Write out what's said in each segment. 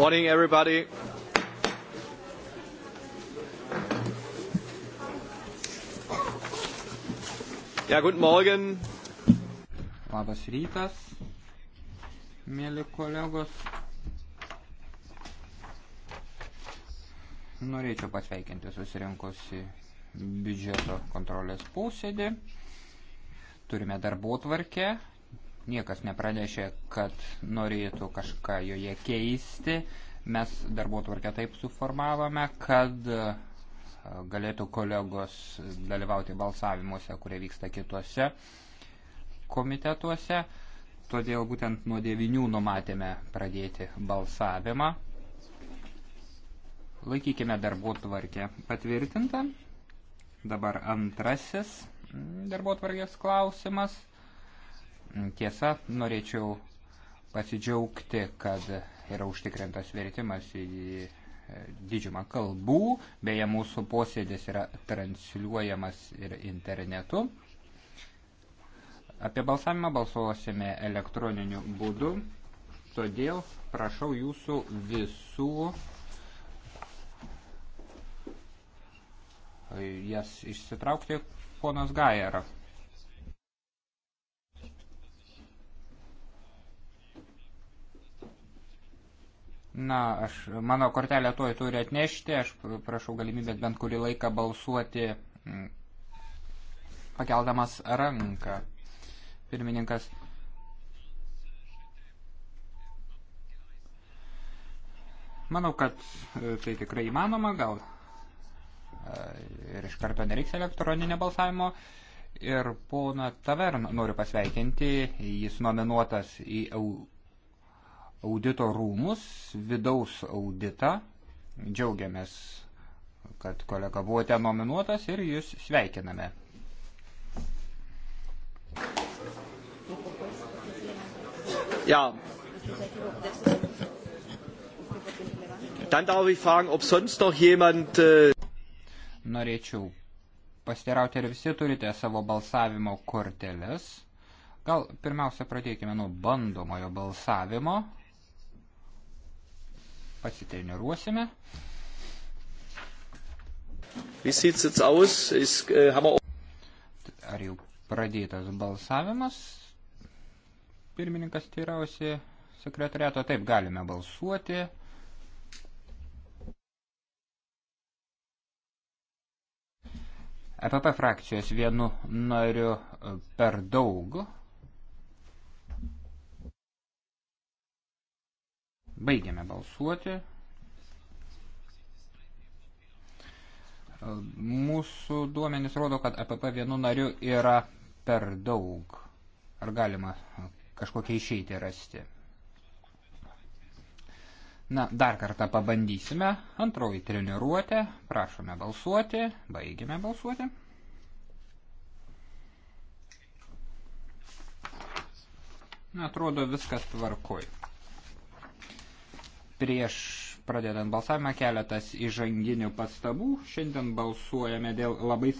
Morning, everybody. Ja, guten Morgen. Labas rytas, mėly kolegos. Norėčiau pasveikinti susirinkusi biudžeto kontrolės posėdį. Turime darbo tvarkę, Niekas nepranešė, kad norėtų kažką joje keisti. Mes darbo tvarkę taip suformavome, kad e, galėtų kolegos dalyvauti balsavimuose, kurie vyksta kitose komitetuose. Todėl būtent nuo 9 numatėme pradėti balsavimą. Laikykime darbo tvarkę patvirtintą. Dabar antrasis darbo tvarkės klausimas. Tiesa, norėčiau pasidžiaugti, kad yra užtikrintas vertimas į e, didžiumą kalbų, beje, mūsų posėdis yra transliuojamas ir internetu. Apie balsavimą balsuosime elektroniniu būdu, todėl prašau jūsų visų e, jas išsitraukti ponas Gajerą. Na, aš, mano kortelę tuoj turi atnešti, aš prašau galimybės bent kurį laiką balsuoti mm, pakeldamas ranką. Pirmininkas. Manau, kad e, tai tikrai įmanoma, gal e, ir iš karto nereiks elektroninio balsavimo. Ir poną Taverną noriu pasveikinti, jis nominuotas į EU audito rūmus, vidaus auditą. Džiaugiamės, kad kolega buvote nominuotas ir jūs sveikiname. Ja. Dann darf ich fragen, ob sonst noch jemand. Äh Norėčiau pasiteirauti, ar visi turite savo balsavimo korteles. Gal pirmiausia pradėkime nuo bandomojo balsavimo pasitreniruosime. Äh, Ar jau pradėtas balsavimas? Pirmininkas teirausi sekretariato, taip galime balsuoti. EPP frakcijos vienu nariu e, per daug Baigiame balsuoti. Mūsų duomenys rodo, kad APP e vienu nariu yra per daug. Ar galima kažkokią išeitį rasti? Na, dar kartą pabandysime. Antroji treniruotė. Prašome balsuoti. Baigiame balsuoti. Na, atrodo viskas tvarkoj. Prieš pradedant balsavimą keletas įžanginių pastabų. Šiandien balsuojame dėl labai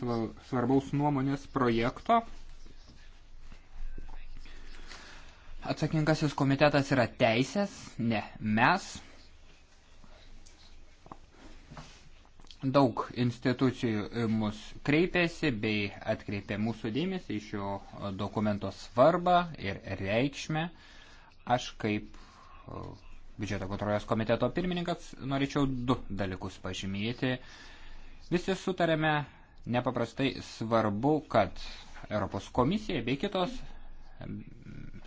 svarbaus nuomonės projekto. Atsakingasis komitetas yra teisės, ne mes. Daug institucijų mus kreipėsi bei atkreipė mūsų dėmesį į šio dokumento svarbą ir reikšmę. Aš kaip biudžeto kontrolės komiteto pirmininkas, norėčiau du dalykus pažymėti. Visi sutarėme nepaprastai svarbu, kad Europos komisija bei kitos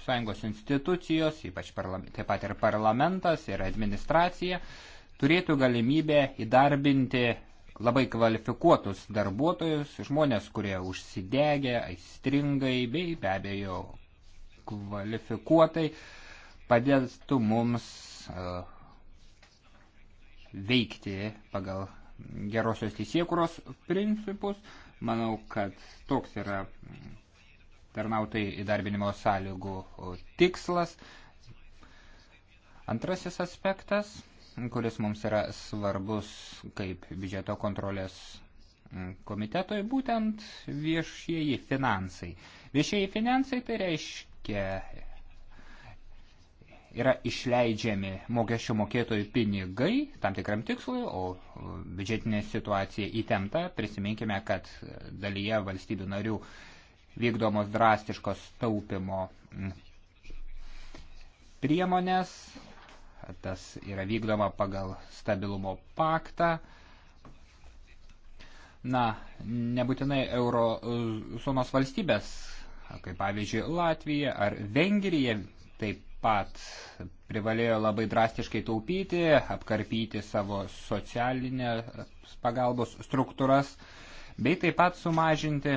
sąjungos institucijos, ypač taip pat ir parlamentas ir administracija, turėtų galimybę įdarbinti labai kvalifikuotus darbuotojus, žmonės, kurie užsidegė, aistringai bei be abejo kvalifikuotai padėtų mums E, veikti pagal gerosios teisėkuros principus. Manau, kad toks yra tarnautojai įdarbinimo sąlygų tikslas. Antrasis aspektas, kuris mums yra svarbus kaip biudžeto kontrolės komitetoj, būtent viešieji finansai. Viešieji finansai tai reiškia yra išleidžiami mokesčių mokėtojų pinigai tam tikram tikslui, o biudžetinė situacija įtempta. Prisiminkime, kad dalyje valstybių narių vykdomos drastiškos taupimo priemonės, tas yra vykdoma pagal stabilumo paktą. Na, nebūtinai euro zonos valstybės, kaip pavyzdžiui Latvija ar Vengrija, taip pat privalėjo labai drastiškai taupyti, apkarpyti savo socialinę pagalbos struktūras, bei taip pat sumažinti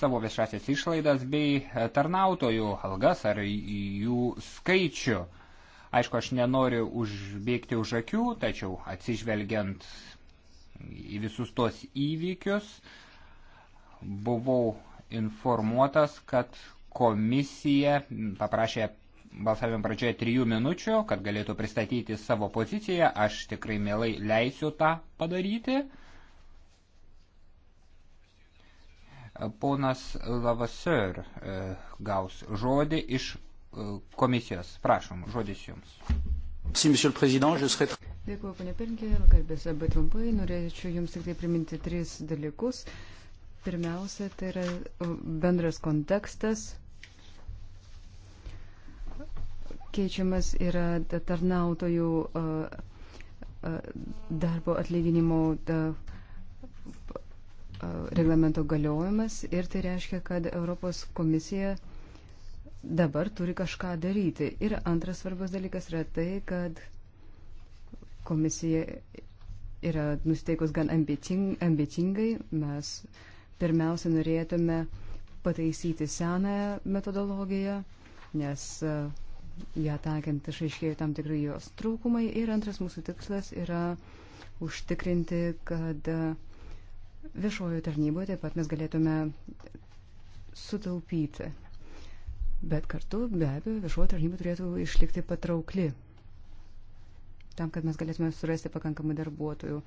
savo viešasias išlaidas bei tarnautojų algas ar jų skaičių. Aišku, aš nenoriu užbėgti už akių, tačiau atsižvelgiant į visus tuos įvykius, buvau informuotas, kad komisija paprašė balsavimo pradžioje trijų minučių, kad galėtų pristatyti savo poziciją. Aš tikrai mielai leisiu tą padaryti. Ponas Lavaseur e, gaus žodį iš e, komisijos. Prašom, žodis jums. Dėkuoju, ponė Pirinkė, kalbėsiu labai trumpai. Norėčiau jums tik tai priminti tris dalykus. Pirmiausia, tai yra bendras kontekstas, keičiamas yra tarnautojų darbo atlyginimo reglamento galiojimas ir tai reiškia, kad Europos komisija dabar turi kažką daryti. Ir antras svarbus dalykas yra tai, kad komisija yra nusteikus gan ambicing, ambicingai. Mes pirmiausia norėtume pataisyti senąją metodologiją, nes uh, ją taikant išaiškėjo tam tikrai jos trūkumai. Ir antras mūsų tikslas yra užtikrinti, kad viešojo tarnyboje taip pat mes galėtume sutaupyti. Bet kartu, be abejo, viešojo tarnyba turėtų išlikti patraukli, tam, kad mes galėtume surasti pakankamai darbuotojų.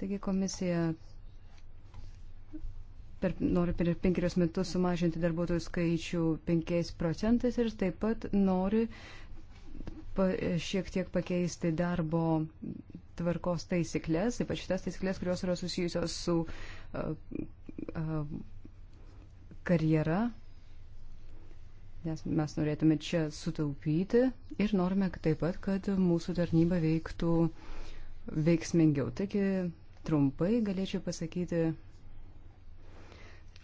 Taigi komisija per, nori per penkerius metus sumažinti darbuotojų skaičių penkiais procentais ir taip pat nori pa, šiek tiek pakeisti darbo tvarkos taisyklės, ypač tas taisyklės, kurios yra susijusios su uh, uh, karjera, nes mes norėtume čia sutaupyti ir norime taip pat, kad mūsų tarnyba veiktų veiksmingiau. Taigi trumpai galėčiau pasakyti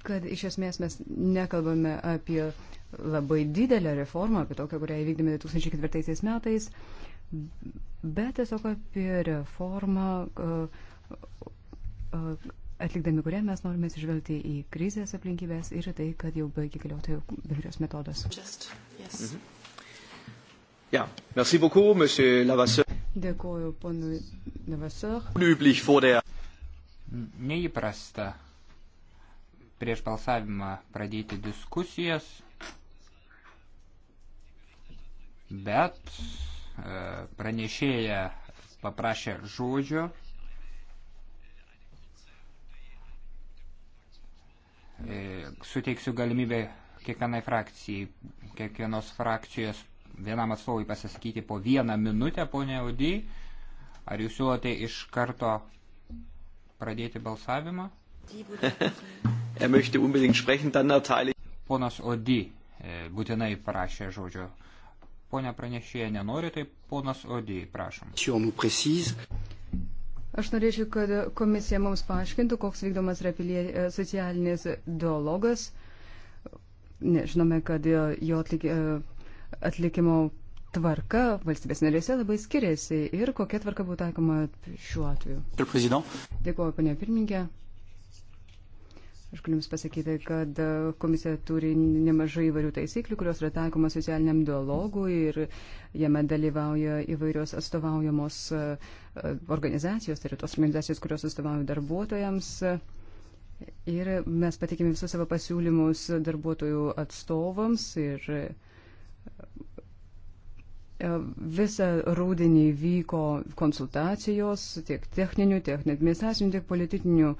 kad iš esmės mes nekalbame apie labai didelę reformą, apie tokią, kurią įvykdėme 2004 metais, bet tiesiog apie reformą, atlikdami kurią mes norime atsižvelgti į krizės aplinkybės ir tai, kad jau baigė galioti bendrijos metodas. Just, yes. mm -hmm. Ja, merci beaucoup, monsieur Lavasseur. Dėkuoju, ponui Lavasseur. Neįprasta prieš balsavimą pradėti diskusijas, bet e, pranešėja paprašė žodžio. E, suteiksiu galimybę kiekvienai frakcijai, kiekvienos frakcijos vienam atstovui pasisakyti po vieną minutę, ponė Audy. Ar jūs siūlote iš karto pradėti balsavimą? Er möchte unbedingt sprechen, dann erteile ich. Ponas Odi e, būtinai prašė žodžio. Pone pranešėja nenori, tai ponas Odi, prašom. Aš norėčiau, kad komisija mums paaiškintų, koks vykdomas yra pilie, e, socialinis dialogas. Nežinome, kad jo atlik, e, atlikimo tvarka valstybės narėse labai skiriasi ir kokia tvarka būtų taikoma šiuo atveju. Dėkuoju, panė pirmininkė. Aš galiu Jums pasakyti, kad e, komisija turi nemažai įvairių taisyklių, kurios yra taikoma socialiniam dialogui ir jame dalyvauja įvairios atstovaujamos e, e, organizacijos, tai yra tos organizacijos, kurios atstovauja darbuotojams. Ir mes patikėme visus savo pasiūlymus darbuotojų atstovams ir visą rūdienį vyko konsultacijos tiek techninių, tiek administracinių, tiek politinių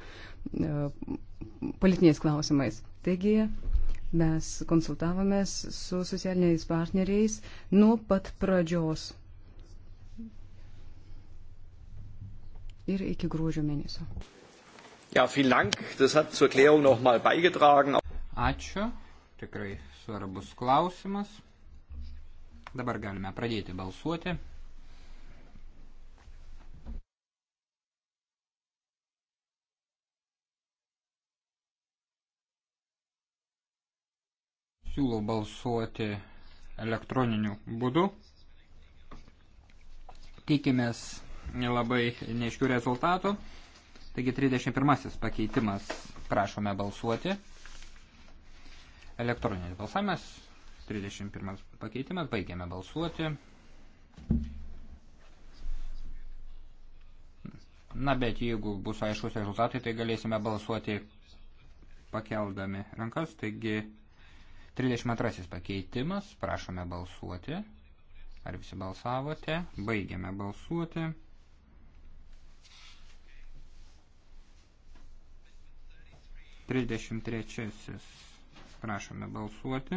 politiniais klausimais. Taigi mes konsultavomės su socialiniais partneriais nuo pat pradžios ir iki gruodžio mėnesio. Ja, Dank. Das hat zur Klärung noch mal beigetragen. Ačiū, tikrai svarbus klausimas. Dabar galime pradėti balsuoti. siūlau balsuoti elektroniniu būdu. Tikimės labai neiškių rezultatų. Taigi 31 pakeitimas prašome balsuoti. Elektroninis balsavimas. 31 pakeitimas. Baigiame balsuoti. Na, bet jeigu bus aiškus rezultatai, tai galėsime balsuoti pakeldami rankas. Taigi 32 pakeitimas, prašome balsuoti. Ar visi balsavote? Baigiame balsuoti. Trisdešimt trečiasis. Prašome balsuoti.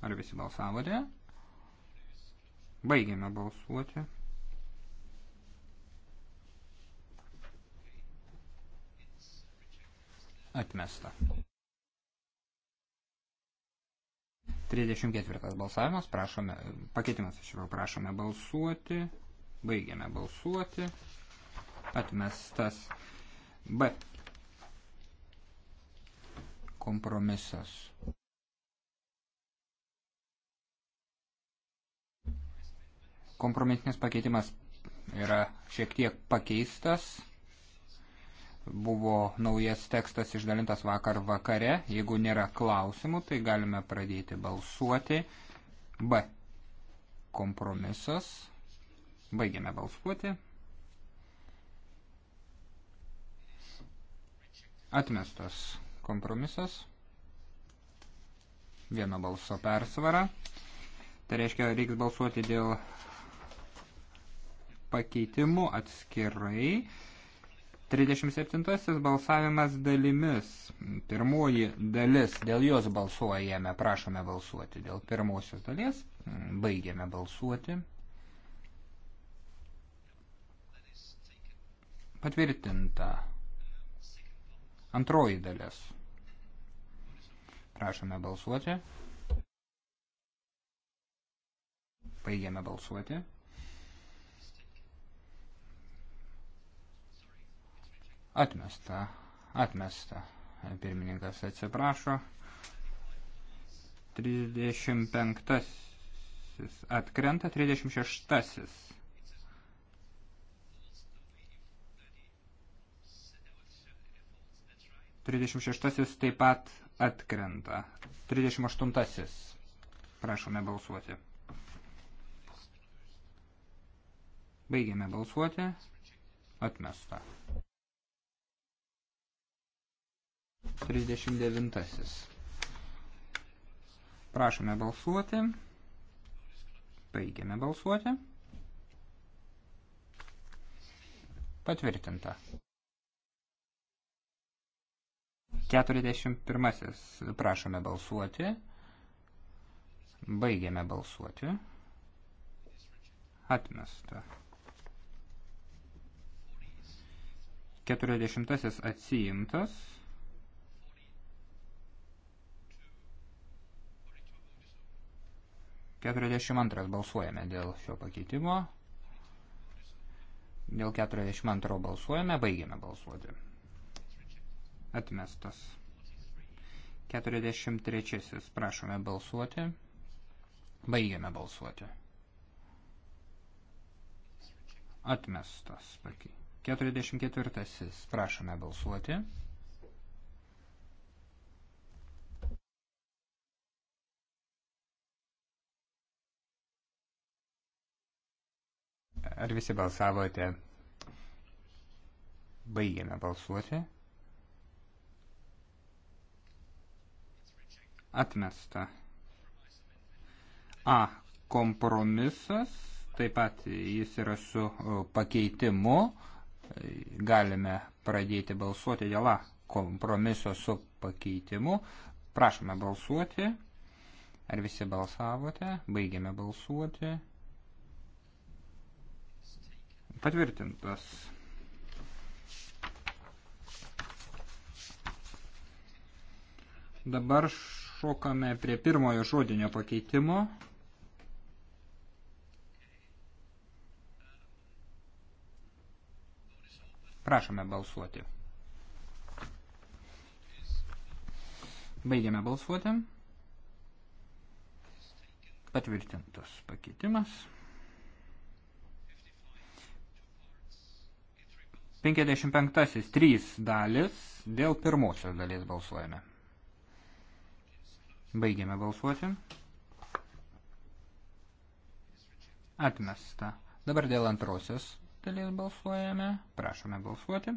Ar visi balsavote? Baigiame balsuoti. Atmesta. 34 balsavimas, prašome, pakeitimas, aš jau prašome balsuoti, baigiame balsuoti, atmestas B. Kompromisas. Kompromisinis pakeitimas yra šiek tiek pakeistas buvo naujas tekstas išdalintas vakar vakare. Jeigu nėra klausimų, tai galime pradėti balsuoti. B. Kompromisas. Baigiame balsuoti. Atmestas kompromisas. Vieno balso persvara. Tai reiškia, reiks balsuoti dėl pakeitimų atskirai. 37 balsavimas dalimis. Pirmoji dalis, dėl jos balsuojame, prašome balsuoti. Dėl pirmosios dalies baigiame balsuoti. Patvirtinta. Antroji dalis. Prašome balsuoti. Baigiame balsuoti. Atmesta. Atmesta. Pirmininkas atsiprašo. 35. Atkrenta 36. Trisdešimt šeštasis taip pat atkrenta. Trisdešimt aštuntasis. Prašome balsuoti. Baigėme balsuoti. Atmesta. 39. Prašome balsuoti. Baigiame balsuoti. Patvirtinta. 41. Prašome balsuoti. Baigiame balsuoti. Atmesta. 40. Atsiimtas. 42 balsuojame dėl šio pakeitimo. Dėl 42 balsuojame, baigiame balsuoti. Atmestas. 43. Prašome balsuoti. Baigiame balsuoti. Atmestas. 44. Prašome balsuoti. Ar visi balsavote? Baigėme balsuoti. Atmesta. A. Kompromisas. Taip pat jis yra su pakeitimu. Galime pradėti balsuoti dėl A. Kompromiso su pakeitimu. Prašome balsuoti. Ar visi balsavote? Baigėme balsuoti. Patvirtintas. Dabar šokame prie pirmojo žodinio pakeitimo. Prašome balsuoti. Baigiame balsuoti. Patvirtintas pakeitimas. 55. 3 dalis. Dėl pirmosios dalies balsuojame. Baigiame balsuoti. Atmesta. Dabar dėl antrosios dalies balsuojame. Prašome balsuoti.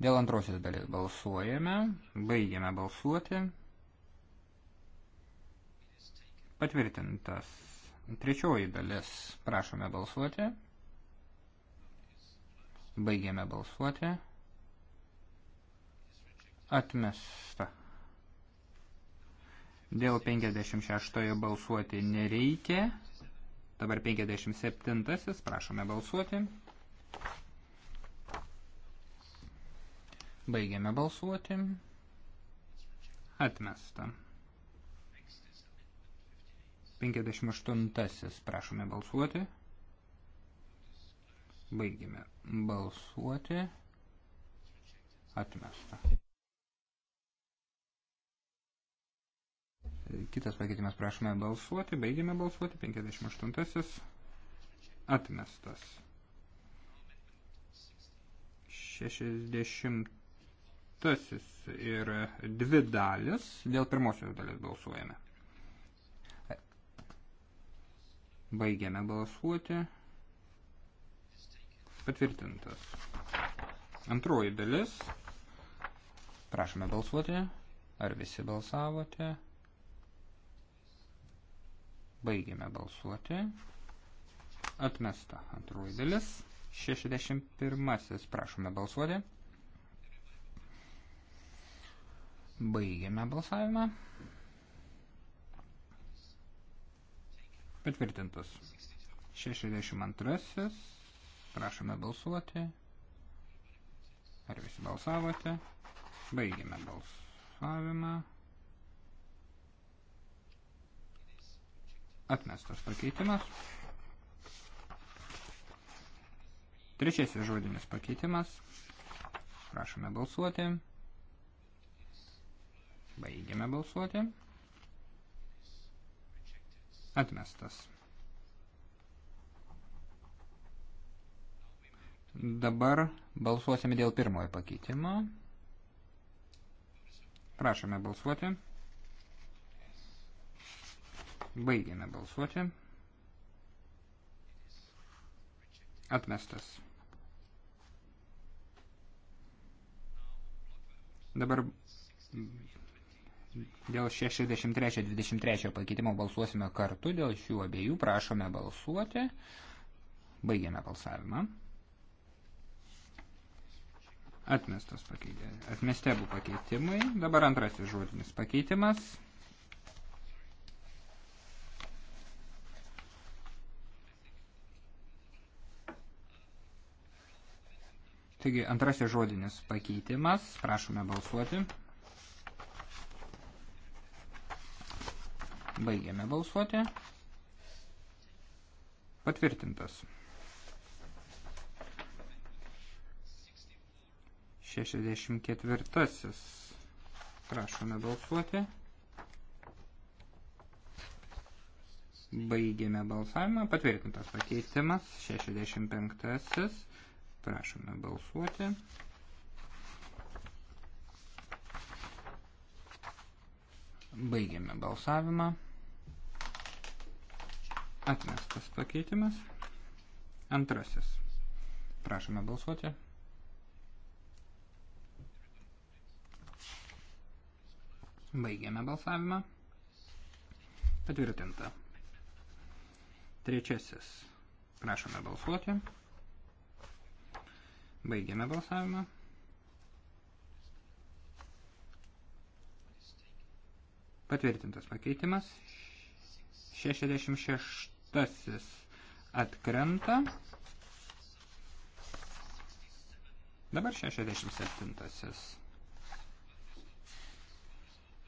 Dėl antrosios dalies balsuojame. Baigiame balsuoti. Patvirtintas. Trečioji dalis. Prašome balsuoti. Baigiame balsuoti. Atmesta. Dėl 56 balsuoti nereikia. Dabar 57. Prašome balsuoti. Baigiame balsuoti. Atmesta. 58. Prašome balsuoti. Baigime balsuoti. Atmesta. Kitas pakeitimas prašome balsuoti. Baigime balsuoti. 58. Atmestas. 60. Ir dvi dalis. Dėl pirmosios dalis balsuojame. Baigiame balsuoti patvirtintas. Antroji dalis. Prašome balsuoti. Ar visi balsavote? Baigėme balsuoti. Atmesta antroji dalis. 61. Prašome balsuoti. Baigėme balsavimą. Patvirtintas. 62. Prašome balsuoti. Ar visi balsavote? Baigime balsavimą. Atmestas pakeitimas. Trečiasis žodinis pakeitimas. Prašome balsuoti. Baigėme balsuoti. Atmestas. Dabar balsuosime dėl pirmojo pakeitimo. Prašome balsuoti. Baigėme balsuoti. Atmestas. Dabar dėl 63-23 pakeitimo balsuosime kartu, dėl šių abiejų prašome balsuoti. Baigėme balsavimą. Atmestas pakeitimas. Atmesti abu pakeitimai. Dabar antrasis žodinis pakeitimas. Taigi antrasis žodinis pakeitimas. Prašome balsuoti. Baigiame balsuoti. Patvirtintas. 64. Prašome balsuoti. Baigėme balsavimą. Patvirtintas pakeitimas. 65. Prašome balsuoti. Baigėme balsavimą. Atmestas pakeitimas. Antrasis. Prašome balsuoti. Baigiame balsavimą. Patvirtinta. Trečiasis. Prašome balsuoti. Baigiame balsavimą. Patvirtintas pakeitimas. 66 atkrenta. Dabar 67.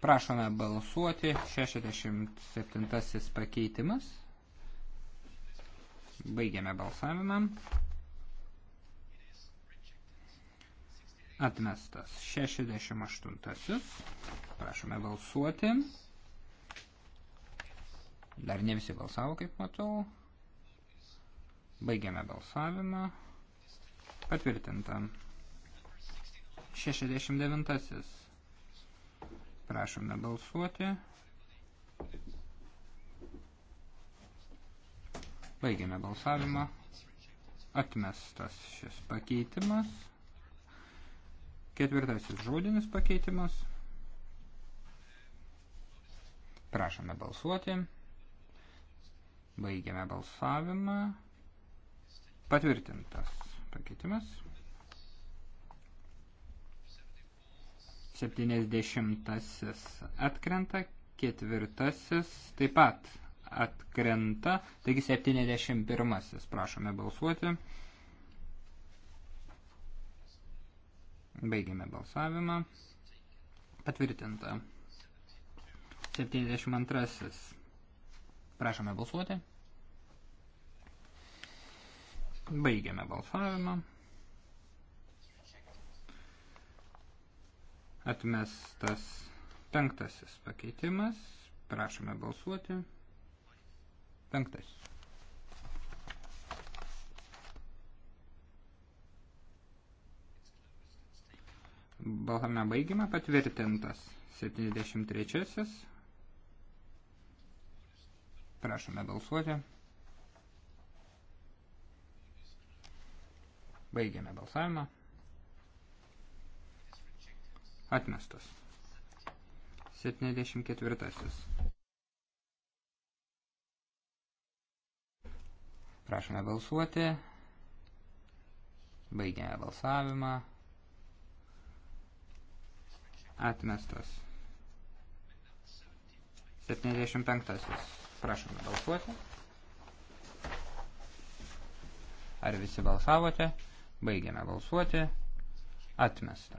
Prašome balsuoti. 67 pakeitimas. Baigiame balsavimą. Atmestas 68. Prašome balsuoti. Dar ne visi balsavo, kaip matau. Baigiame balsavimą. Patvirtinta. 69. Prašome balsuoti. Baigėme balsavimą. Atmestas šis pakeitimas. Ketvirtasis žodinis pakeitimas. Prašome balsuoti. Baigėme balsavimą. Patvirtintas pakeitimas. 70 atkrenta, ketvirtasis taip pat atkrenta, taigi 71 prašome balsuoti. Baigiame balsavimą. Patvirtinta. 72. Prašome balsuoti. Baigiame balsavimą. Atmestas penktasis pakeitimas. Prašome balsuoti. Penktasis. Balsame baigimą patvirtintas. 73. Prašome balsuoti. Baigiame balsavimą. Atmestas. 74. Prašome balsuoti. Baigiame balsavimą. Atmestas. 75. Prašome balsuoti. Ar visi balsavote? Baigiame balsuoti. Atmesta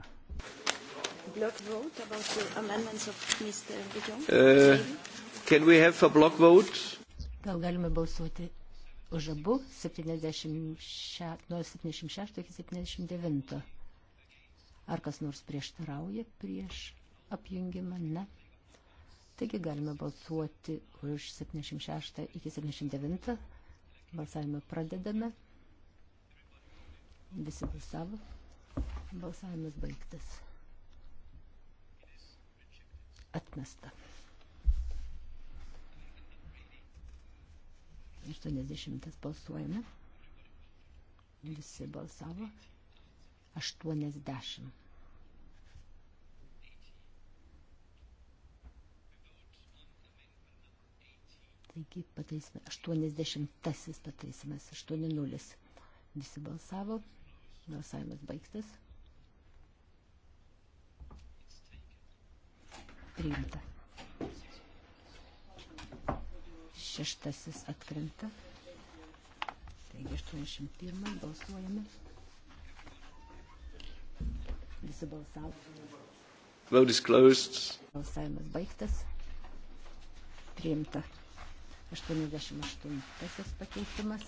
block vote about the amendments of Mr. Bidon? Uh, can we have a block vote? Gal galime balsuoti už abu 76, nuo 76 iki 79. Ar kas nors prieštarauja prieš apjungimą? Ne. Taigi galime balsuoti už 76 iki 79. Balsavimą pradedame. Visi balsavo. Balsavimas baigtas atmesta. 80 balsuojame. Visi balsavo. 80. Taigi pataisime, 80-asis pataisimas, 8-0. Visi balsavo, balsavimas baigtas. priimta. Šeštasis atkrinta. Taigi 81 balsuojame. Visi balsavo. Vote is closed. Balsavimas baigtas. Priimta. 88 pakeitimas.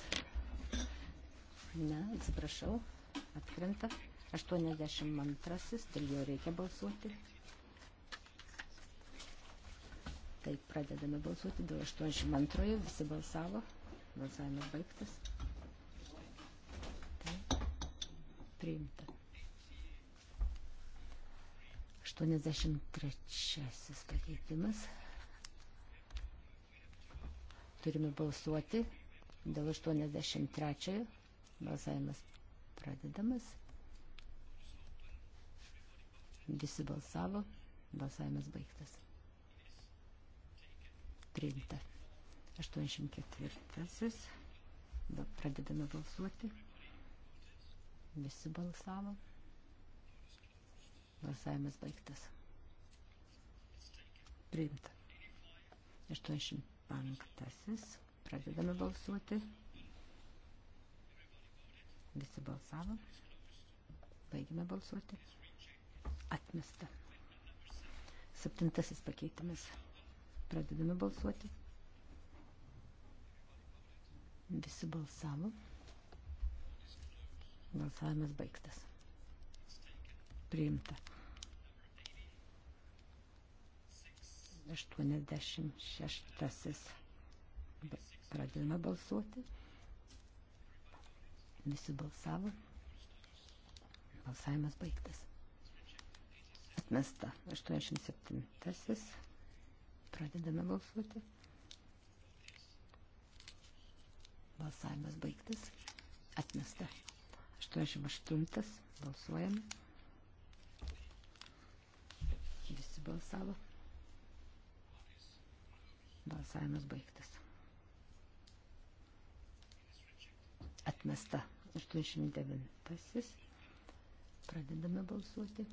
Ne, atsiprašau, atkrinta. 82, dėl jo reikia balsuoti. Taip, pradedame balsuoti dėl 82, visi balsavo, balsavimas baigtas. Taip, priimta. 83 pakeitimas. Turime balsuoti dėl 83, balsavimas pradedamas. Visi balsavo, balsavimas baigtas priimta. 84. Dabar pradedame balsuoti. Visi balsavo. Balsavimas baigtas. Priimta. 85. Pradedame balsuoti. Visi balsavo. Baigime balsuoti. Atmesta. Septintasis pakeitimas. Pradedame balsuoti. Visi balsavo. Balsavimas baigtas. Priimta. 86. Pradedame balsuoti. Visi balsavo. Balsavimas baigtas. Atmesta. 87. Pradedame balsuoti. Balsavimas baigtas. Atmesta. 88. Balsuojame. Visi balsavo. Balsavimas baigtas. Atmesta. 89. Pradedame balsuoti.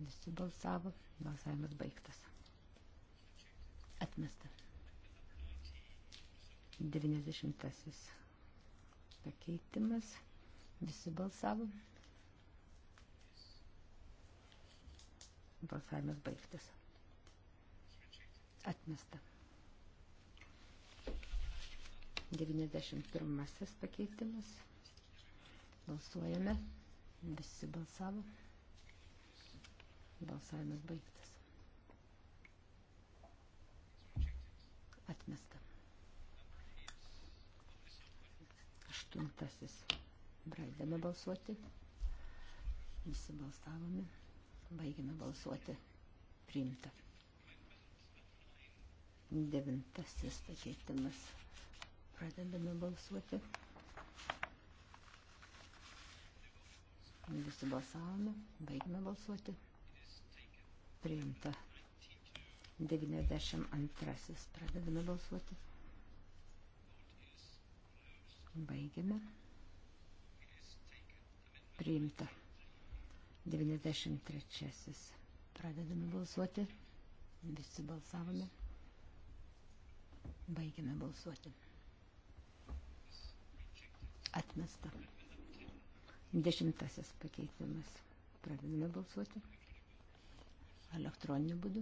Visi balsavo. Balsavimas baigtas. Atmesta. 90 pakeitimas. Visi balsavo. Balsavimas baigtas. Atmesta. 91 pakeitimas. Balsuojame. Visi balsavo. Balsavimas baigtas. Atmesta. Aštuntasis. Braidėme balsuoti. Visi balsavome. Baigėme balsuoti. Priimta. Devintasis pakeitimas. Pradedame balsuoti. Visi balsavome. Baigėme balsuoti priimta. 92. Pradedame balsuoti. Baigiame. Priimta. 93. Pradedame balsuoti. Visi balsavome. Baigiame balsuoti. Atmesta. Dešimtasis pakeitimas. Pradedame balsuoti elektroniniu būdu.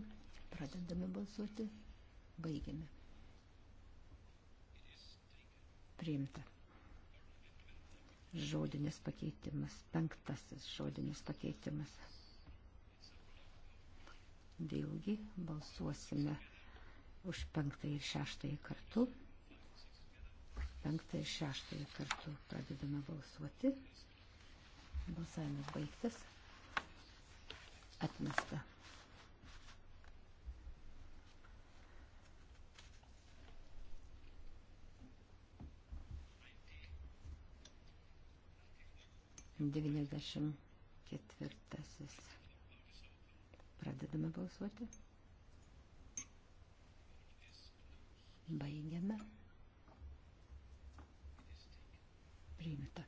Pradedame balsuoti. Baigiame. Priimta. Žodinis pakeitimas. Penktasis žodinis pakeitimas. Vėlgi balsuosime už penktąjį ir šeštąjį kartu. Penktąjį ir šeštąjį kartu pradedame balsuoti. Balsavimas baigtas. Atmesta. 94. Pradedame balsuoti. Baigiame. Priimta.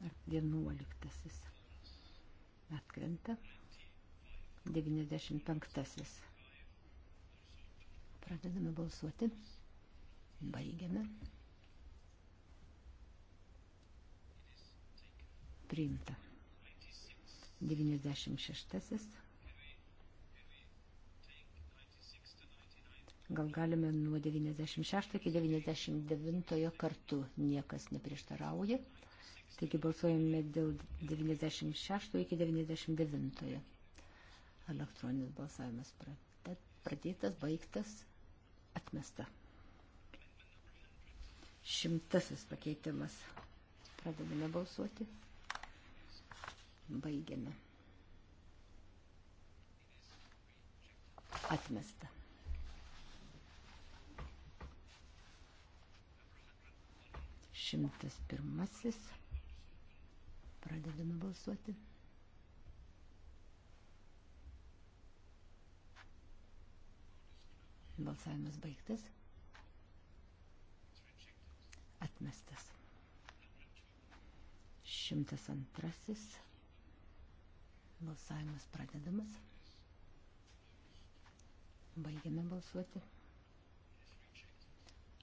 Ar 11. Atkrenta. 95. Pradedame balsuoti. Baigiame. priimta. 96. Gal galime nuo 96 iki 99 kartu niekas neprieštarauja. Taigi balsuojame dėl 96 iki 99. Elektroninis balsavimas pradėtas, baigtas, atmesta. Šimtasis pakeitimas. Pradedame balsuoti. Baigiame. Atmesta. Šimtas pirmasis. Pradedame balsuoti. Balsavimas baigtas. Atmestas. Šimtas antrasis. Balsavimas pradedamas. Baigiame balsuoti.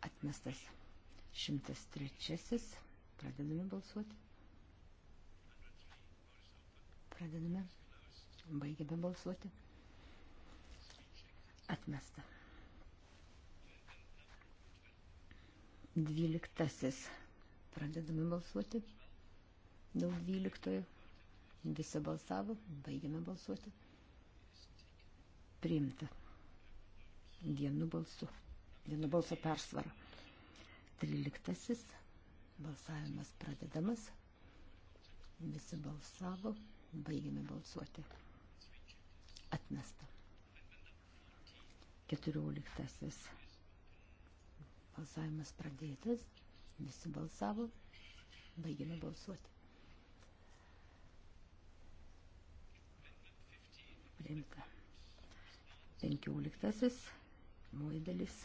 Atmestas 103. Pradedame balsuoti. Pradedame. Baigiame balsuoti. Atmesta. Dvyliktasis. Pradedame balsuoti. Dėl dvyliktojo. Visi balsavo, baigiame balsuoti. Priimta. Vienu balsu. Vienu balso persvara. Tryliktasis. Balsavimas pradedamas. Visi balsavo, baigiame balsuoti. Atmesta. Keturioliktasis. Balsavimas pradėtas. Visi balsavo, baigiame balsuoti priimta. 15. Pirmoji dalis.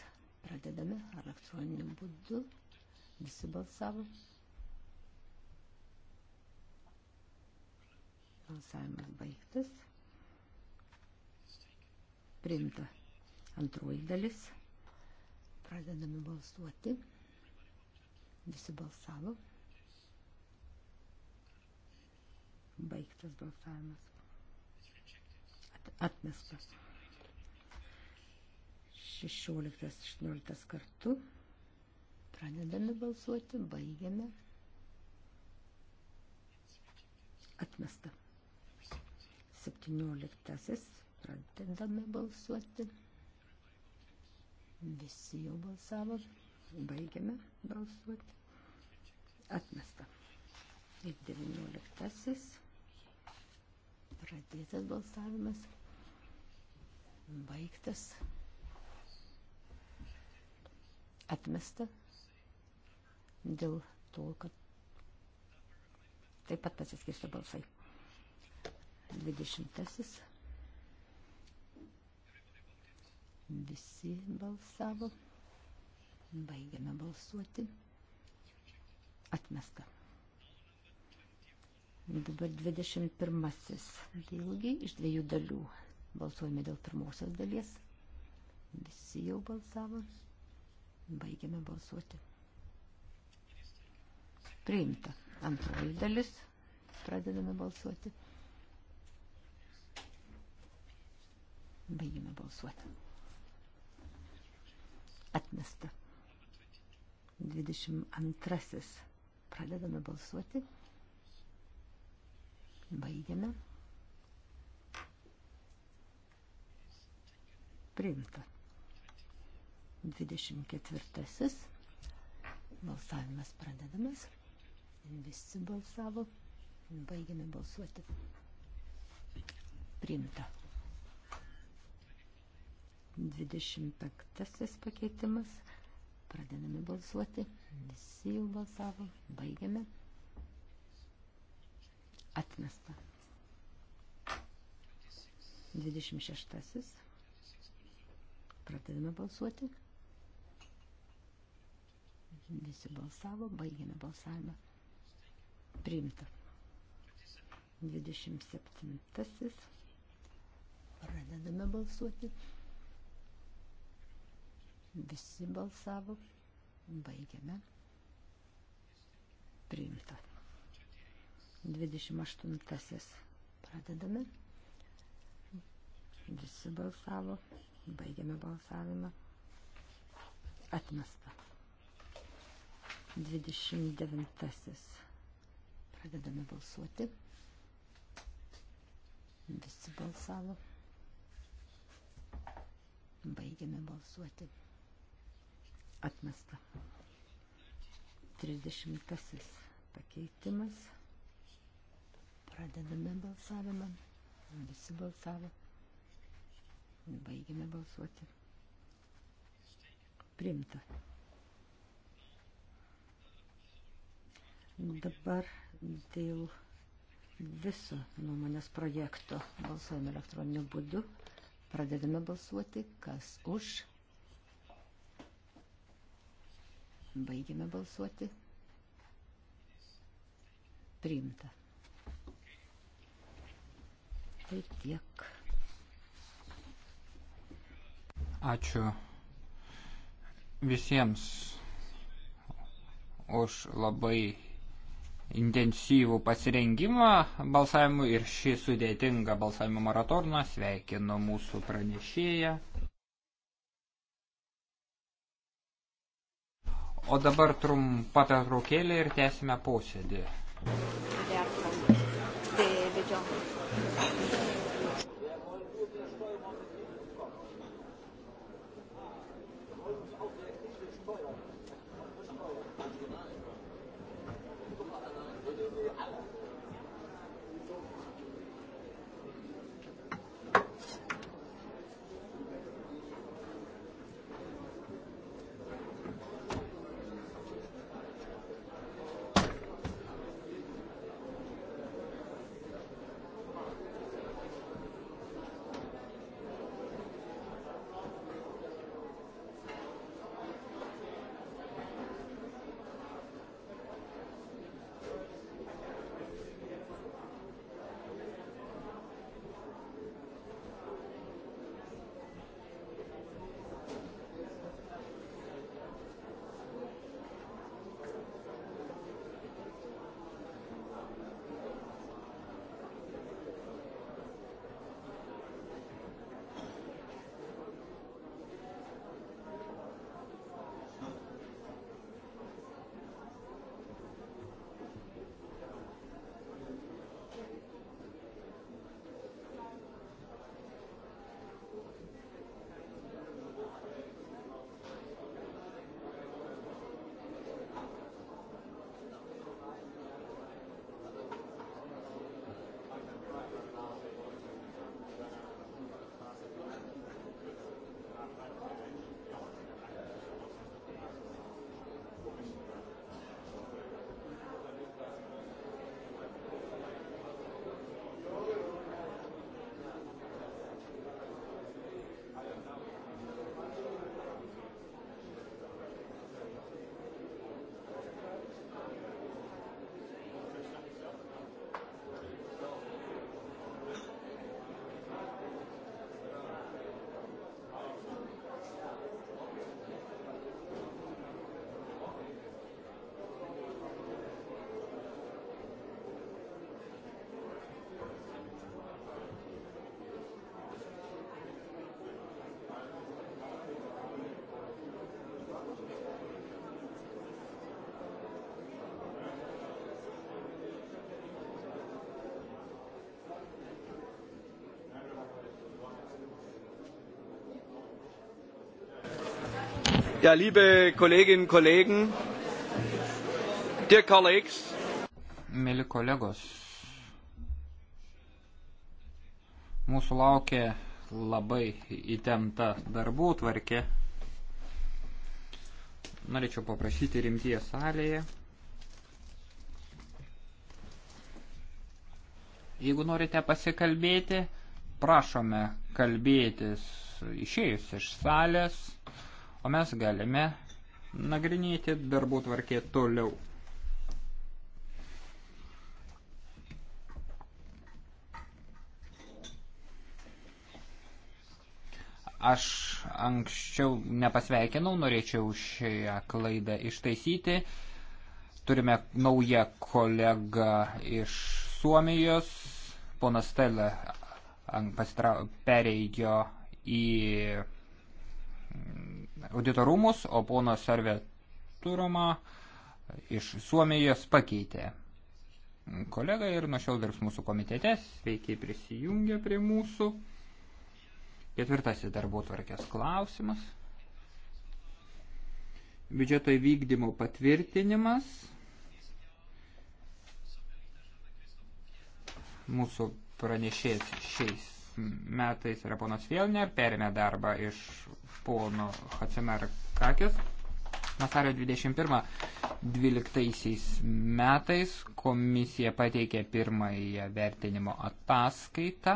Pradedame elektroniniu būdu. Visi balsavo. Balsavimas baigtas. Priimta. Antroji dalis. Pradedame balsuoti. Visi balsavo. Baigtas balsavimas atmestas. 16-16 kartu. Pradedame balsuoti, baigiame. Atmesta. 17 pradedame balsuoti. Visi jau balsavo, baigiame balsuoti. Atmesta. Ir 19 Pradėtas balsavimas. Baigtas. Atmesta. Dėl to, kad taip pat pasiskirsto balsai. 20. Visi balsavo. Baigiame balsuoti. Atmesta. Dabar 21. Vėlgi iš dviejų dalių. Balsuojame dėl pirmosios dalies. Visi jau balsavo. Baigiame balsuoti. Priimta. Antroji dalis. Pradedame balsuoti. Baigiame balsuoti. Atmesta. 22. Pradedame balsuoti. Baigiame. Priimta. 24. Balsavimas pradedamas. Visi balsavo. Baigiame balsuoti. Priimta. 25 pakeitimas. Pradedame balsuoti. Visi jau balsavo. Baigiame. Atmesta. 26. Pradedame balsuoti. Visi balsavo, baigėme balsavimą. Priimta. 27. Pradedame balsuoti. Visi balsavo, baigėme. Priimta. 28. Pradedame. Visi balsavo. Baigiame balsavimą. Atmesta. 29. Pradedame balsuoti. Visi balsavo. Baigiame balsuoti. Atmesta. 30. Pakeitimas. Pradedame balsavimą. Visi balsavo. Baigime balsuoti. Primta. Dabar dėl viso nuomonės projekto balsuojame elektroniniu būdu. Pradedame balsuoti, kas už. Baigime balsuoti. Priimta. Tai tiek. Ačiū visiems už labai intensyvų pasirengimą balsavimui ir šį sudėtingą balsavimo maratoną sveikinu mūsų pranešėją. O dabar trumpa pertraukėlė ir tęsime posėdį. Yeah. Ja, liebe Kolleginnen und Kollegen, dear colleagues. Mėly kolegos, mūsų laukia labai įtempta darbų tvarkė. Norėčiau paprašyti rimties salėje. Jeigu norite pasikalbėti, prašome kalbėtis išėjus iš salės o mes galime nagrinėti darbų tvarkė toliau. Aš anksčiau nepasveikinau, norėčiau šią klaidą ištaisyti. Turime naują kolegą iš Suomijos. Ponas Stelė perėjo į auditorumus, o pono Sarvė Turoma iš Suomijos pakeitė kolega ir nuo šiol dirbs mūsų komitete, sveikiai prisijungia prie mūsų. Ketvirtasis darbo tvarkės klausimas. Biudžeto įvykdymo patvirtinimas. Mūsų pranešėjas šiais metais yra ponas Vėlner, perėmė darbą iš pono Hacemerkakis. Vasario 21-12 metais komisija pateikė pirmąją vertinimo ataskaitą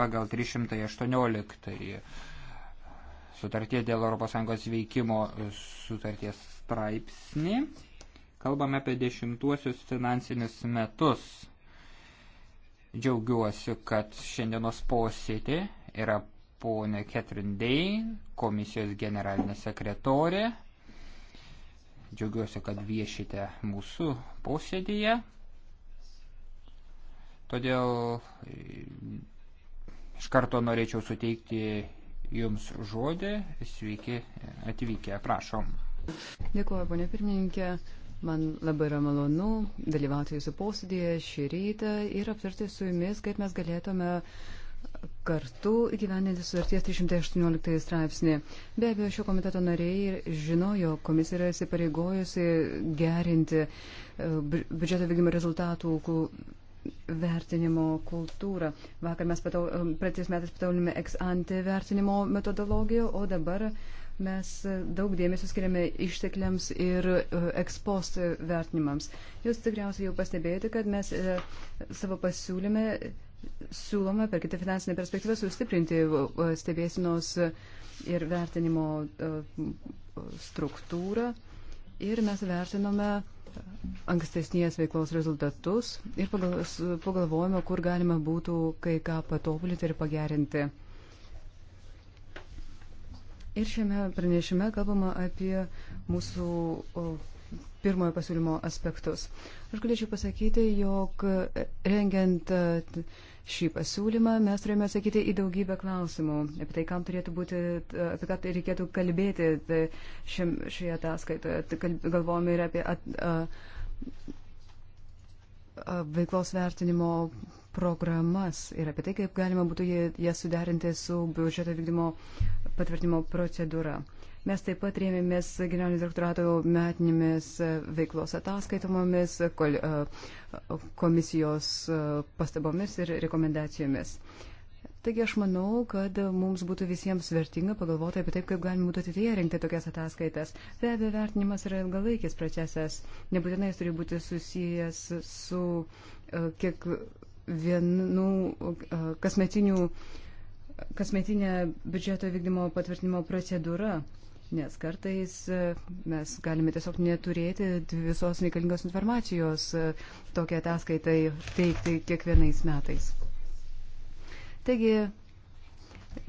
pagal 318 sutarties dėl ES veikimo sutarties straipsnį. Kalbame apie dešimtuosius finansinius metus. Džiaugiuosi, kad šiandienos posėdė yra ponė Catherine Dane, komisijos generalinė sekretorė. Džiaugiuosi, kad viešite mūsų posėdėje. Todėl e, iš karto norėčiau suteikti Jums žodį. Sveiki atvykę, prašom. Dėkuoju, ponė pirmininkė. Man labai yra malonu dalyvauti jūsų posėdėje šį rytą ir aptarti su jumis, kaip mes galėtume kartu įgyveninti sutarties 318 straipsnį. Be abejo, šio komiteto nariai žinojo, komisija yra įsipareigojusi gerinti e, biudžeto vykdymo rezultatų vertinimo kultūrą. Vakar mes patau, e, praeitais metais pataunime ex ante vertinimo metodologiją, o dabar uh, Mes e, daug dėmesio skiriame ištekliams ir e, ekspost vertinimams. Jūs tikriausiai jau pastebėjote, kad mes e, savo pasiūlyme siūlome per kitą finansinę perspektyvą sustiprinti stebėsinos ir vertinimo struktūrą. Ir mes vertinome ankstesnės veiklos rezultatus ir pagalvojame, kur galima būtų kai ką patobulinti ir pagerinti. Ir šiame pranešime kalbama apie mūsų pirmojo pasiūlymo aspektus. Aš galėčiau pasakyti, jog rengiant šį pasiūlymą mes turėjome atsakyti į daugybę klausimų apie tai, kam turėtų būti, apie ką reikėtų kalbėti šiam, šioje ataskaitoje. Galvojame ir apie at, a, a, veiklos vertinimo programas ir apie tai, kaip galima būtų jas suderinti su biudžeto vykdymo patvirtimo procedūra. Mes taip pat rėmėmės generalinio direktorato metinėmis veiklos ataskaitomomis, komisijos pastabomis ir rekomendacijomis. Taigi aš manau, kad mums būtų visiems vertinga pagalvoti apie taip, kaip galima būtų ateityje rinkti tokias ataskaitas. Be abejo, vertinimas yra ilgalaikis procesas. Nebūtinai jis turi būti susijęs su uh, kiekvienų uh, kasmetinių uh, kasmetinė biudžeto vykdymo patvirtinimo procedūra, nes kartais e, mes galime tiesiog neturėti visos reikalingos informacijos e, tokią ataskaitą teikti kiekvienais metais. Taigi,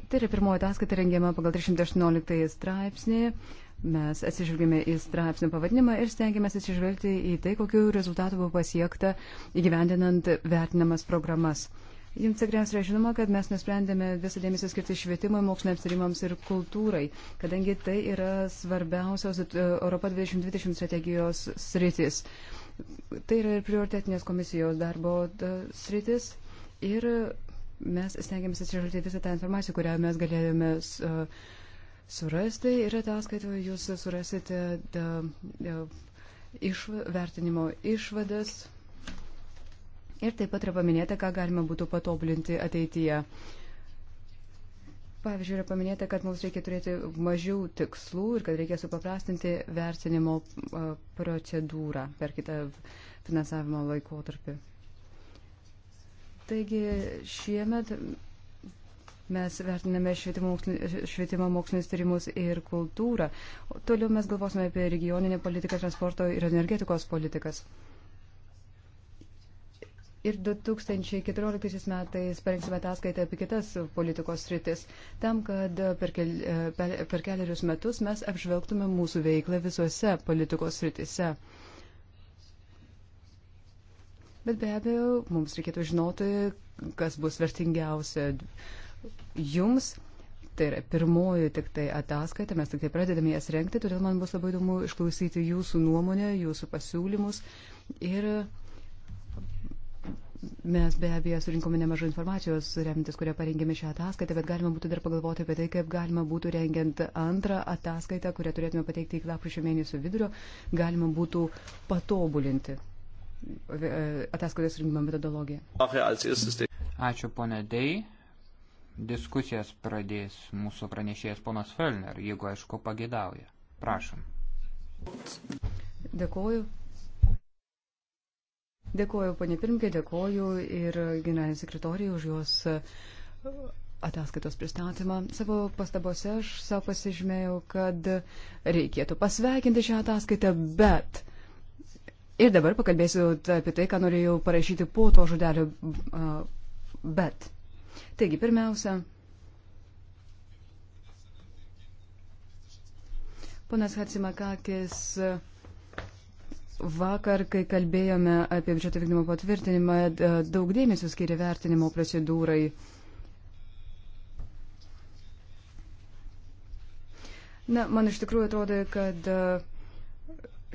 tai yra pirmoji ataskaita rengiama pagal 318 straipsnį. Mes atsižvelgėme į straipsnio pavadinimą ir stengiamės atsižvelgti į tai, kokiu rezultatu buvo pasiekta įgyvendinant vertinamas programas. Jums tikriausiai yra žinoma, kad mes nusprendėme visą dėmesį skirti švietimui, moksliniams tyrimams ir kultūrai, kadangi tai yra svarbiausios e, Europo 2020 strategijos sritis. Tai yra ir prioritetinės komisijos darbo e, sritis. Ir mes stengiamės atsižvelgti visą tą informaciją, kurią mes galėjome e, surasti ir ataskaitoje jūs surasite da, da, išvertinimo išvadas Ir taip pat yra paminėta, ką galima būtų patobulinti ateityje. Pavyzdžiui, yra paminėta, kad mums reikia turėti mažiau tikslų ir kad reikia supaprastinti vertinimo procedūrą per kitą finansavimo laikotarpį. Taigi šiemet mes vertiname švietimo, švietimo mokslinis tyrimus ir kultūrą. Toliau mes galvosime apie regioninę politiką, transporto ir energetikos politikas. Ir 2014 metais parengsime ataskaitą apie kitas politikos sritis, tam, kad per, kel, per, per keliarius metus mes apžvelgtume mūsų veiklą visuose politikos sritise. Bet be abejo, mums reikėtų žinoti, kas bus vertingiausia jums. Tai yra pirmoji tik tai ataskaita, mes tik tai pradedame jas renkti, todėl man bus labai įdomu išklausyti jūsų nuomonę, jūsų pasiūlymus. Ir uh, Mes be abejo surinkome nemažai informacijos, remintis, kurią parengėme šią ataskaitą, bet galima būtų dar pagalvoti apie tai, kaip galima būtų rengiant antrą ataskaitą, kurią turėtume pateikti iki lapkričio mėnesio vidurio, galima būtų patobulinti e, ataskaitos rinkimo metodologiją. Ačiū, ponė Dei. Diskusijas pradės mūsų pranešėjas ponas Felner, jeigu aišku pagėdauja. Prašom. Dėkuoju. Dėkuoju, ponė Pirmke, dėkuoju ir generalinė sekretorija už jos e, ataskaitos pristatymą. Savo pastabose aš savo pasižymėjau, kad reikėtų pasveikinti šią ataskaitą, bet. Ir dabar pakalbėsiu apie tai, ką norėjau parašyti po to žodelio e, bet. Taigi, pirmiausia, ponas Hatsimakakis. Uh, Vakar, kai kalbėjome apie biudžeto vykdymo patvirtinimą, daug dėmesio skiria vertinimo procedūrai. Na, man iš tikrųjų atrodo, kad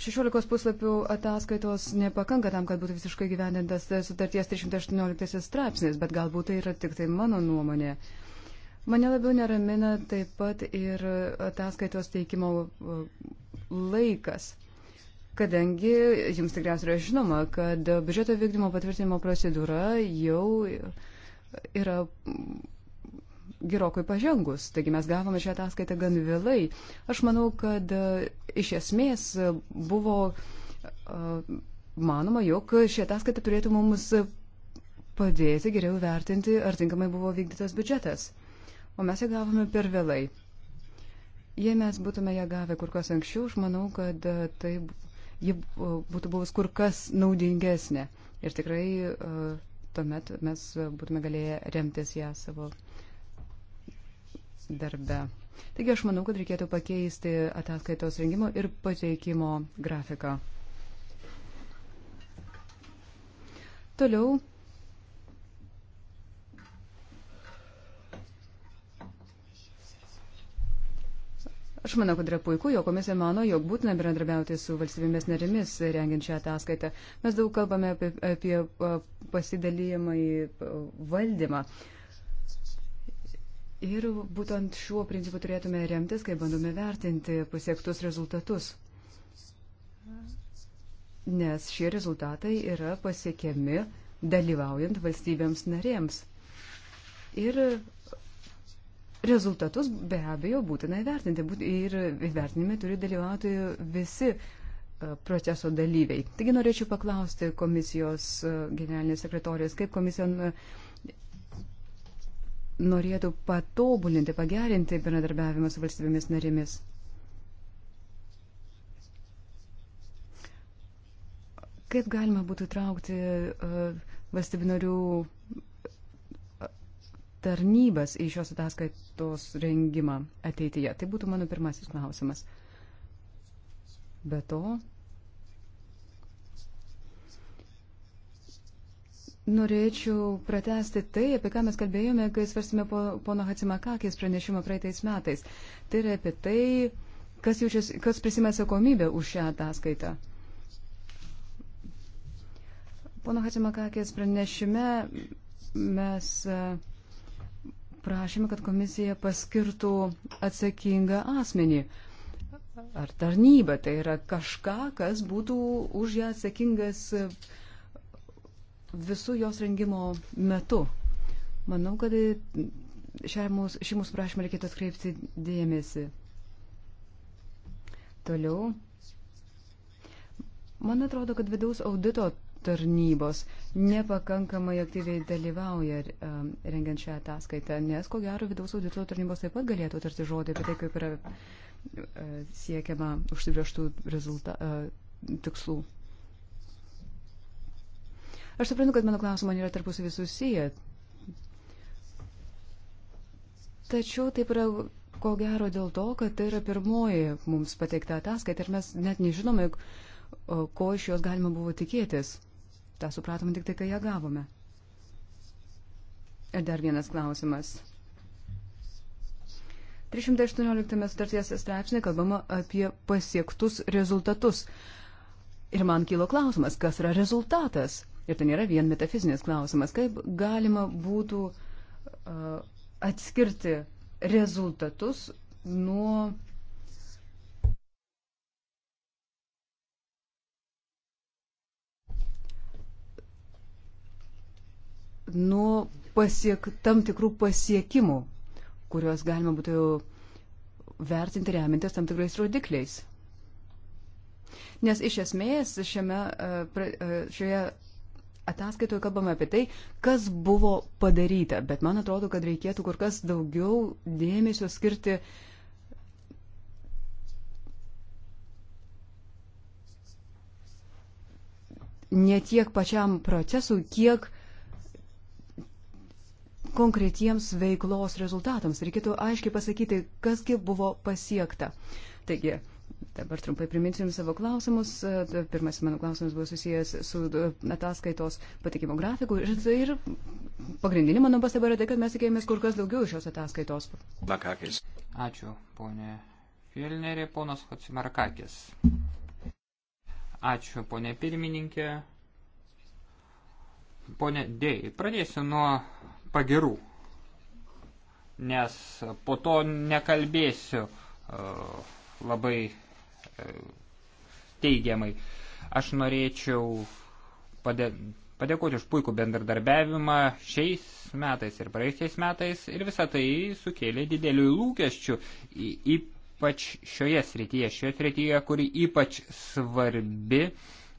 16 e, puslapių ataskaitos nepakanka tam, kad būtų visiškai gyvendintas e, sutarties 318 straipsnis, bet galbūt tai yra tik tai mano nuomonė. Mane labiau neramina taip pat ir e, ataskaitos teikimo laikas kadangi jums tikriausiai yra žinoma, kad biudžeto vykdymo patvirtinimo procedūra jau yra gerokai pažengus, taigi mes gavome šią ataskaitą gan vėlai. Aš manau, kad iš esmės buvo manoma, jog ši ataskaita turėtų mums padėti geriau vertinti, ar tinkamai buvo vykdytas biudžetas. O mes ją gavome per vėlai. Jei mes būtume ją gavę kur kas anksčiau, aš manau, kad tai ji e, būtų buvus kur kas naudingesnė. Ir tikrai e, tuomet mes būtume galėję remtis ją savo darbe. Taigi aš manau, kad reikėtų pakeisti ataskaitos rengimo ir pateikimo grafiką. Toliau Aš manau, kad yra puiku, jo komisija mano, jog būtina bendradarbiauti su valstybėmis narėmis rengiant šią ataskaitą. Mes daug kalbame apie, apie pasidalyjimą į valdymą. Ir būtent šiuo principu turėtume remtis, kai bandome vertinti pasiektus rezultatus. Nes šie rezultatai yra pasiekiami dalyvaujant valstybėms narėms. Ir Rezultatus be abejo būtina įvertinti būt, ir įvertinime turi dalyvauti visi e, proceso dalyviai. Taigi norėčiau paklausti komisijos e, generalinės sekretorijos, kaip komisija e, norėtų patobulinti, pagerinti bendradarbiavimą su valstybėmis narėmis. Kaip galima būtų traukti uh, valstybių narių tarnybas į šios ataskaitos rengimą ateityje? Tai būtų mano pirmasis klausimas. Be to, norėčiau pratesti tai, apie ką mes kalbėjome, kai svarstėme po, pono Hatsimakakės pranešimą praeitais metais. Tai yra apie tai, kas, jaučias, kas prisima atsakomybę už šią ataskaitą. Pono Hatsimakakės pranešime mes. Uh, prašėme, kad komisija paskirtų atsakingą asmenį ar tarnybą. Tai yra kažką, kas būtų už ją atsakingas visų jos rengimo metu. Manau, kad mūsų, šį mūsų prašymą reikėtų atkreipti dėmesį. Toliau. Man atrodo, kad vidaus audito tarnybos nepakankamai aktyviai dalyvauja e, rengiant šią ataskaitą, nes ko gero vidaus audito tarnybos taip pat galėtų tarti žodį apie tai, kaip yra e, siekiama užsibrieštų rezulta, e, tikslų. Aš suprantu, kad mano klausimai yra tarpusavį susiję. Tačiau taip yra ko gero dėl to, kad tai yra pirmoji mums pateikta ataskaita ir mes net nežinome, ko iš jos galima buvo tikėtis tą supratome tik tai, kai ją gavome. Ir dar vienas klausimas. 318 sutarties straipsnė kalbama apie pasiektus rezultatus. Ir man kilo klausimas, kas yra rezultatas. Ir tai nėra vien metafizinis klausimas. Kaip galima būtų uh, atskirti rezultatus nuo nuo pasiek, tam tikrų pasiekimų, kuriuos galima būtų vertinti remintis tam tikrais rodikliais. Nes iš esmės šiame, e, e, šioje ataskaitoje kalbame apie tai, kas buvo padaryta, bet man atrodo, kad reikėtų kur kas daugiau dėmesio skirti ne tiek pačiam procesui, kiek uh, konkretiems veiklos rezultatams. Reikėtų aiškiai pasakyti, kasgi buvo pasiekta. Taigi, dabar trumpai priminsiu Jums savo klausimus. Pirmasis mano klausimas buvo susijęs su ataskaitos patikimo grafiku ir pagrindinė mano pastaba yra tai, kad mes tikėjomės kur kas daugiau šios ataskaitos. Bakakis. Ačiū, ponė Filnerė, ponas Hatsimarkakis. Ačiū, ponė pirmininkė. Pone Dėjai, pradėsiu nuo pagirų, nes po to nekalbėsiu e, labai e, teigiamai. Aš norėčiau padė, padėkoti už puikų bendradarbiavimą šiais metais ir praeisiais metais ir visą tai sukėlė didelių lūkesčių, ypač šioje srityje, šioje srityje, kuri ypač svarbi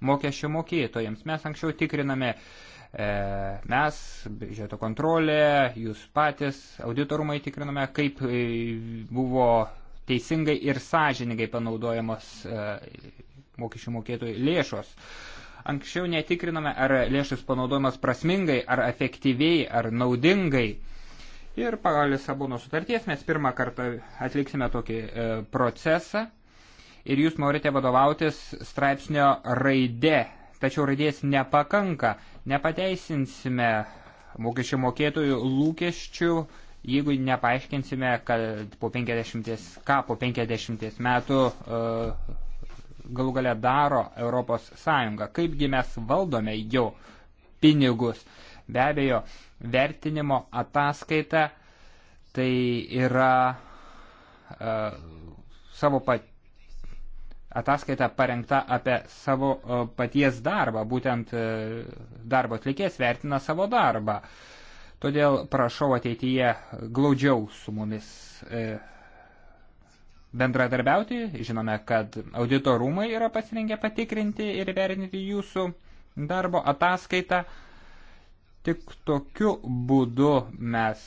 mokesčių mokėtojams. Mes anksčiau tikriname E, mes, biudžeto kontrolė, jūs patys, auditorumai tikriname, kaip e, buvo teisingai ir sąžiningai panaudojamos e, mokesčių mokėtojų lėšos. Anksčiau netikrinome, ar lėšus panaudojamas prasmingai, ar efektyviai, ar naudingai. Ir pagal Lisabono sutarties mes pirmą kartą atliksime tokį e, procesą ir jūs norite vadovautis straipsnio raide tačiau raidės nepakanka. Nepateisinsime mokesčių mokėtojų lūkesčių, jeigu nepaaiškinsime, kad po 50, ką po 50 metų uh, galų gale daro Europos Sąjunga, kaipgi mes valdome jo pinigus. Be abejo, vertinimo ataskaita tai yra uh, savo pat ataskaita parengta apie savo e, paties darbą, būtent e, darbo atlikės vertina savo darbą. Todėl prašau ateityje glaudžiau su mumis e, bendradarbiauti. Žinome, kad audito rūmai yra pasirengę patikrinti ir vertinti jūsų darbo ataskaitą. Tik tokiu būdu mes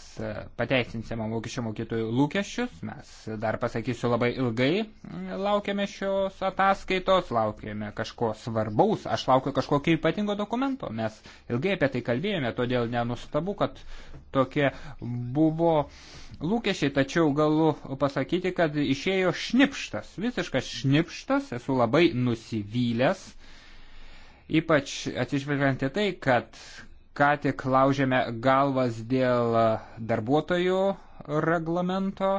pateisinsime mokesčių mokėtojų lūkesčius. Mes dar pasakysiu labai ilgai laukiame šios ataskaitos, laukiame kažko svarbaus, aš laukiu kažkokio ypatingo dokumento. Mes ilgai apie tai kalbėjome, todėl nenustabu, kad tokie buvo lūkesčiai, tačiau galiu pasakyti, kad išėjo šnipštas, visiškas šnipštas, esu labai nusivylęs. Ypač atsižvelgiant į tai, kad ką tik laužėme galvas dėl darbuotojų reglamento,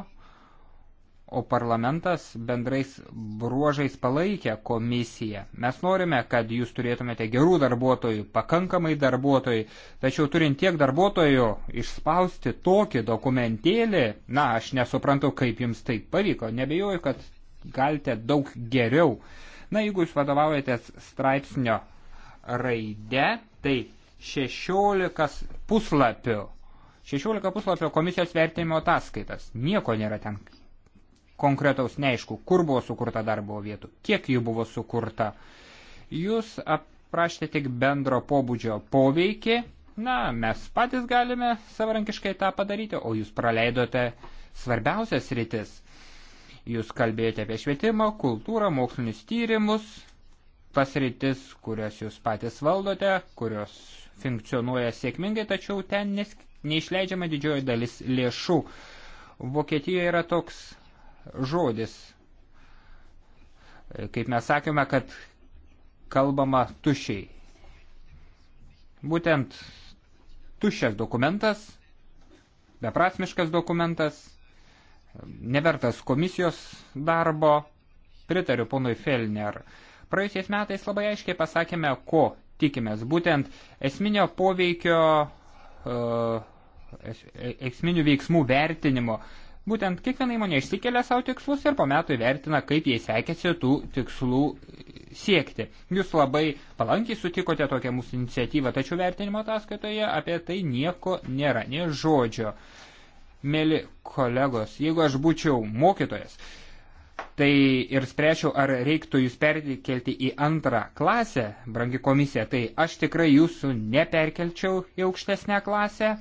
o parlamentas bendrais bruožais palaikė komisiją. Mes norime, kad jūs turėtumėte gerų darbuotojų, pakankamai darbuotojų, tačiau turint tiek darbuotojų išspausti tokį dokumentėlį, na, aš nesuprantu, kaip jums tai pavyko, nebejoju, kad galite daug geriau. Na, jeigu jūs vadovaujatės straipsnio raide, tai 16 puslapių. 16 puslapio komisijos vertinimo ataskaitas. Nieko nėra ten konkretaus neaišku, kur buvo sukurta darbo vietų, kiek jų buvo sukurta. Jūs aprašėte tik bendro pobūdžio poveikį. Na, mes patys galime savarankiškai tą padaryti, o jūs praleidote svarbiausias rytis. Jūs kalbėjote apie švietimą, kultūrą, mokslinius tyrimus, tas rytis, kurias jūs patys valdote, kurios funkcionuoja sėkmingai, tačiau ten nes, neišleidžiama didžioji dalis lėšų. Vokietijoje yra toks žodis, kaip mes sakėme, kad kalbama tušiai. Būtent tuščias dokumentas, beprasmiškas dokumentas, nevertas komisijos darbo, pritariu ponui Felner. Praėjusiais metais labai aiškiai pasakėme, ko tikimės. Būtent esminio poveikio, e, e, esminių veiksmų vertinimo. Būtent kiekviena įmonė išsikelia savo tikslus ir po metų įvertina, kaip jai sekėsi tų tikslų siekti. Jūs labai palankiai sutikote tokią mūsų iniciatyvą, tačiau vertinimo ataskaitoje apie tai nieko nėra, nie žodžio. Mėly kolegos, jeigu aš būčiau mokytojas, uh, tai ir spręčiau, ar reiktų jūs perkelti į antrą klasę, brangi komisija, tai aš tikrai jūsų neperkelčiau į aukštesnę klasę.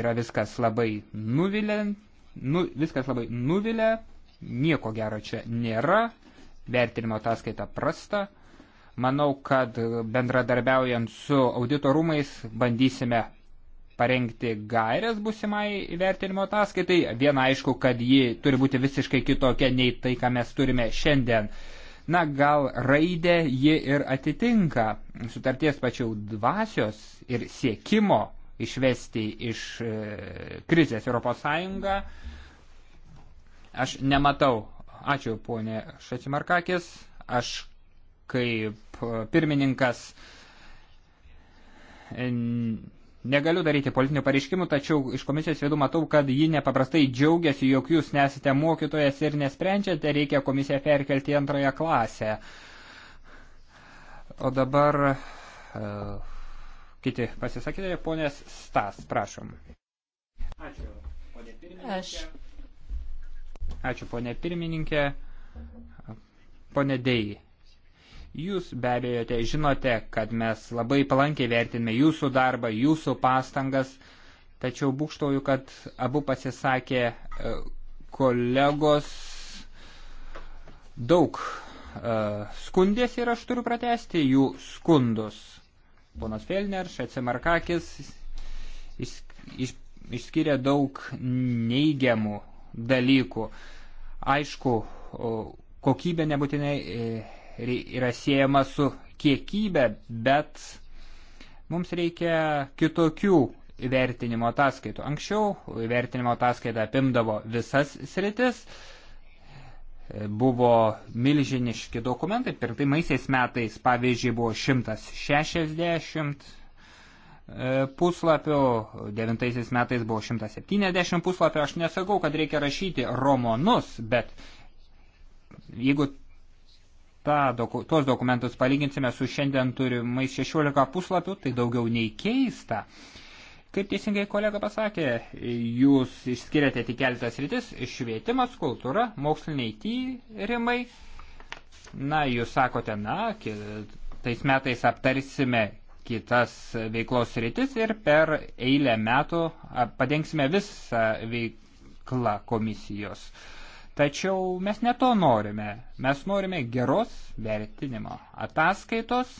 Yra viskas labai nuvilę, nu, viskas labai nuvilę, nieko gero čia nėra, vertinimo ataskaita prasta. Manau, kad bendradarbiaujant su auditorumais bandysime parengti gairias busimai įvertinimo ataskaitai. Viena aišku, kad ji turi būti visiškai kitokia nei tai, ką mes turime šiandien. Na, gal raidė ji ir atitinka sutarties pačiau dvasios ir siekimo išvesti iš e, krizės ES. Aš nematau. Ačiū, ponė Šačimarkakis. Aš kaip pirmininkas. En, Negaliu daryti politinių pareiškimų, tačiau iš komisijos vidų matau, kad ji nepaprastai džiaugiasi, jog jūs nesate mokytojas ir nesprendžiate, reikia komisiją perkelti į antrąją klasę. O dabar e, kiti pasisakyti, ponės Stas, prašom. Ačiū, ponė pirmininkė. Aš. Ačiū, ponė pirmininkė. Ponė Dėjai. Jūs be abejo te žinote, kad mes labai palankiai vertiname jūsų darbą, jūsų pastangas, tačiau būkštauju, kad abu pasisakė e, kolegos daug e, skundės ir aš turiu pratesti jų skundus. Ponas Felner, Šacimarkakis iš, iš, išskiria daug neigiamų dalykų. Aišku, kokybė nebūtinai e, yra siejama su kiekybė, bet mums reikia kitokių įvertinimo ataskaitų. Anksčiau įvertinimo ataskaita apimdavo visas sritis, buvo milžiniški dokumentai, pirmaisiais metais pavyzdžiui buvo 160 e, puslapių, devintaisiais metais buvo 170 puslapių, aš nesakau, kad reikia rašyti romanus, bet jeigu tą, doku, tuos dokumentus palyginsime su šiandien turimais 16 puslapių, tai daugiau nei keista. Kaip teisingai kolega pasakė, jūs išskiriate tik keletas rytis - švietimas, kultūra, moksliniai tyrimai. Na, jūs sakote, na, tais metais aptarsime kitas veiklos rytis ir per eilę metų padengsime visą veiklą komisijos. Uh, Tačiau mes ne to norime. Mes norime geros vertinimo ataskaitos.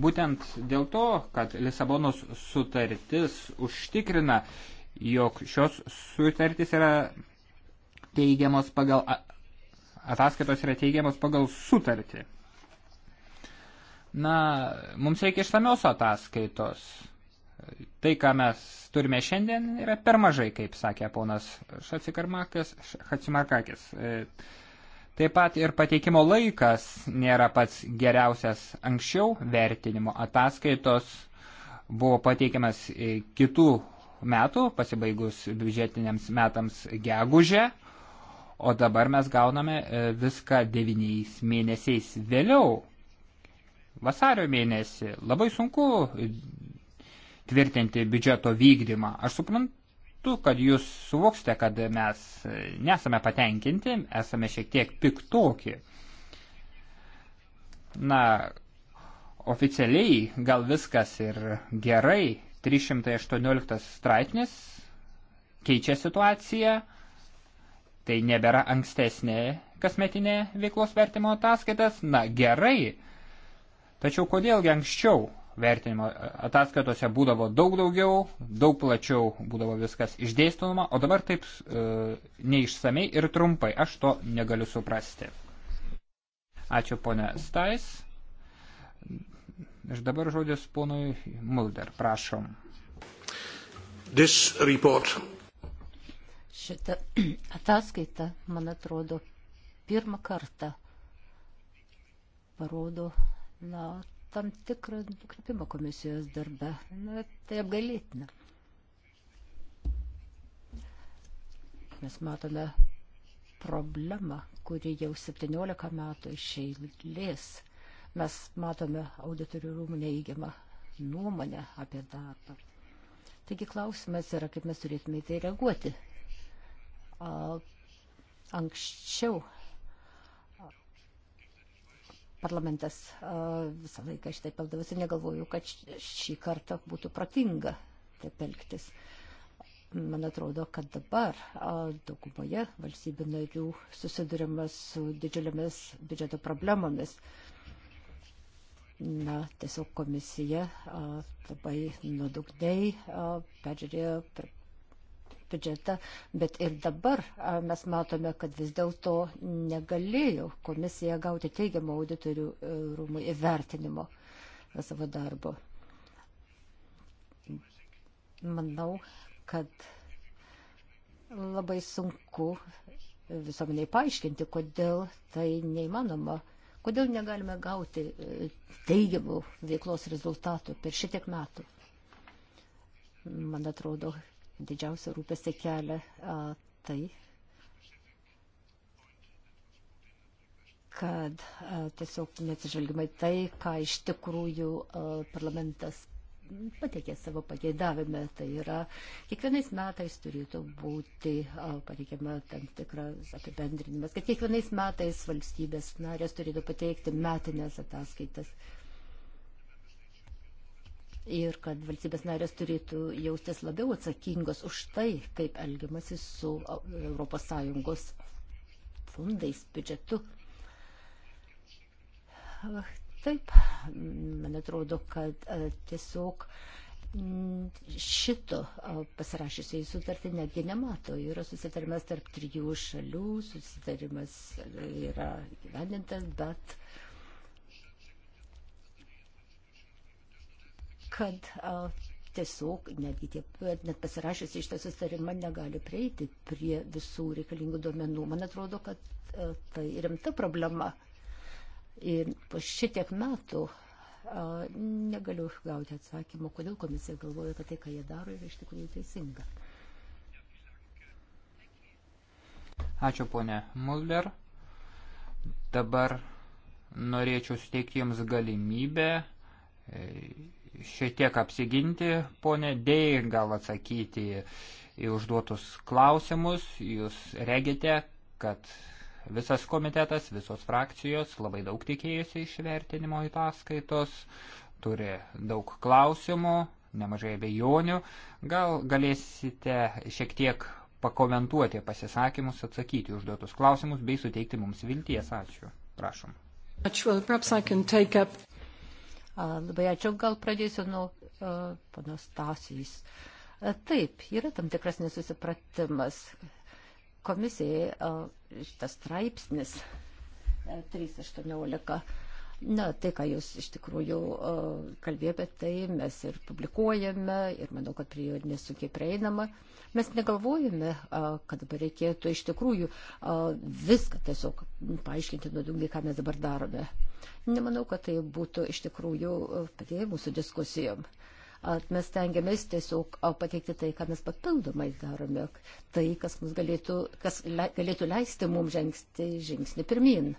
Būtent dėl to, kad Lisabonos sutartis užtikrina, jog šios sutartys yra teigiamos pagal ataskaitos yra teigiamos pagal sutartį. Na, mums reikia išsamios ataskaitos. Tai, ką mes turime šiandien, yra per mažai, kaip sakė ponas Šacimarkakis. E, taip pat ir pateikimo laikas nėra pats geriausias anksčiau vertinimo ataskaitos buvo pateikiamas e, kitų metų, pasibaigus biudžetiniams metams gegužę, o dabar mes gauname e, viską devyniais mėnesiais vėliau. Vasario mėnesį labai sunku tvirtinti biudžeto vykdymą. Aš suprantu, kad jūs suvoksite, kad mes nesame patenkinti, esame šiek tiek piktoki. Na, oficialiai gal viskas ir gerai. 318 straipsnis keičia situaciją. Tai nebėra ankstesnė kasmetinė veiklos vertimo ataskaitas. Na, gerai. Tačiau kodėlgi anksčiau vertinimo ataskaitose būdavo daug daugiau, daug plačiau būdavo viskas išdėstinama, o dabar taip e, neišsamei ir trumpai. Aš to negaliu suprasti. Ačiū ponė Stais. Ir dabar žodis ponui Mulder. Prašom. This report. Šitą ataskaitą, man atrodo, pirmą kartą parodo na, tam tikrą nukrypimą komisijos darbe. Na, nu, tai apgalėtina. Mes matome problemą, kuri jau 17 metų iš eilės. Mes matome auditorių rūmų neįgiamą nuomonę apie darbą. Taigi klausimas yra, kaip mes turėtume į tai reaguoti. Anksčiau parlamentas visą laiką šitai peldavosi ir negalvoju, kad šį kartą būtų protinga taip elgtis. Man atrodo, kad dabar daugumoje valstybių narių susidurima su didžiulėmis biudžeto problemomis. Na, tiesiog komisija a, labai nuodugniai peržiūrėjo per biudžetą, bet ir dabar mes matome, kad vis dėlto negalėjo komisija gauti teigiamą auditorių e, rūmų įvertinimo savo darbo. Manau, kad labai sunku visuomeniai paaiškinti, kodėl tai neįmanoma, kodėl negalime gauti e, teigiamų veiklos rezultatų per šitiek metų. Man atrodo, didžiausią rūpestį kelia a, tai, kad a, tiesiog neatsižvelgimai tai, ką iš tikrųjų a, parlamentas pateikė savo pageidavime. Tai yra, kiekvienais metais turėtų būti pateikiama tam tikras apibendrinimas, kad kiekvienais metais valstybės narės turėtų pateikti metinės ataskaitas. A, ir kad valstybės narės turėtų jaustis labiau atsakingos už tai, kaip elgiamasi su ES fondais, biudžetu. Taip, man atrodo, kad tiesiog šito pasirašysiai sutartį netgi nemato. Yra susitarimas tarp trijų šalių, susitarimas yra gyvendintas, bet uh, kad a, tiesiog netgi tie, net pasirašęs iš tą susitarimą negali prieiti prie visų reikalingų duomenų. Man atrodo, kad a, tai rimta problema. Ir po šitiek metų a, negaliu gauti atsakymo, kodėl komisija galvoja, kad tai, ką jie daro, yra iš tikrųjų teisinga. Ačiū ponė Mulder. Dabar norėčiau suteikti jums galimybę e, šiek tiek apsiginti, ponė Dėjai, gal atsakyti į užduotus klausimus. Jūs regite, kad visas komitetas, visos frakcijos labai daug tikėjusi iš vertinimo įtaskaitos, turi daug klausimų, nemažai abejonių. Gal galėsite šiek tiek pakomentuoti pasisakymus, atsakyti užduotus klausimus bei suteikti mums vilties. Ačiū. Prašom. Ačiū. Labai ačiū, gal pradėsiu nuo panos Tasijais. Taip, yra tam tikras nesusipratimas. Komisijai šitas straipsnis 318 Na, tai, ką jūs iš tikrųjų kalbėjote, tai mes ir publikuojame ir manau, kad prie jo nesunkiai prieinama. Mes negalvojame, kad dabar reikėtų iš tikrųjų viską tiesiog paaiškinti nuodungiai, ką mes dabar darome. Nemanau, kad tai būtų iš tikrųjų patie mūsų diskusijom mes tengiamės tiesiog pateikti tai, ką mes papildomai darome, tai, kas, galėtų, kas le, galėtų leisti mums žengti žingsnį pirmin.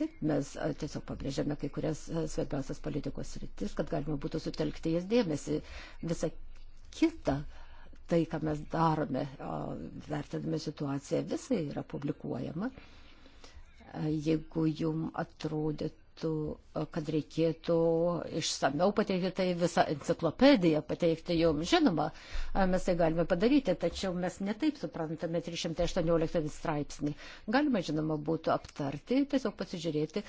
Taip, mes tiesiog pabrėžėme kai kurias svarbiausias politikos rytis, kad galima būtų sutelkti jas dėmesį. Visa kita, tai, ką mes darome, vertiname situaciją, visai yra publikuojama. Jeigu jum atrodytų reikėtų, e, kad reikėtų išsameu pateikti tai visą enciklopediją, pateikti jums. Žinoma, e, mes tai galime padaryti, tačiau mes netaip suprantame 318 straipsnį. Galima, žinoma, būtų aptarti, tiesiog pasižiūrėti,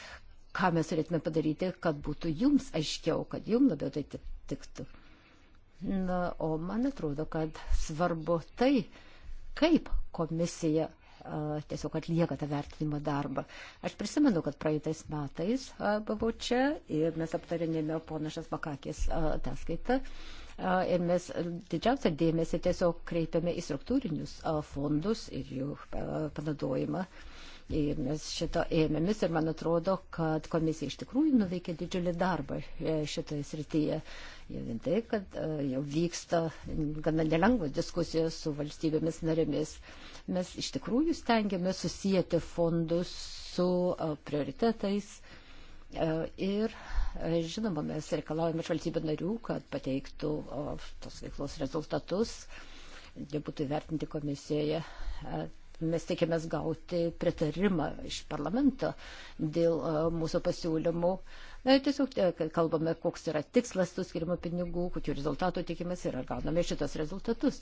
ką mes turėtume padaryti, kad būtų jums aiškiau, kad jums labiau tai tiktų. Na, o man atrodo, kad svarbu tai, kaip komisija tiesiog atlieka tą vertinimo darbą. Aš prisimenu, kad praeitais metais buvau čia ir mes aptarinėme ponašas Makakės ataskaitą. Ir mes didžiausią dėmesį tiesiog kreipiame į struktūrinius fondus ir jų panaudojimą. Ir mes šito ėmėmis ir man atrodo, kad komisija iš tikrųjų nuveikė didžiulį darbą e, šitoje srityje. Jau vien tai, kad e, jau vyksta gana nelengvos diskusijos su valstybėmis narėmis. Mes iš tikrųjų stengiamės susijęti fondus su e, prioritetais e, ir, žinoma, mes reikalaujame iš valstybių narių, kad pateiktų tos veiklos rezultatus, jie būtų įvertinti komisijoje mes tikimės gauti pritarimą iš parlamento dėl mūsų pasiūlymų. Tiesiog kalbame, koks yra tikslas tų skirimo pinigų, kokių rezultatų tikimės ir ar gauname šitos rezultatus.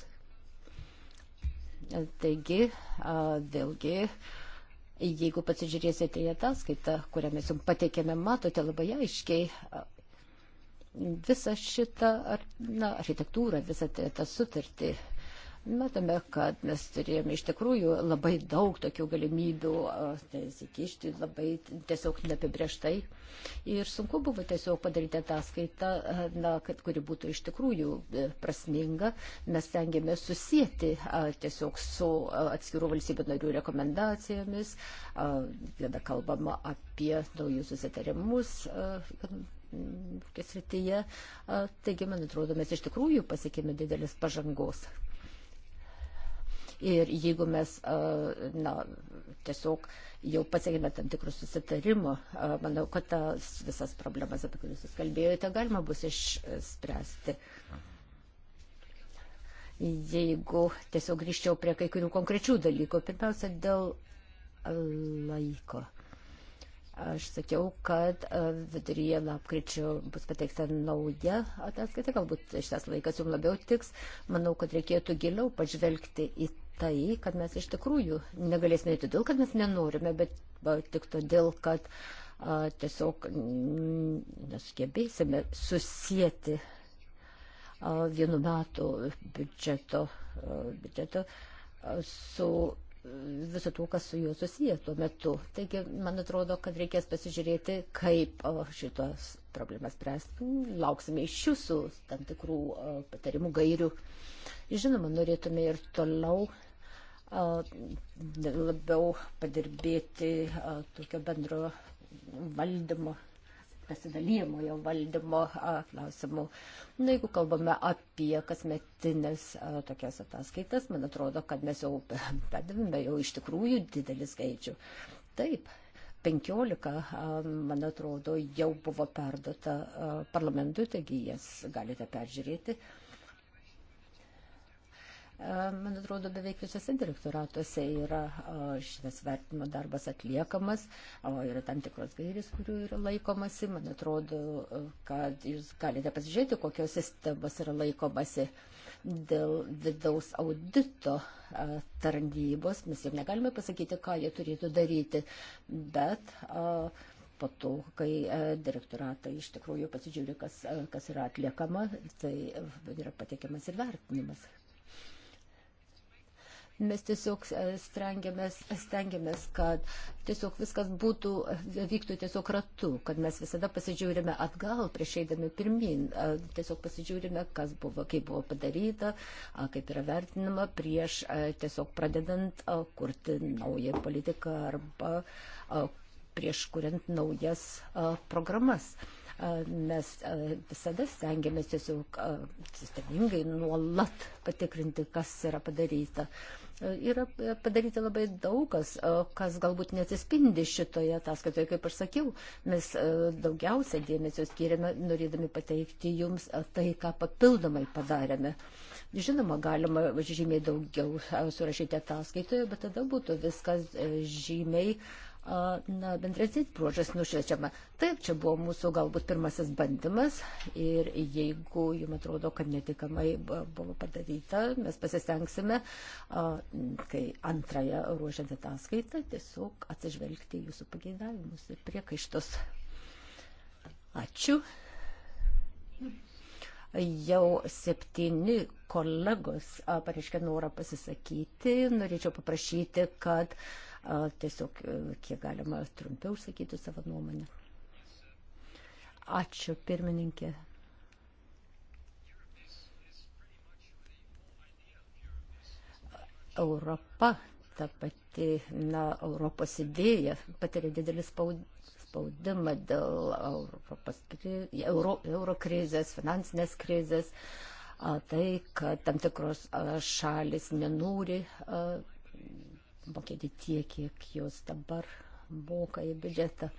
Taigi, vėlgi, jeigu pasižiūrėsite į ataskaitą, kurią mes jums pateikėme, matote labai aiškiai visą šitą na, architektūrą, visą tą sutartį Matome, kad mes turėjome iš tikrųjų labai daug tokių galimybių tai, įsikišti, labai tiesiog neapibrieštai. Ir sunku buvo tiesiog padaryti ataskaitą, na, kad, kuri būtų iš tikrųjų e, prasminga. Mes tengiame susijęti tiesiog su atskirų valstybių narių rekomendacijomis, kada kalbama apie naujus susitarimus, srityje. Taigi, man atrodo, mes iš tikrųjų pasiekėme didelės pažangos. Ir jeigu mes na, tiesiog jau pasiekėme tam tikrų susitarimų, manau, kad tas visas problemas, apie kurias jūs kalbėjote, galima bus išspręsti. Jeigu tiesiog grįžčiau prie kai kurių konkrečių dalykų, pirmiausia, dėl laiko. Aš sakiau, kad viduryje lapkričio bus pateikta nauja ataskaita, galbūt šitas laikas jums labiau tiks. Manau, kad reikėtų giliau pažvelgti į tai, kad mes iš tikrųjų negalėsime ne todėl, kad mes nenorime, bet tik todėl, kad a, tiesiog nesugebėsime susijęti vienu metu biudžeto, a, biudžeto a, su viso to, kas su juo susiję tuo metu. Taigi, man atrodo, kad reikės pasižiūrėti, kaip šitos problemas spręsti. Lauksime iš jūsų tam tikrų patarimų gairių. Žinoma, norėtume ir toliau labiau padirbėti tokio bendro valdymo pasidalymo, jo valdymo klausimų. Na, jeigu kalbame apie kasmetinės tokias ataskaitas, man atrodo, kad mes jau padavėme jau iš tikrųjų didelį skaičių. Taip, 15, man atrodo, jau buvo perduota parlamentui, taigi jas galite peržiūrėti. Uh, man atrodo, beveik visose direktoratuose yra šitas vertinimo darbas atliekamas, yra tam tikros gairės, kurių yra laikomasi. Man atrodo, kad jūs galite pasižiūrėti, kokios sistemos yra laikomasi dėl vidaus audito tarnybos. Mes jau negalime pasakyti, ką jie turėtų daryti, bet. Uh, po to, kai direktoratai iš tikrųjų pasižiūri, kas, kas yra atliekama, tai yra patiekiamas ir vertinimas. Mes tiesiog e, stengiamės, stengiamės, kad tiesiog viskas būtų, e, vyktų tiesiog ratu, kad mes visada pasidžiūrime atgal, prieš eidami pirmin, e, tiesiog pasidžiūrime, kas buvo, kaip buvo padaryta, kaip yra vertinama prieš tiesiog pradedant kurti naują politiką arba prieš kuriant naujas programas mes visada stengiamės tiesiog sistemingai nuolat patikrinti, kas yra padaryta. Yra padaryti labai daugas, kas galbūt nesispindi šitoje ataskaitoje, kaip aš sakiau. Mes daugiausia dėmesio skiriame, norėdami pateikti jums tai, ką papildomai padarėme. Žinoma, galima žymiai daugiau surašyti ataskaitoje, bet tada būtų viskas e, žymiai uh, na, bendrasis bruožas nušviečiama. Taip, čia buvo mūsų galbūt pirmasis bandymas ir jeigu jums atrodo, kad netikamai buvo padaryta, mes pasistengsime, kai antrąją ruožiant ataskaitą, tiesiog atsižvelgti jūsų pageidavimus ir priekaištus. Ačiū. Jau septyni kolegos pareiškia norą pasisakyti. Norėčiau paprašyti, kad uh, tiesiog e, kiek galima trumpiau užsakyti savo nuomonę. Ačiū, pirmininkė. Europa, ta pati, na, Europos idėja patiria didelį spaudimą dėl Europos, euro, euro krizės, finansinės krizės, tai, kad tam tikros šalis nenori mokėti tiek, kiek jos dabar moka į biudžetą.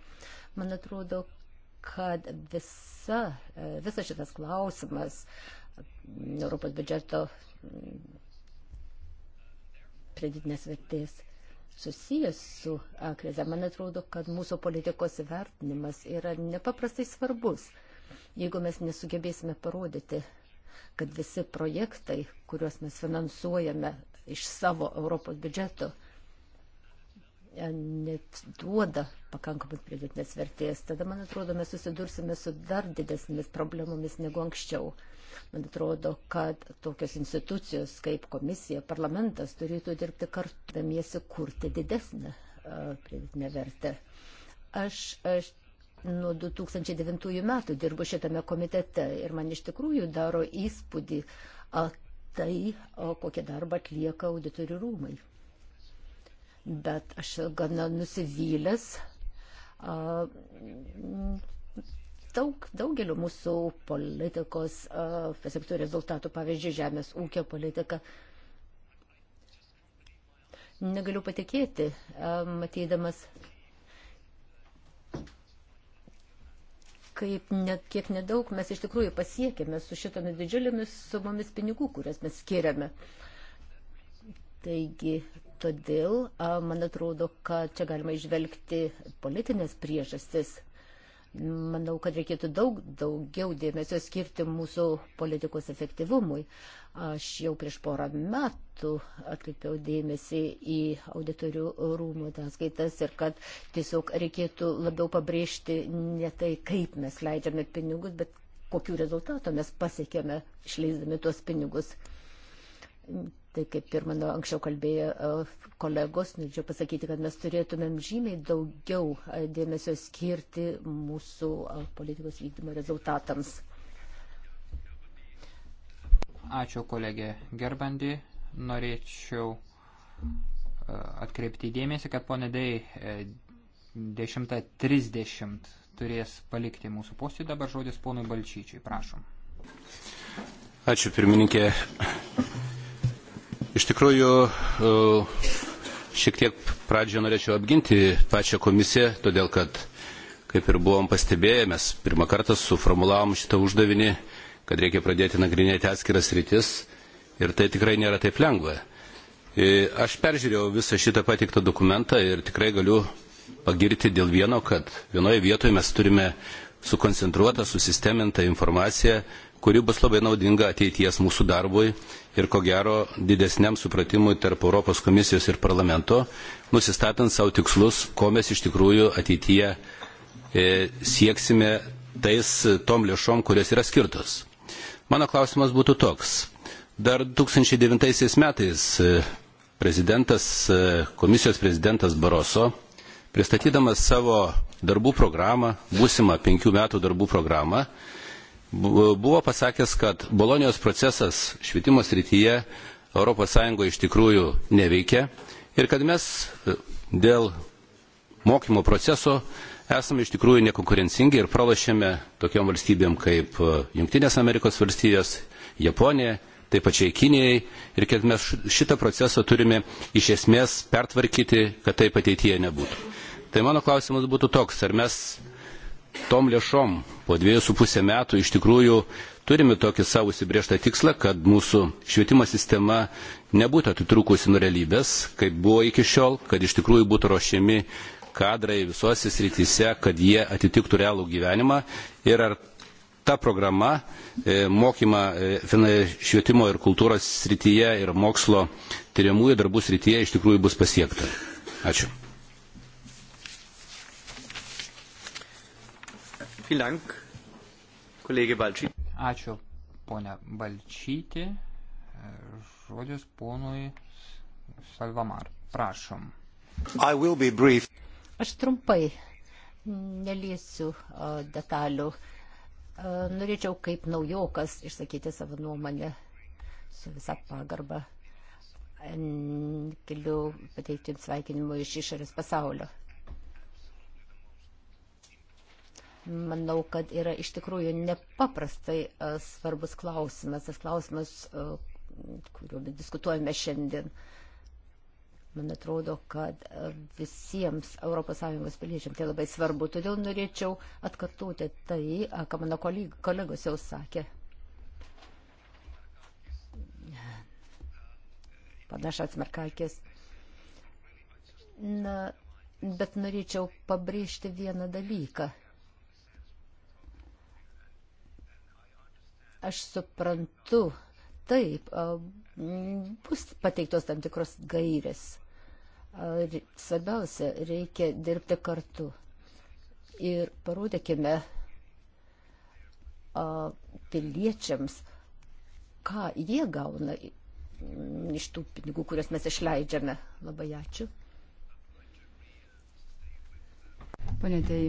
Man atrodo, kad visa, e, visas šitas klausimas Europos biudžeto pridėtinės vertės susijęs su krize. Man atrodo, kad mūsų politikos vertinimas yra nepaprastai svarbus. Jeigu mes nesugebėsime parodyti, kad visi projektai, kuriuos mes finansuojame iš savo Europos biudžeto, E, net duoda pakankamai pridėtinės vertės, tada, man atrodo, mes susidursime su dar didesnėmis problemomis negu anksčiau. Man atrodo, kad tokios institucijos kaip komisija, parlamentas turėtų dirbti kartu, damiesi kurti didesnę e, pridėtinę vertę. Aš, aš nuo 2009 metų dirbu šitame komitete ir man iš tikrųjų daro įspūdį a, tai, a, kokią darbą atlieka auditorių rūmai bet aš gana nusivylęs. Daug, daugelio mūsų politikos pasiektų rezultatų, pavyzdžiui, žemės ūkio politika. Negaliu patikėti, matydamas, kaip net kiek nedaug mes iš tikrųjų pasiekėme su šitomis didžiulėmis sumomis pinigų, kurias mes skiriame. Taigi Todėl, man atrodo, kad čia galima išvelgti politinės priežastis. Manau, kad reikėtų daug daugiau dėmesio skirti mūsų politikos efektyvumui. Aš jau prieš porą metų atkreipiau dėmesį į auditorių rūmų ataskaitas ir kad tiesiog reikėtų labiau pabrėžti ne tai, kaip mes leidžiame pinigus, bet kokiu rezultatu mes pasiekėme išleisdami tuos pinigus. Tai kaip ir mano anksčiau kalbėjo e, kolegos, norėčiau pasakyti, kad mes turėtumėm žymiai daugiau e, dėmesio skirti mūsų e, politikos vykdymo rezultatams. Ačiū kolegė Gerbandi. Norėčiau atkreipti dėmesį, kad ponė Dai 10.30 turės palikti mūsų posėdį. Dabar žodis ponui Balčyčiui. Prašom. Ačiū pirmininkė. Iš tikrųjų, e, šiek tiek pradžioje norėčiau apginti pačią komisiją, todėl kad, kaip ir buvom pastebėję, mes pirmą kartą suformulavom šitą uždavinį, kad reikia pradėti nagrinėti atskiras rytis ir tai tikrai nėra taip lengva. E, aš peržiūrėjau visą šitą patiktą dokumentą ir tikrai galiu pagirti dėl vieno, kad vienoje vietoje mes turime sukoncentruotą, susistemintą informaciją kuri bus labai naudinga ateities mūsų darbui ir ko gero didesniam supratimui tarp Europos komisijos ir parlamento, nusistatant savo tikslus, ko mes iš tikrųjų ateityje e, sieksime tais tom lėšom, kurios yra skirtos. Mano klausimas būtų toks. Dar 2009 metais e, prezidentas, e, komisijos prezidentas Baroso, pristatydamas savo darbų programą, būsimą penkių metų darbų programą, buvo pasakęs, kad Bolonijos procesas švietimo srityje ES iš tikrųjų neveikia ir kad mes e, dėl mokymo proceso esame iš tikrųjų nekonkurencingi ir pralašėme tokiam valstybėm kaip e, Junktinės Amerikos valstijos, Japonija, taip pačiai Kinijai ir kad mes šitą procesą turime iš esmės pertvarkyti, kad taip ateityje nebūtų. Tai mano klausimas būtų toks, ar mes tom lėšom po dviejų su pusę metų iš tikrųjų turime tokį savo įsibriežtą tikslą, kad mūsų švietimo sistema nebūtų atitrukusi nuo realybės, kaip buvo iki šiol, kad iš tikrųjų būtų ruošiami kadrai visose srityse, kad jie atitiktų realų gyvenimą ir ar ta programa e, mokymą e, švietimo ir kultūros srityje ir mokslo tyriamųjų darbų srityje iš tikrųjų bus pasiekta. Ačiū. Ačiū, ponia Balčytė. Žodis ponui Salvamar. Prašom. Aš trumpai neliesiu detalių. Norėčiau kaip naujokas išsakyti savo nuomonę su visa pagarba. Galiu pateikti jums sveikinimų iš išorės pasaulio. manau, kad yra iš tikrųjų nepaprastai e, svarbus klausimas, tas klausimas, e, kuriuo diskutuojame šiandien. Man atrodo, kad e, visiems ES piliečiams tai labai svarbu, todėl norėčiau atkartoti tai, ką mano kolegos jau sakė. Panašas merkakės. Na, bet norėčiau pabrėžti vieną dalyką – Aš suprantu, taip, bus pateiktos tam tikros gairės. Svarbiausia, reikia dirbti kartu. Ir parodykime piliečiams, ką jie gauna iš tų pinigų, kuriuos mes išleidžiame. Labai ačiū. Pane Tai,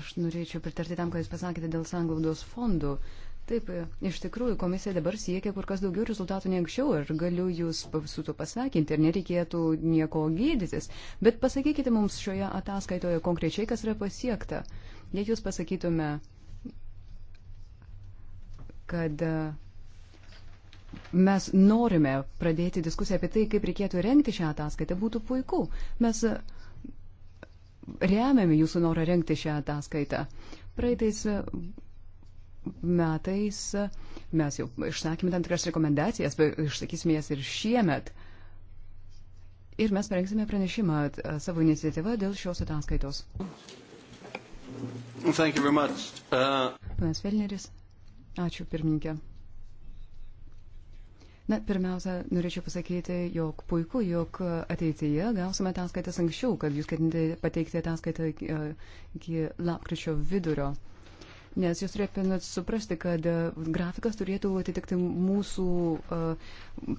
aš norėčiau pritarti tam, ką Jūs pasakėte dėl sanglaudos fondų. Uh, Taip, iš tikrųjų, komisija dabar siekia kur kas daugiau rezultatų nei anksčiau ir galiu jūs su to pasakinti ir nereikėtų nieko gydytis. Bet pasakykite mums šioje ataskaitoje konkrečiai, kas yra pasiekta. Jei jūs pasakytume, kad e, mes norime pradėti diskusiją apie tai, kaip reikėtų renkti šią ataskaitą, būtų puiku. Mes e, remiame jūsų norą renkti šią ataskaitą. Praeitais e, metais mes jau išsakėme tam tikras rekomendacijas, bet išsakysime jas ir šiemet. Ir mes parengsime pranešimą savo iniciatyvą dėl šios ataskaitos. Uh... Panas Velneris, ačiū pirmininkė. Na, pirmiausia, norėčiau pasakyti, jog puiku, jog ateityje gausime ataskaitas anksčiau, kad jūs ketinate pateikti ataskaitą iki lapkričio vidurio. Uh, nes jūs turėtumėt suprasti, kad e, grafikas turėtų atitikti mūsų uh,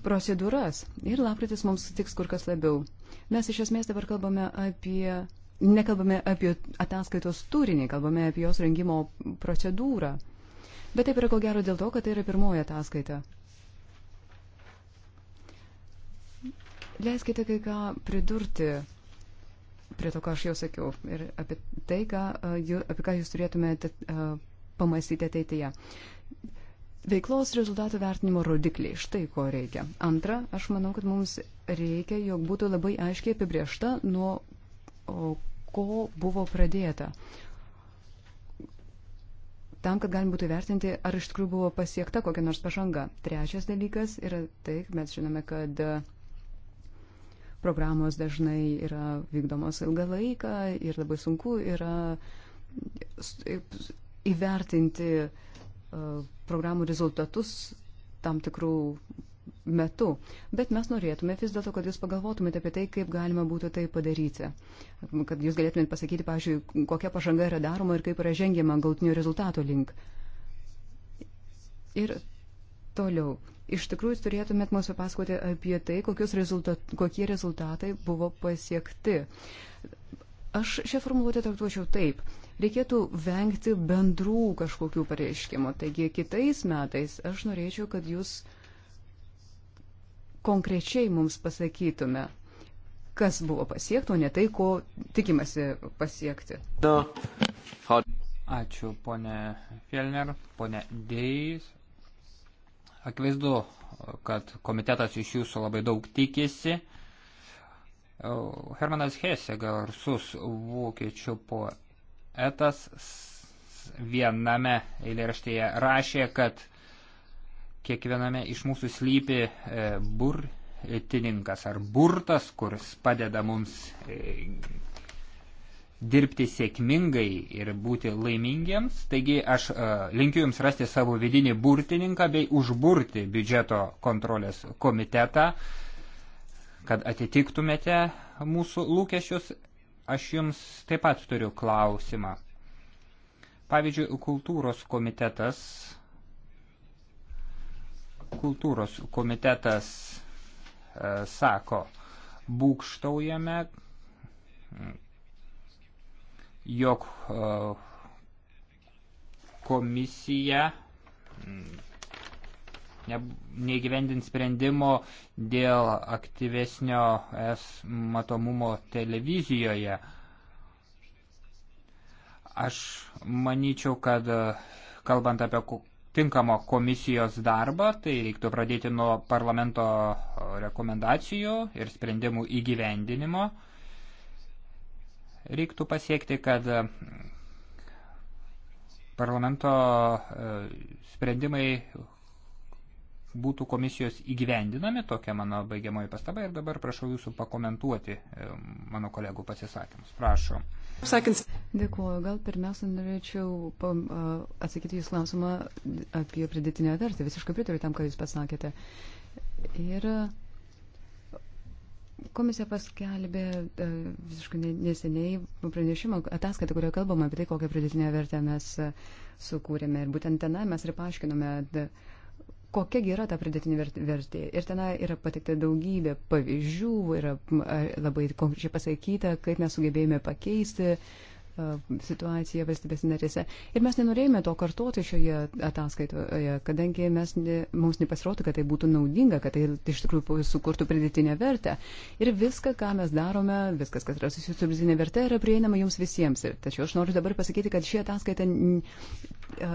procedūras ir lapkritis mums tiks kur kas labiau. Mes iš esmės dabar kalbame apie, nekalbame apie ataskaitos turinį, kalbame apie jos rengimo procedūrą. Bet taip yra ko gero dėl to, kad tai yra pirmoji ataskaita. Leiskite kai ką pridurti prie to, ką aš jau sakiau, ir apie tai, ką, apie ką jūs turėtumėte pamastyti ateityje. Veiklos rezultatų vertinimo rodikliai, štai ko reikia. Antra, aš manau, kad mums reikia, jog būtų labai aiškiai apibriešta, nuo ko buvo pradėta. Tam, kad galim būtų vertinti, ar iš tikrųjų buvo pasiekta kokia nors pažanga. Trečias dalykas yra tai, mes žinome, kad uh, Programos dažnai yra vykdomos ilgą laiką ir labai sunku yra įvertinti e, programų rezultatus tam tikrų metu. Bet mes norėtume vis dėlto, kad jūs pagalvotumėte apie tai, kaip galima būtų tai padaryti. Kad jūs galėtumėte pasakyti, pavyzdžiui, kokia pažanga yra daroma ir kaip yra žengiama galtinio rezultato link. Ir Toliau. Iš tikrųjų, turėtumėt mums papasakoti apie tai, rezultat, kokie rezultatai buvo pasiekti. Aš šią formuluotę traktuočiau taip. Reikėtų vengti bendrų kažkokių pareiškimų. Taigi kitais metais aš norėčiau, kad jūs konkrečiai mums pasakytume, kas buvo pasiekto, ne tai, ko tikimasi pasiekti. Ačiū, ponė Fielner, ponė Dėjus. Akivaizdu, kad komitetas iš jūsų labai daug tikisi. Hermanas Hesse, garsus vokiečių poetas, viename eilėraštėje rašė, kad kiekviename iš mūsų slypi e, burtininkas ar burtas, kuris padeda mums e, dirbti sėkmingai ir būti laimingiems. Taigi aš e, linkiu Jums rasti savo vidinį burtininką bei užburti biudžeto kontrolės komitetą, kad atitiktumėte mūsų lūkesčius. Aš Jums taip pat turiu klausimą. Pavyzdžiui, kultūros komitetas. Kultūros komitetas e, sako, būkštaujame, jog e, komisija mm, neįgyvendins sprendimo dėl aktyvesnio es matomumo televizijoje. Aš manyčiau, kad e, kalbant apie tinkamo komisijos darbą, tai reiktų pradėti nuo parlamento e, rekomendacijų ir sprendimų įgyvendinimo. Reiktų pasiekti, kad e, parlamento e, sprendimai būtų komisijos įgyvendinami, tokia mano baigiamoji pastaba ir dabar prašau jūsų pakomentuoti e, mano kolegų pasisakymus. Prašom. Dėkuoju, gal pirmiausia norėčiau pam, atsakyti jūs klausimą apie pridėtinę vertę. Visiškai pritariu tam, ką jūs pasakėte. Ir Komisija paskelbė e, visiškai neseniai pranešimą ataskaitą, kurioje kalbama apie tai, kokią pridėtinę vertę mes e, sukūrėme. Ir būtent tenai mes ir paaiškinome, kokia yra ta pridėtinė vertė. Ir tenai yra patikta daugybė pavyzdžių, yra labai konkrečiai pasakyta, kaip mes sugebėjome pakeisti uh, E, situaciją valstybės narėse. Ir mes nenorėjome to kartuoti šioje ataskaitoje, kadangi mes, ne, mums nepasirodo, kad tai būtų naudinga, kad tai iš tikrųjų sukurtų pridėtinę vertę. Ir viską, ką mes darome, viskas, kas yra susijusiu su pridėtinė vertė, yra prieinama jums visiems. Ir, tačiau aš noriu dabar pasakyti, kad ši ataskaita e,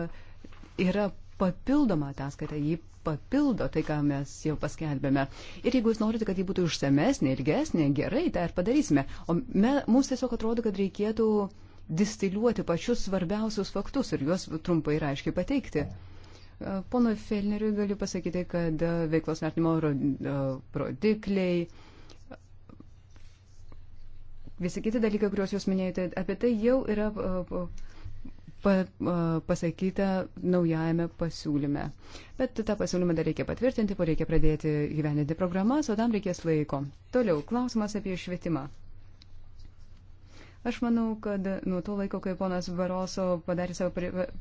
yra papildoma ataskaita, ji papildo tai, ką mes jau paskelbėme. Ir jeigu jūs norite, kad ji būtų užsamesnė, ilgesnė, gerai, tą ir padarysime. O me, mums tiesiog atrodo, kad reikėtų uh, distiliuoti pačius svarbiausius faktus ir juos trumpai ir aiškiai pateikti. E, pono Felneriui galiu pasakyti, kad e, veiklos vertinimo e, rodikliai, visi kiti dalykai, kuriuos jūs minėjote, apie tai jau yra pasakyta naujajame pasiūlyme. Bet tą pasiūlymą dar reikia patvirtinti, po reikia pradėti gyveninti programas, o tam reikės laiko. Toliau, klausimas apie švietimą. Aš manau, kad nuo to laiko, kai ponas Baroso padarė savo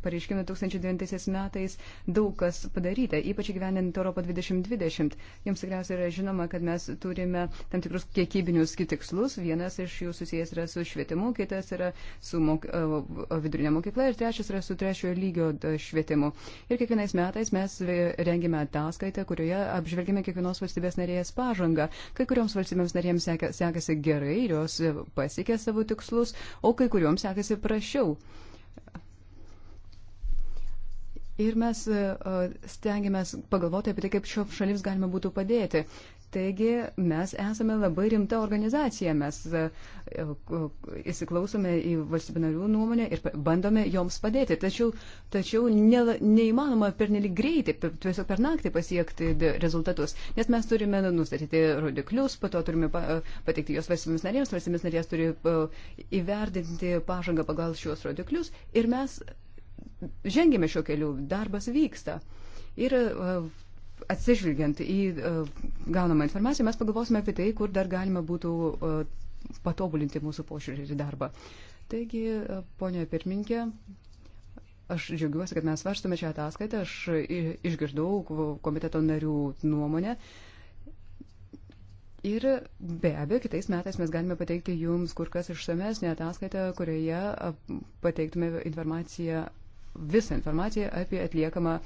pareiškimą 2009 metais, daug kas padaryta, ypač gyvenint Europą 2020. Jums tikriausiai yra žinoma, kad mes turime tam tikrus kiekybinius tikslus. Vienas iš jų susijęs yra su švietimu, kitas yra su mok vidurinė mokykla ir trečias yra su trečiojo lygio švietimu. Ir kiekvienais metais mes rengime ataskaitą, kurioje apžvelgime kiekvienos valstybės narės pažangą. Kai kurioms valstybėms narėms sekasi gerai ir jos pasiekė savo tikslus tikslus, o kai kuriuoms sekasi prašiau. Ir mes e, e, stengiamės pagalvoti apie tai, kaip šio šalims galima būtų padėti. Taigi mes esame labai rimta organizacija, mes e, e, e, įsiklausome į valstybinarių nuomonę ir bandome joms padėti. Tačiau, tačiau ne, neįmanoma pernelik greitai, tiesiog per naktį pasiekti rezultatus, nes mes turime nustatyti rodiklius, po to turime pateikti jos valstybėms narėms, valstybės narės turi įvertinti pažangą pagal šios rodiklius ir mes žengėme šio keliu, darbas vyksta. Ir atsižvelgiant į e, gaunamą informaciją, mes pagalvosime apie tai, kur dar galima būtų e, patobulinti mūsų požiūrį ir darbą. Taigi, e, ponio pirminkė, aš džiaugiuosi, kad mes svarstome šią ataskaitą, aš išgirdau komiteto narių nuomonę. Ir be abejo, kitais metais mes galime pateikti jums kur kas išsamesnį ataskaitą, kurioje pateiktume informaciją visą informaciją apie atliekamą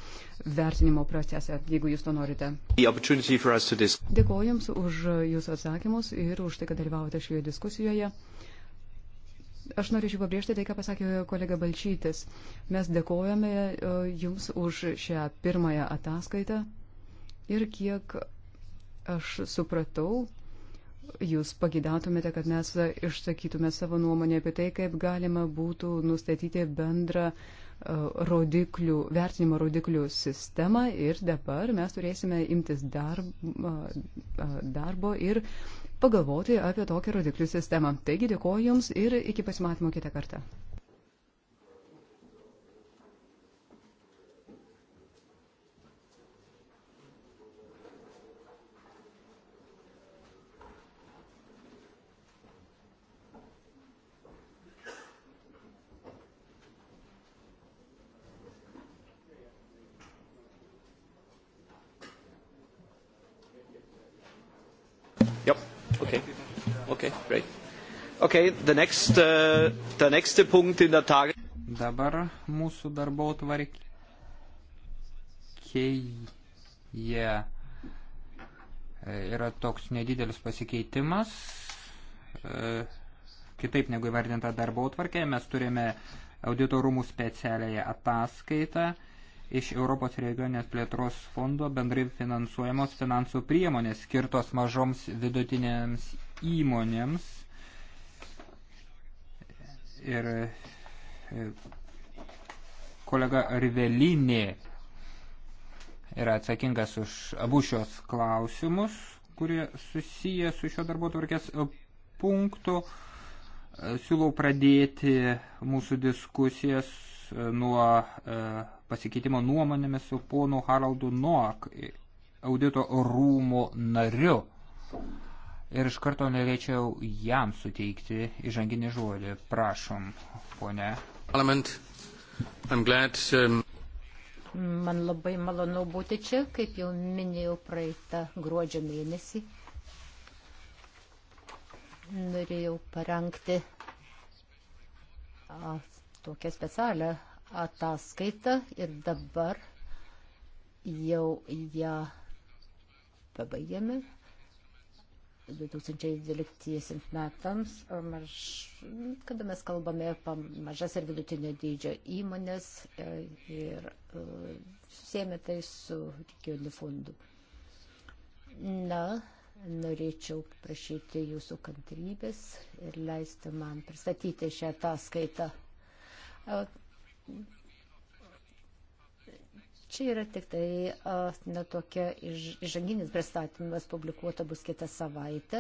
vertinimo procesą, jeigu jūs to norite. Dėkuoju Jums už Jūsų atsakymus ir už tai, kad dalyvavote šioje diskusijoje. Aš norėčiau pabrėžti tai, ką pasakė kolega Balčytis. Mes dėkojame e, Jums už šią pirmąją ataskaitą ir kiek aš supratau, Jūs pagidatumėte, kad mes išsakytume savo nuomonę apie tai, kaip galima būtų nustatyti bendrą uh, rodiklių, vertinimo rodiklių sistemą ir dabar mes turėsime imtis darbo, darbo ir pagalvoti apie tokią rodiklių sistemą. Taigi dėkoju Jums ir iki pasimatymo kitą kartą. Okay. Okay, great. Okay, the next, uh, the next punkt in the target. Dabar mūsų darbo tvarkėje uh, yra toks nedidelis pasikeitimas. Uh, kitaip negu įvardinta darbo tvarkėje, mes turime auditorumų specialiąją ataskaitą iš Europos regionės plėtros fondo bendrai finansuojamos finansų priemonės skirtos mažoms vidutinėms įmonėms ir e, kolega Rivelinė yra atsakingas už abu šios klausimus, kurie susiję su šio darbo tvarkės e, punktu. E, siūlau pradėti mūsų diskusijas nuo pasikeitimo nuomonėmis su ponu Haraldu Noak, audito rūmo nariu. Ir iš karto norėčiau jam suteikti įžanginį žodį. Prašom, ponė. Um, Man labai malonu būti čia, kaip jau minėjau praeitą gruodžio mėnesį. Norėjau parengti a, tokią specialią ataskaitą ir dabar jau ją pabaigėme. 2012 metams, marš, kada mes kalbame apie mažas ir vidutinio dydžio įmonės e, ir e, susėmė tai su regioniu fondu. Na, norėčiau prašyti jūsų kantrybės ir leisti man pristatyti šią ataskaitą. E, Čia yra tik tai, na, tokia įžanginis pristatymas publikuota bus kitą savaitę.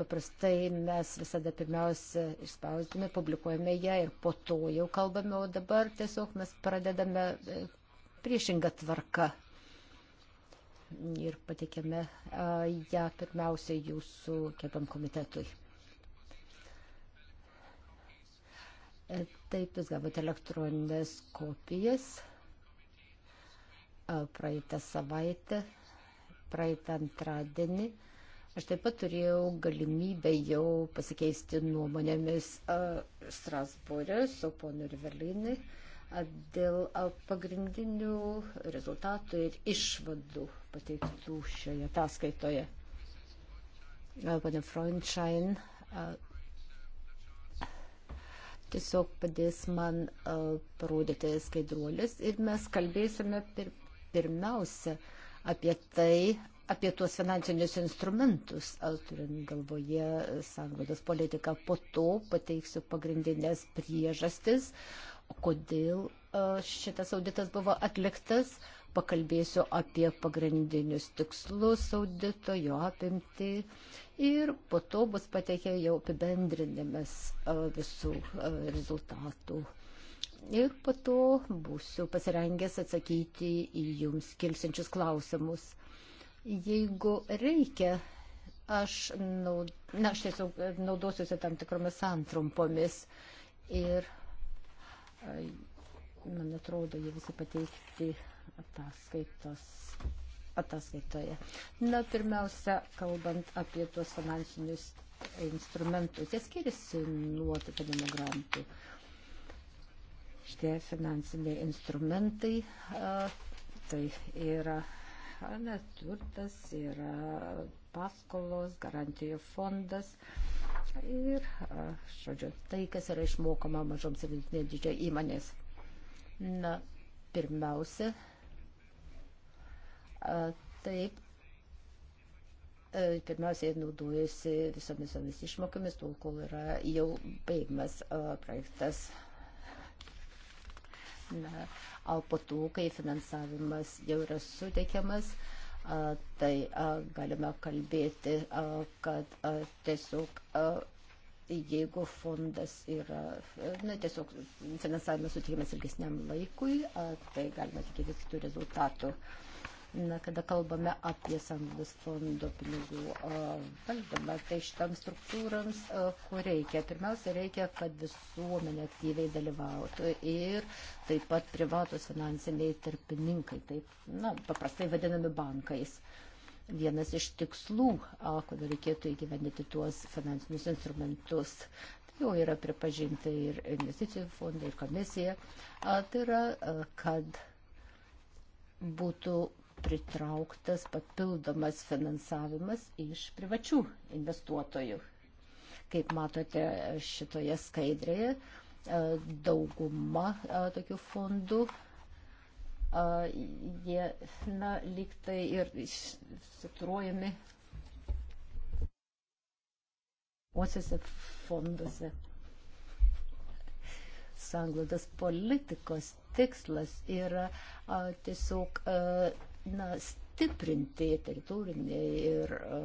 Paprastai mes visada pirmiausia išspausdame, publikuojame ją ir po to jau kalbame, o dabar tiesiog mes pradedame e, priešingą tvarką. Ir patikėme ją pirmiausia jūsų kelbam komitetui. E, Taip, jūs gavote elektroninės kopijas praeitą savaitę, praeitą antradienį. Aš taip pat turėjau galimybę jau pasikeisti nuomonėmis Strasbūrė su ponu Rivelinai dėl pagrindinių rezultatų ir išvadų pateiktų šioje ataskaitoje. Pane Freundschein tiesiog padės man uh, parodyti skaidruolis ir mes kalbėsime pir pirmiausia apie tai, apie tuos finansinius instrumentus, turint galvoje sąnaudos politiką. Po to pateiksiu pagrindinės priežastis, kodėl uh, šitas auditas buvo atliktas. Uh, pakalbėsiu apie pagrindinius tikslus audito, jo apimti ir po to bus pateikę jau apibendrinimas visų rezultatų. Ir po to būsiu pasirengęs atsakyti į jums kilsinčius klausimus. Jeigu reikia, aš, naud... Na, aš tiesiog naudosiuosi tam tikromis antrumpomis. Ir man atrodo, jie visi pateikti ataskaitos ataskaitoje. Na, pirmiausia, kalbant apie tuos finansinius instrumentus, jie skiriasi nuo tapinimo grantų. Šitie finansiniai instrumentai, tai yra na, turtas, yra paskolos, garantijų fondas. Ir, žodžiu, tai, kas yra išmokama mažoms ir vidutinio dydžio įmonės. Na, pirmiausia, Taip, e, pirmiausiai naudojasi visomis tomis išmokomis, tol kol yra jau baigimas e, projektas. Na, o po to, kai finansavimas jau yra suteikiamas, e, tai galime kalbėti, kad tiesiog jeigu fondas yra, na, tiesiog finansavimas suteikiamas ilgesniam laikui, tai galima tikėtis kitų rezultatų. Uh, na, kada kalbame apie sanglus fondo pinigų valdymą, tai šitam struktūrams ko reikia. Pirmiausia, reikia, kad visuomenė aktyviai dalyvautų ir taip pat privatus finansiniai tarpininkai, taip, na, paprastai vadinami bankais. Vienas iš tikslų, kodėl reikėtų įgyvendinti tuos finansinius instrumentus, tai jau yra pripažinta ir investicijų fondai, ir komisija. A, tai yra, a, kad būtų pritrauktas papildomas finansavimas iš privačių investuotojų. Kaip matote šitoje skaidrėje, e, dauguma e, tokių fondų, e, jie, na, lygtai ir saturuojami uosiuose fonduose. Sanglodas politikos tikslas yra a, tiesiog a, na, stiprinti teritorinį ir e,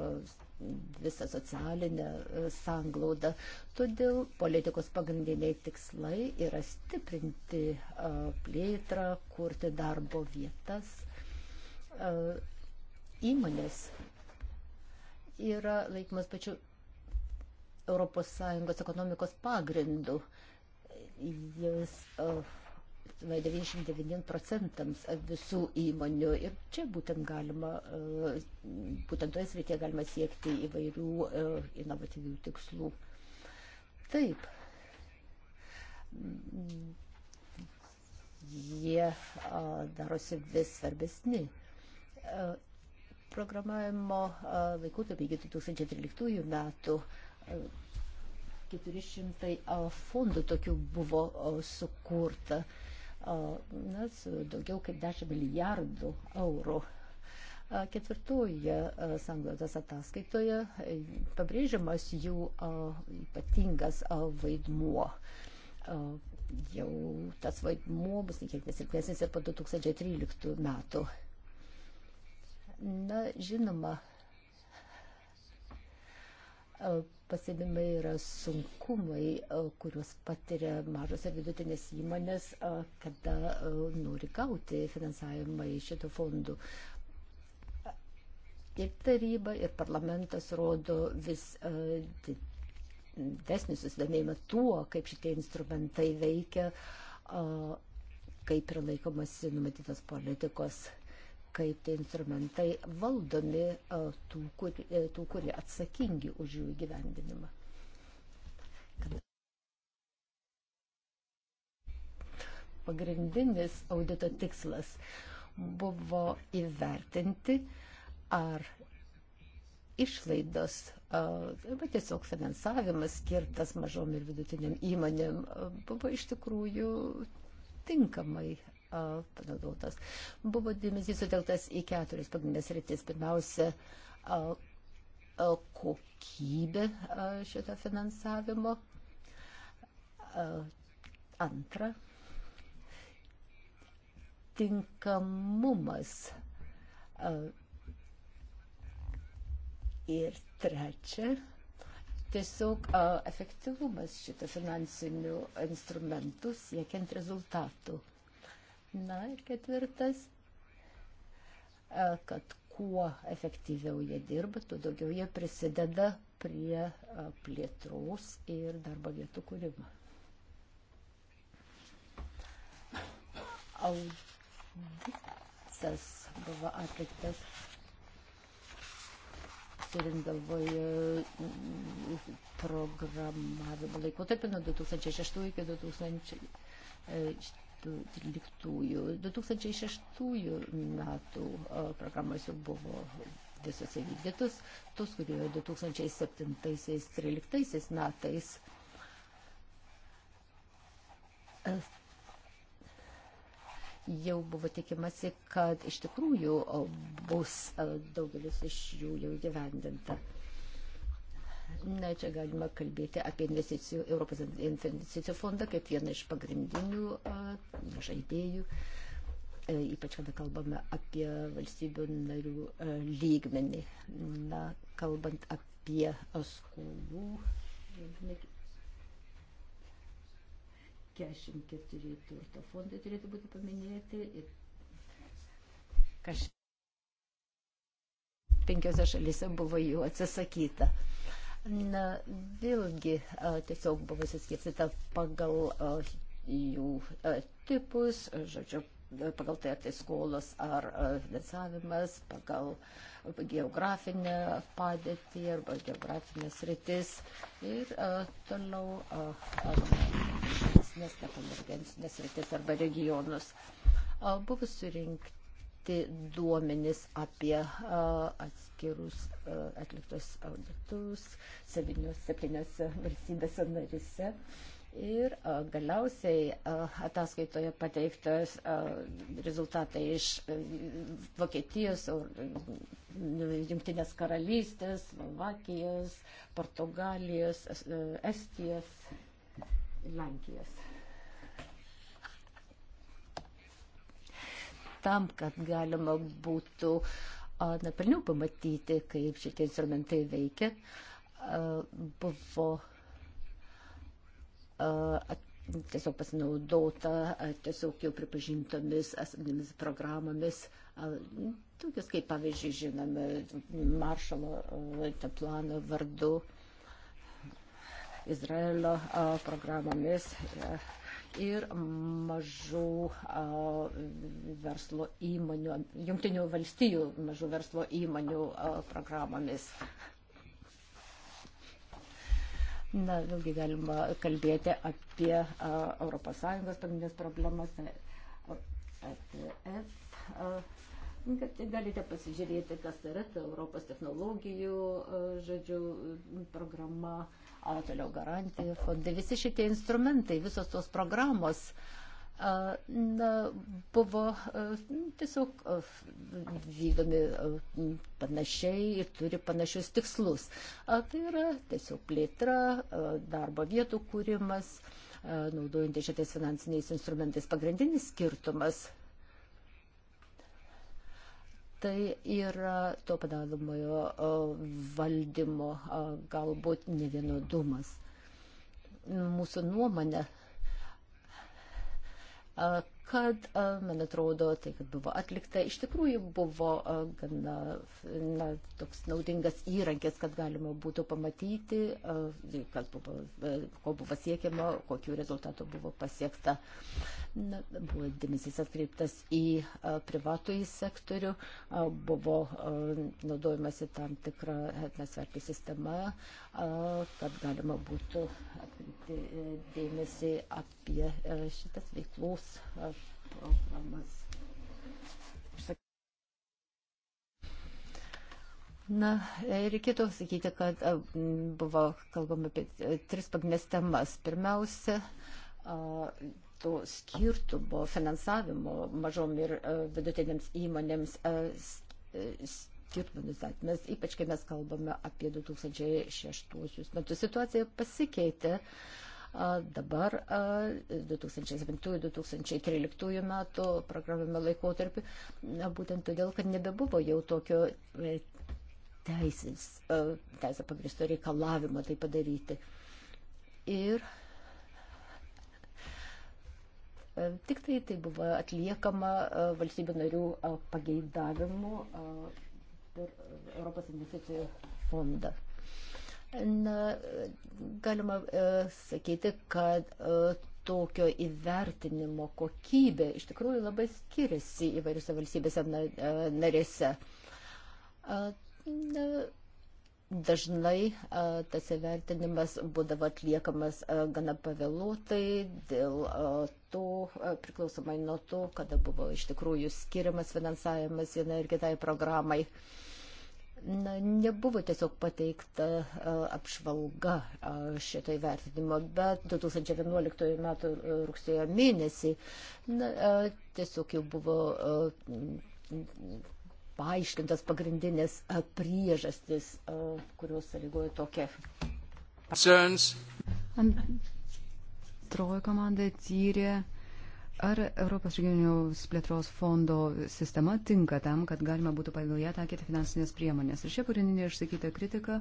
visą socialinę e, sanglaudą. Todėl politikos pagrindiniai tikslai yra stiprinti e, plėtrą, kurti darbo vietas. Įmonės yra laikomas pačiu ES ekonomikos pagrindu. Jis uh, 99 procentams visų įmonių. Ir čia būtent galima, e, būtent toje srityje galima siekti įvairių e, inovatyvių tikslų. Taip. Jie e, darosi vis svarbesni programavimo laikotarpį iki 2013 metų 400 fondų tokių buvo sukurta na, su daugiau kaip 10 milijardų eurų. Ketvirtoje sanglaudos ataskaitoje pabrėžiamas jų ypatingas vaidmuo. Jau tas vaidmuo bus kiek nesilpnesnis ir po 2013 metų. Na, žinoma, pastebimai yra sunkumai, e, kuriuos patiria mažos ir vidutinės įmonės, e, kada e, nori gauti finansavimą iš šitų fondų. Ir taryba, ir parlamentas rodo vis didesnį susidomėjimą tuo, kaip šitie instrumentai veikia, kaip yra laikomasi numatytos politikos kaip tie instrumentai valdomi e, tų, kur, e, tų kurie atsakingi už jų įgyvendinimą. Pagrindinis audito tikslas buvo įvertinti, ar išlaidos e, arba tiesiog finansavimas skirtas mažom ir vidutiniam įmonėm buvo iš tikrųjų tinkamai panaudotas. Buvo dėmesys sutelktas į keturias pagrindinės rytis. Pirmiausia, kokybė šito finansavimo. Antra, tinkamumas. Ir trečia, tiesiog efektyvumas šito finansinių instrumentų siekiant rezultatų. Na ir ketvirtas, e, kad kuo efektyviau jie dirba, tuo daugiau jie prisideda prie e, plėtros ir darbo vietų kūrimo. Auditas buvo atliktas turint galvoje programavimo laikotarpį nuo 2006 iki 2000. 2006 metų e, programos jau buvo visos įvykdytos, tos, kurie 2007-2013 metais. E, jau buvo tikimasi, kad iš tikrųjų e, bus daugelis iš jų jau gyvendinta. Na, čia galima kalbėti apie investicijų, Europos investicijų fondą kaip vieną iš pagrindinių žaidėjų, e, ypač kada kalbame apie valstybių narių e, lygmenį. Na, kalbant apie skolų. 44 turto fondai turėtų būti paminėti ir kaž... penkiose šalyse buvo jų atsisakyta. Uh, Na, vėlgi tiesiog buvo suskirstyta pagal jų tipus, žodžiu, pagal tai ar tai skolos ar finansavimas, pagal geografinę padėtį arba geografinės rytis ir toliau nes nekonvergencinės rytis arba regionus. Buvo surinkti pateikti duomenis apie atskirus atliktus auditus septyniose valstybėse narise. Ir galiausiai ataskaitoje pateiktas rezultatai iš Vokietijos, Junktinės karalystės, Slovakijos, Portugalijos, e, Estijos, Lenkijos. tam, kad galima būtų na, pelniau pamatyti, kaip šitie instrumentai veikia. Buvo tiesiog pasinaudota tiesiog jau pripažintomis esaminėmis programomis, tokius kaip pavyzdžiui žinome maršalo teplano vardu, Izraelio programomis. Ja ir mažų verslo įmonių, jungtinių valstijų mažų verslo įmonių programomis. Na, vėlgi galima kalbėti apie ES pagrindinės problemas, ETS. E galite pasižiūrėti, kas yra ta Europos technologijų, žodžiu, programa toliau garantijų fondai, visi šitie instrumentai, visos tos programos na, buvo tiesiog vykdomi panašiai ir turi panašius tikslus. Tai yra tiesiog plėtra, darbo vietų kūrimas, naudojant šitais finansiniais instrumentais. Pagrindinis skirtumas tai yra to padalomojo valdymo galbūt nevienodumas. Mūsų nuomonė, kad, man atrodo, tai, kad buvo atlikta, iš tikrųjų buvo gana na, toks naudingas įrankis, kad galima būtų pamatyti, kas buvo, ko buvo siekiama, kokiu rezultatu buvo pasiekta. Uh, Na, buvo dėmesys atkreiptas į a, privatų į sektorių, a, buvo a, naudojamasi tam tikrą nesvertų sistemą, a, kad galima būtų atkreipti e, dėmesį apie a, e, šitas veiklos a, programas. Na, e, reikėtų sakyti, kad buvo kalbama apie tris pagrindinės temas. Pirmiausia, to skirtumo finansavimo mažom ir e, vidutinėms įmonėms e, e, skirtumo nustatymas, ypač kai mes kalbame apie 2006 metus. Situacija pasikeitė. Dabar 2007-2013 metų programinio laikotarpį, būtent todėl, kad nebebuvo jau tokio teisės, teisę pagristo reikalavimo tai padaryti. Ir E, tik tai tai buvo atliekama e, valstybių narių e, pageidavimu per Europos investicijų fondą. Na, galima sakyti, kad tokio įvertinimo kokybė iš tikrųjų labai skiriasi įvairiose valstybėse narėse. Na, Dažnai tas įvertinimas būdavo atliekamas gana pavėluotai dėl to, priklausomai nuo to, kada buvo iš tikrųjų skiriamas finansavimas vienai ir kitai programai. Na, nebuvo tiesiog pateikta apžvalga šito įvertinimo, bet 2011 m. rugsėjo mėnesį na, tiesiog jau buvo paaiškintas pagrindinės priežastis, kurios sąlygoja tokia. Antroji komanda tyrė, ar Europos regioninės plėtros fondo sistema tinka tam, kad galima būtų pagal ją taikyti finansinės priemonės. Ir šia pagrindinė išsakyta kritika,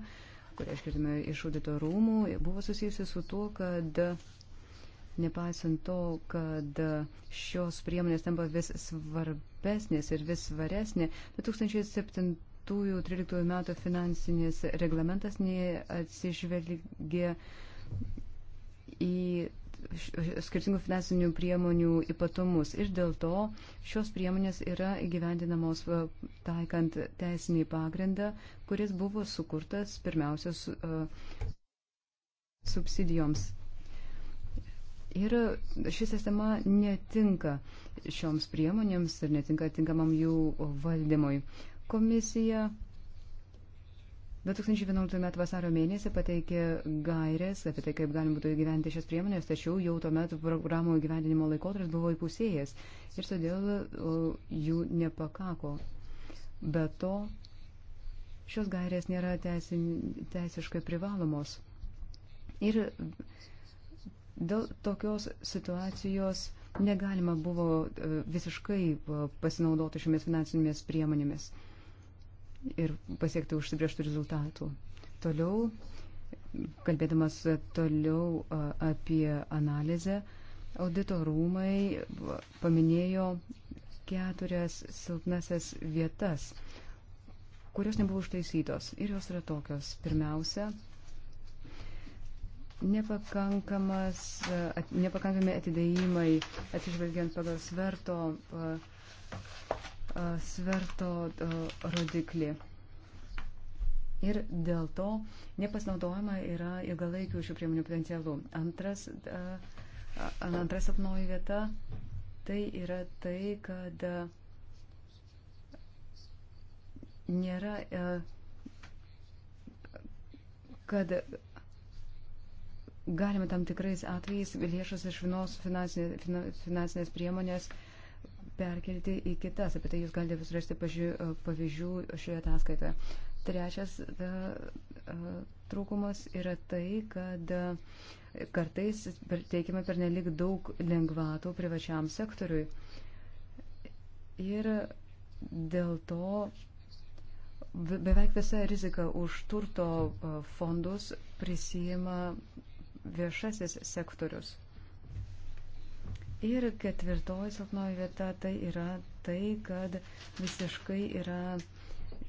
kurią išgirdome iš audito rūmų, buvo susijusi su tuo, kad nepaisant to, kad šios priemonės tampa vis svarbesnės ir vis svaresnė, 2007-2013 metų finansinis reglamentas neatsižvelgė į skirtingų finansinių priemonių ypatumus ir dėl to šios priemonės yra gyvendinamos taikant teisinį pagrindą, kuris buvo sukurtas pirmiausias subsidijoms Ir ši sistema netinka šioms priemonėms ir netinka tinkamam jų valdymui. Komisija 2011 m. vasario mėnesį pateikė gairės apie tai, kaip galima būtų įgyventi šias priemonės, tačiau jau tuo metu programų įgyvendinimo laikotarpis buvo įpusėjęs ir todėl jų nepakako. Be to, šios gairės nėra teisi, teisiškai privalomos. Ir Dėl tokios situacijos negalima buvo e, visiškai e, pasinaudoti šiomis finansinėmis priemonėmis ir pasiekti užsibrieštų rezultatų. Toliau, kalbėdamas toliau e, apie analizę, auditorumai paminėjo keturias silpnasias vietas, kurios nebuvo užtaisytos. Ir jos yra tokios. Pirmiausia, nepakankamas, at, nepakankami atidėjimai atsižvelgiant pagal sverto, sverto rodiklį. Ir dėl to nepasinaudojama yra ilgalaikių šių priemonių potencialų. Antras, antras apnoji vieta tai yra tai, kad nėra, kad galima tam tikrais atvejais lėšas iš vienos finansinės, finansinės priemonės perkelti į kitas. Apie tai jūs galite vis rasti pavyzdžių šioje ataskaitoje. Trečias trūkumas yra tai, kad kartais teikiame per nelik daug lengvatų privačiam sektoriui. Ir dėl to beveik visa rizika už turto fondus prisijima viešasis sektorius. Ir ketvirtoji silpnoji vieta tai yra tai, kad visiškai yra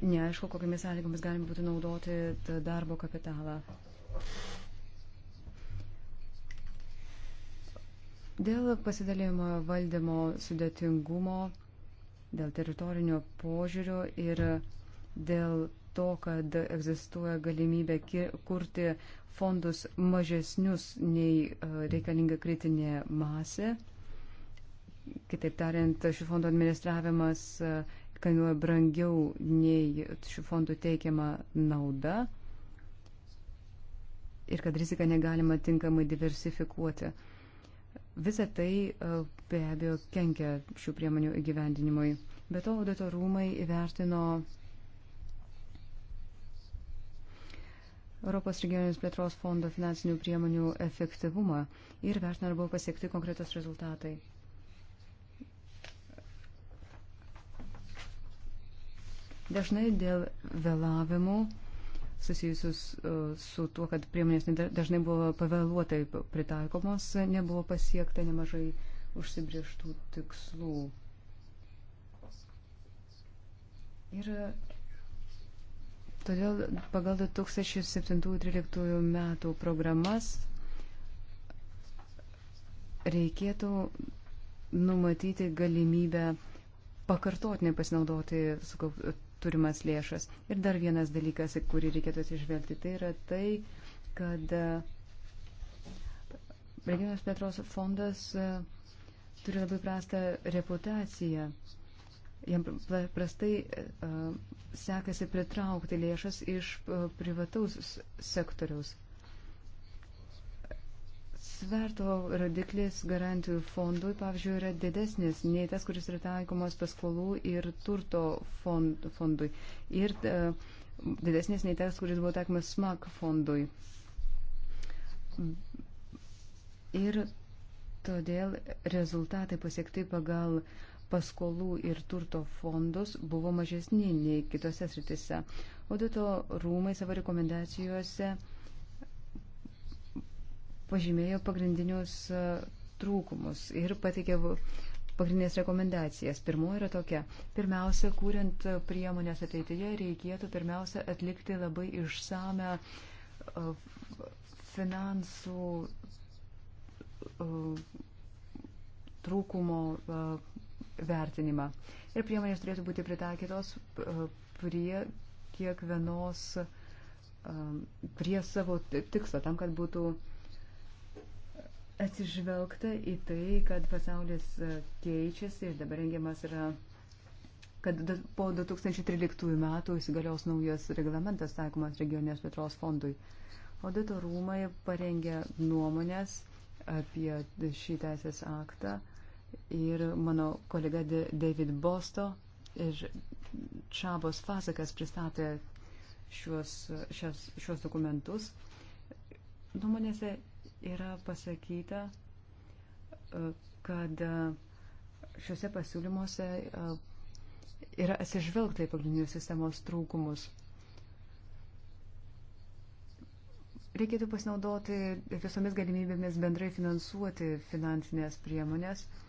neaišku, kokiamis sąlygomis galima būtų naudoti darbo kapitalą. Dėl pasidalėjimo valdymo sudėtingumo, dėl teritorinio požiūrio ir dėl to, kad egzistuoja galimybė kurti fondus mažesnius nei e, reikalinga kritinė masė. Kitaip tariant, šių fondų administravimas e, kainuoja brangiau nei šių fondų teikiama nauda ir kad riziką negalima tinkamai diversifikuoti. Visa tai e, be abejo kenkia šių priemonių įgyvendinimui. Be to, audito rūmai įvertino Europos regioninės plėtros fondo finansinių priemonių efektyvumą ir vertina, ar buvo pasiekti konkretos rezultatai. Dažnai dėl vėlavimų susijusius e, su tuo, kad priemonės dažnai buvo pavėluotai pritaikomos, nebuvo pasiekta nemažai užsibrieštų tikslų. Ir Todėl pagal 2007-2013 metų programas reikėtų numatyti galimybę pakartotinai pasinaudoti turimas lėšas. Ir dar vienas dalykas, į kurį reikėtų atsižvelgti, tai yra tai, kad e, Regionos plėtros fondas e, turi labai prastą reputaciją jam prastai e, e, sekasi pritraukti lėšas iš e, privataus sektoriaus. Sverto rodiklis garantijų fondui, pavyzdžiui, yra didesnis nei tas, kuris yra taikomas paskolų ir turto fond, fondui. Ir uh, didesnis nei tas, kuris buvo taikomas SMAC fondui. Ir todėl rezultatai pasiekti pagal uh, paskolų ir turto fondus buvo mažesni nei kitose sritise. Audito rūmai savo rekomendacijose pažymėjo pagrindinius e, trūkumus ir pateikė pagrindinės rekomendacijas. Pirmoji yra tokia. Pirmiausia, kūrint priemonės ateityje, reikėtų pirmiausia atlikti labai išsame e, finansų e, trūkumo vertinimą. Ir priemonės turėtų būti pritaikytos e, prie kiekvienos, e, prie savo tikslo, tam, kad būtų atsižvelgta į tai, kad pasaulis e, keičiasi ir dabar rengiamas yra kad po 2013 metų įsigalios naujas reglamentas taikomas regioninės plėtros fondui. Audito rūmai parengė nuomonės apie šį teisės aktą ir mano kolega David Bosto ir Čabos Fasakas pristatė šiuos, šios, šios dokumentus. Nuomonėse yra pasakyta, e, kad e, šiuose pasiūlymuose e, yra atsižvelgta į pagrindinių sistemos trūkumus. Reikėtų pasinaudoti visomis galimybėmis bendrai finansuoti finansinės priemonės. Uh,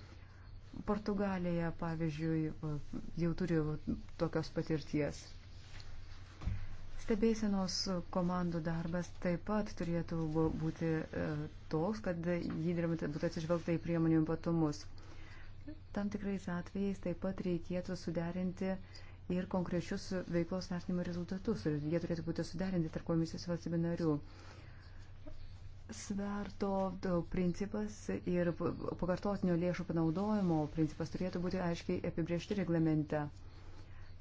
Portugalija, pavyzdžiui, jau turi tokios patirties. Stebėsenos komandų darbas taip pat turėtų būti e, toks, kad jį dirbant būtų atsižvelgta į priemonių ypatumus. Tam tikrais atvejais taip pat reikėtų suderinti ir konkrečius veiklos vertinimo rezultatus. Jie turėtų būti suderinti tarp komisijos valstybių narių sverto e, principas ir pakartotinio lėšų panaudojimo principas turėtų būti aiškiai apibriežti reglamente.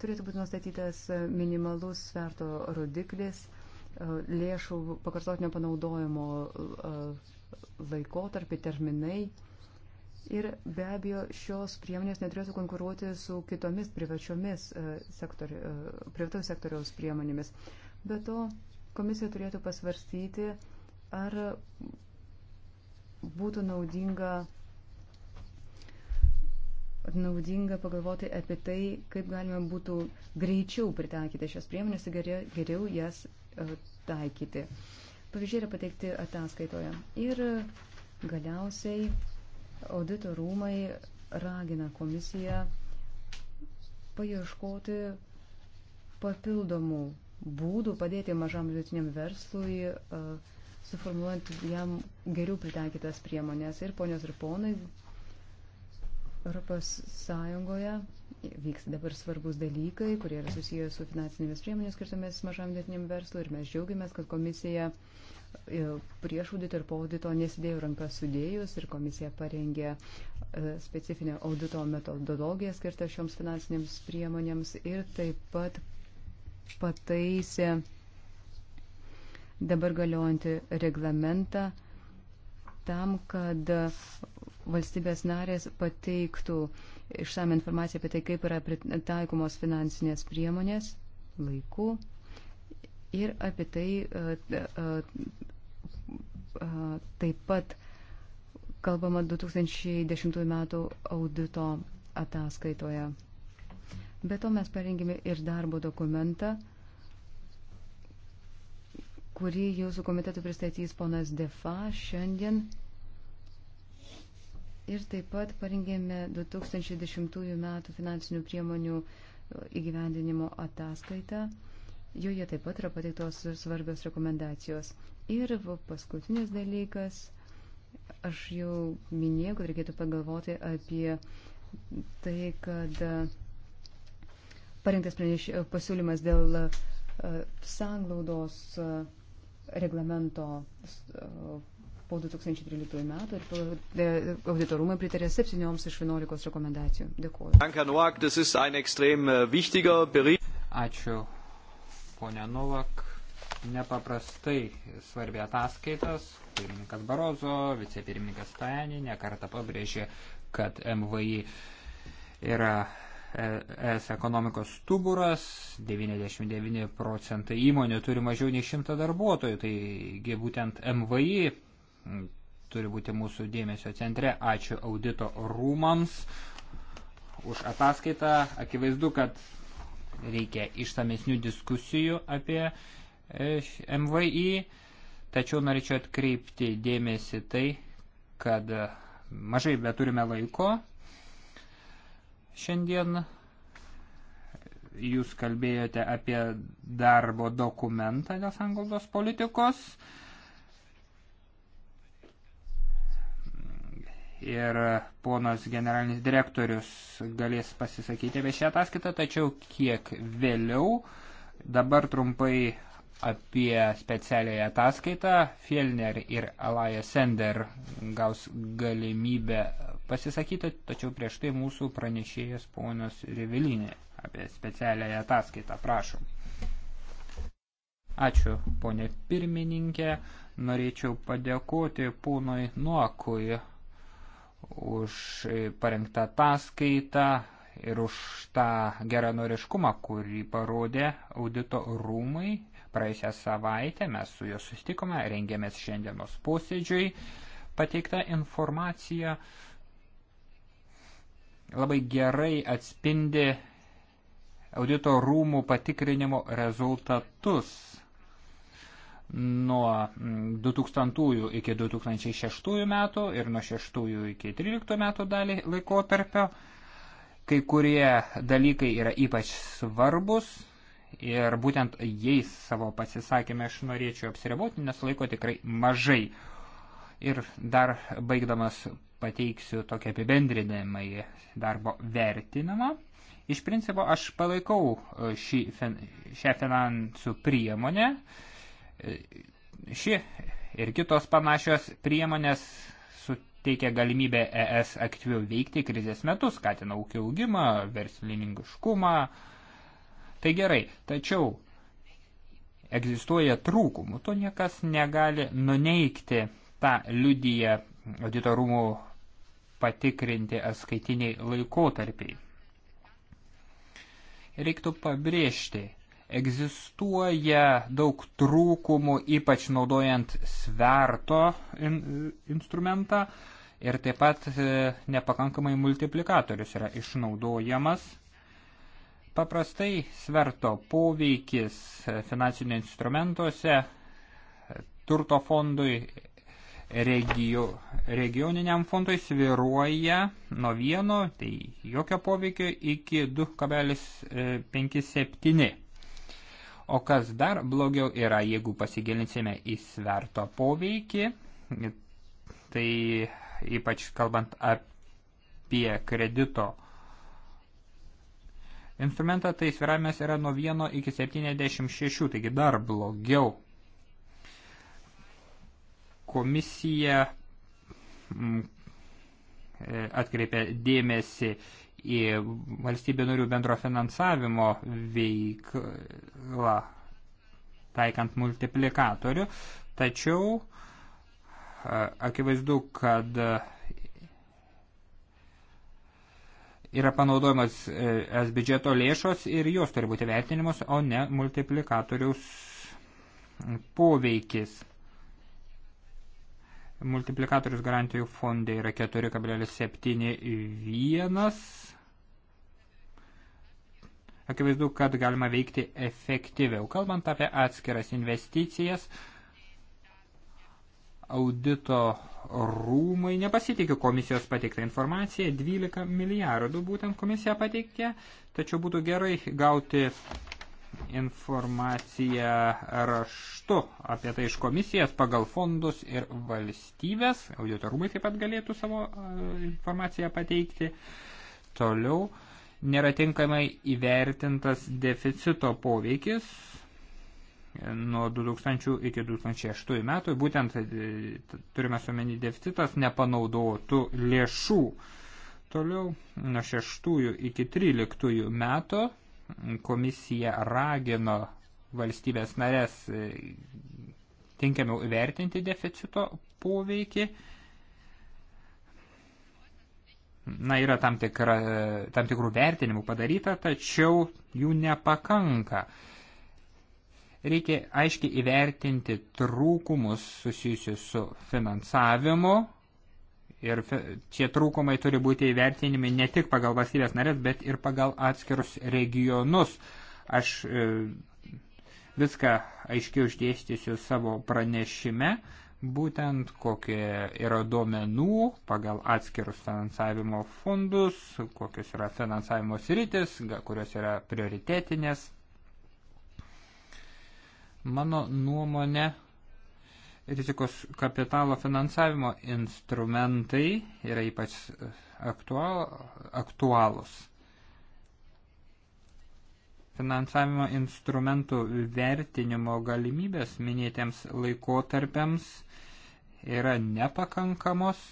Turėtų būti nustatytas minimalus sverto rodiklis e, lėšų pakartotinio panaudojimo e, laikotarpį terminai. Ir be abejo, šios priemonės neturėtų konkuruoti su kitomis privačiomis sektori, privataus sektoriaus priemonėmis. Be to, komisija turėtų pasvarstyti, ar būtų naudinga, naudinga pagalvoti apie tai, kaip galima būtų greičiau pritaikyti šias priemonės ir geriau, geriau jas e, taikyti. Pavyzdžiai yra pateikti ataskaitoje. Ir galiausiai audito rūmai ragina komisiją paieškoti papildomų būdų padėti mažam vidutiniam verslui uh, suformuojant jam geriau pritaikytas priemonės. Ir ponios ir ponai, Europos Sąjungoje vyks dabar svarbus dalykai, kurie yra susijęs su finansinėmis priemonės skirtomis mažam vietiniam verslui ir mes džiaugiamės, kad komisija e, prieš audito ir po audito nesidėjo rankas sudėjus ir komisija parengė e, specifinę audito metodologiją skirtą šioms finansinėms priemonėms ir taip pat pataisė dabar galiojantį reglamentą tam, kad valstybės narės pateiktų išsame informaciją apie tai, kaip yra taikomos finansinės priemonės laiku ir apie tai e, e, e, taip pat kalbama 2010 m. audito ataskaitoje. Be to mes parengėme ir darbo dokumentą kurį jūsų komitetų pristatys ponas Defa šiandien. Ir taip pat parengėme 2010 m. finansinių priemonių įgyvendinimo ataskaitą. Joje taip pat yra pateiktos svarbios rekomendacijos. Ir paskutinis dalykas, aš jau minėjau, kad reikėtų pagalvoti apie tai, kad e, parengtas pasiūlymas dėl e, sanglaudos uh, reglamento uh, po 2013 metų ir e, auditorumai pritarė 7 iš 11 rekomendacijų. Dėkuoju. Äh, Ačiū, ponė Novak. Nepaprastai svarbi ataskaitas. Pirmininkas Barozo, vicepirmininkas Tajani nekarta pabrėžė, kad MVI yra ES ekonomikos stuburas, 99 procentai įmonių turi mažiau nei 100 darbuotojų, taigi būtent MVI turi būti mūsų dėmesio centre. Ačiū audito rūmams už ataskaitą. Akivaizdu, kad reikia išsamesnių diskusijų apie e, MVI, tačiau norėčiau atkreipti dėmesį tai, kad mažai bet turime laiko šiandien. Jūs kalbėjote apie darbo dokumentą dėl sanglaudos politikos. ir ponas generalinis direktorius galės pasisakyti apie šią ataskaitą, tačiau kiek vėliau dabar trumpai apie specialiąją ataskaitą. Fielner ir Alaja Sender gaus galimybę pasisakyti, tačiau prieš tai mūsų pranešėjas ponios Revelinė apie specialiąją ataskaitą. Prašom. Ačiū, ponė pirmininkė. Norėčiau padėkoti ponui Nuokui už parengtą ataskaitą ir už tą geranoriškumą, kurį parodė audito rūmai Praėjusią savaitę mes su juo sustikome, rengėmės šiandienos posėdžiui. Pateikta informacija labai gerai atspindi audito rūmų patikrinimo rezultatus nuo 2000 iki 2006 metų ir nuo 6 iki 13 metų dalį laikotarpio. Kai kurie dalykai yra ypač svarbus, ir būtent jais savo pasisakymę aš norėčiau apsiriboti, nes laiko tikrai mažai. Ir dar baigdamas pateiksiu tokią apibendrinimą į darbo vertinimą. Iš principo aš palaikau e, šį, šią finansų priemonę. E, ši ir kitos panašios priemonės suteikia galimybę ES aktyviau veikti krizės metus, skatina ūkio augimą, verslininkiškumą, Tai gerai, tačiau egzistuoja trūkumų, to niekas negali nuneikti, tą liudyje auditorumų patikrinti atskaitiniai laikotarpiai. Reiktų pabrėžti, egzistuoja daug trūkumų, ypač naudojant sverto in, instrumentą ir taip pat e, nepakankamai multiplikatorius yra išnaudojamas – Paprastai sverto poveikis finansinio instrumentuose, turto fondui, regio, regioniniam fondui sviruoja nuo vieno, tai jokio poveikio, iki 2,57. O kas dar blogiau yra, jeigu pasigilinsime į sverto poveikį, tai ypač kalbant apie kredito instrumentą, tai sviravimas yra nuo 1 iki 76, taigi dar blogiau. Komisija mm, e, atkreipia dėmesį į valstybė norių bendro finansavimo veiklą taikant multiplikatorių, tačiau e, akivaizdu, kad yra panaudojamos e, es biudžeto lėšos ir jos turi būti vertinimos, o ne multiplikatoriaus poveikis. Multiplikatorius garantijų fonde yra 4,71. Akivaizdu, kad galima veikti efektyviau. Kalbant apie atskiras investicijas, uh, audito rūmai nepasitikė komisijos pateiktą informaciją, 12 milijardų būtent komisija pateikė, tačiau būtų gerai gauti informaciją raštu apie tai iš komisijas pagal fondus ir valstybės, audito rūmai taip pat galėtų savo e, informaciją pateikti. Toliau nėra tinkamai įvertintas deficito poveikis nuo 2000 iki 2006 metų, būtent e, turime suomenį deficitas nepanaudotų lėšų. Toliau nuo 6 iki 13 metų komisija ragino valstybės narės e, tinkamiau vertinti deficito poveikį. Na, yra tam, tikra, e, tam tikrų vertinimų padaryta, tačiau jų nepakanka. Reikia aiškiai įvertinti trūkumus susijusius su finansavimu ir tie trūkumai turi būti įvertinimi ne tik pagal valstybės narės, bet ir pagal atskirus regionus. Aš e, viską aiškiai uždėstysiu savo pranešime, būtent kokie yra duomenų pagal atskirus finansavimo fondus, kokios yra finansavimo sritis, kurios yra prioritetinės. Mano nuomonė, rizikos kapitalo finansavimo instrumentai yra ypač e, aktual, aktualūs. Finansavimo instrumentų vertinimo galimybės minėtiems laikotarpiams yra nepakankamos,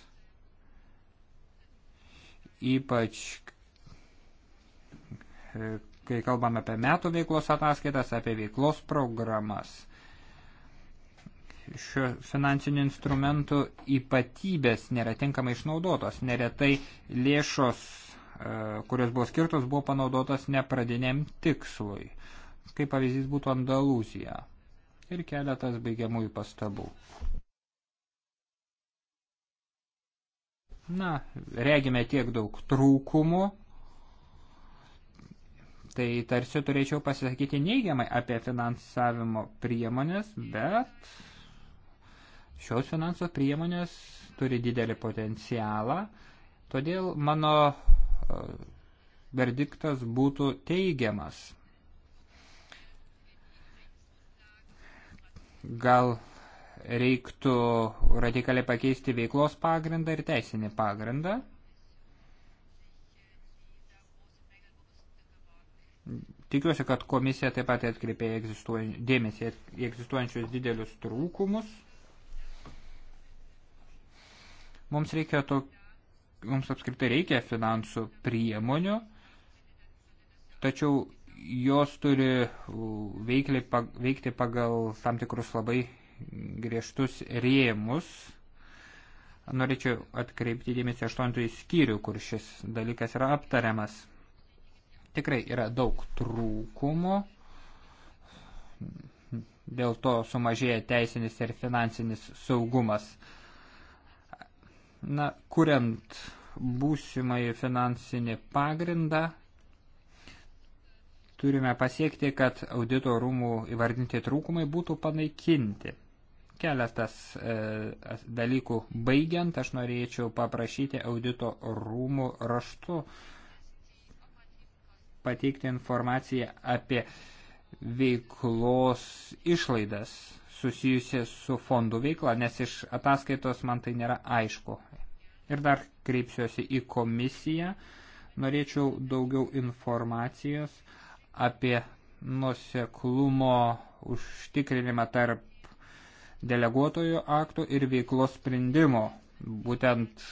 ypač e, kai kalbame apie metų veiklos ataskaitas, apie veiklos programas. Šių finansinių instrumentų ypatybės nėra tinkamai išnaudotos. Neretai lėšos, e, kurios buvo skirtos, buvo panaudotos nepradiniam tikslui. Kaip pavyzdys būtų Andalūzija. Ir keletas baigiamųjų pastabų. Na, regime tiek daug trūkumų, tai tarsi turėčiau pasisakyti neigiamai apie finansavimo priemonės, bet šios finansų priemonės turi didelį potencialą, todėl mano e, verdiktas būtų teigiamas. Gal reiktų radikaliai pakeisti veiklos pagrindą ir teisinį pagrindą, Tikiuosi, kad komisija taip pat atkreipė egzistuoj... dėmesį į egzistuojančius didelius trūkumus. Mums reikia to, mums apskritai reikia finansų priemonių, tačiau jos turi veikli, veikti pagal tam tikrus labai griežtus rėmus. Norėčiau atkreipti dėmesį aštuntųjų skyrių, kur šis dalykas yra aptariamas. Tikrai yra daug trūkumų, dėl to sumažėja teisinis ir finansinis saugumas. Na, kuriant būsimąjį finansinį pagrindą, turime pasiekti, kad audito rūmų įvardinti trūkumai būtų panaikinti. Keletas e, dalykų baigiant, aš norėčiau paprašyti audito rūmų raštu pateikti informaciją apie veiklos išlaidas susijusias su fondų veikla, nes iš ataskaitos man tai nėra aišku. Ir dar kreipsiuosi į komisiją, norėčiau daugiau informacijos apie nuseklumo užtikrinimą tarp deleguotojų aktų ir veiklos sprendimo, būtent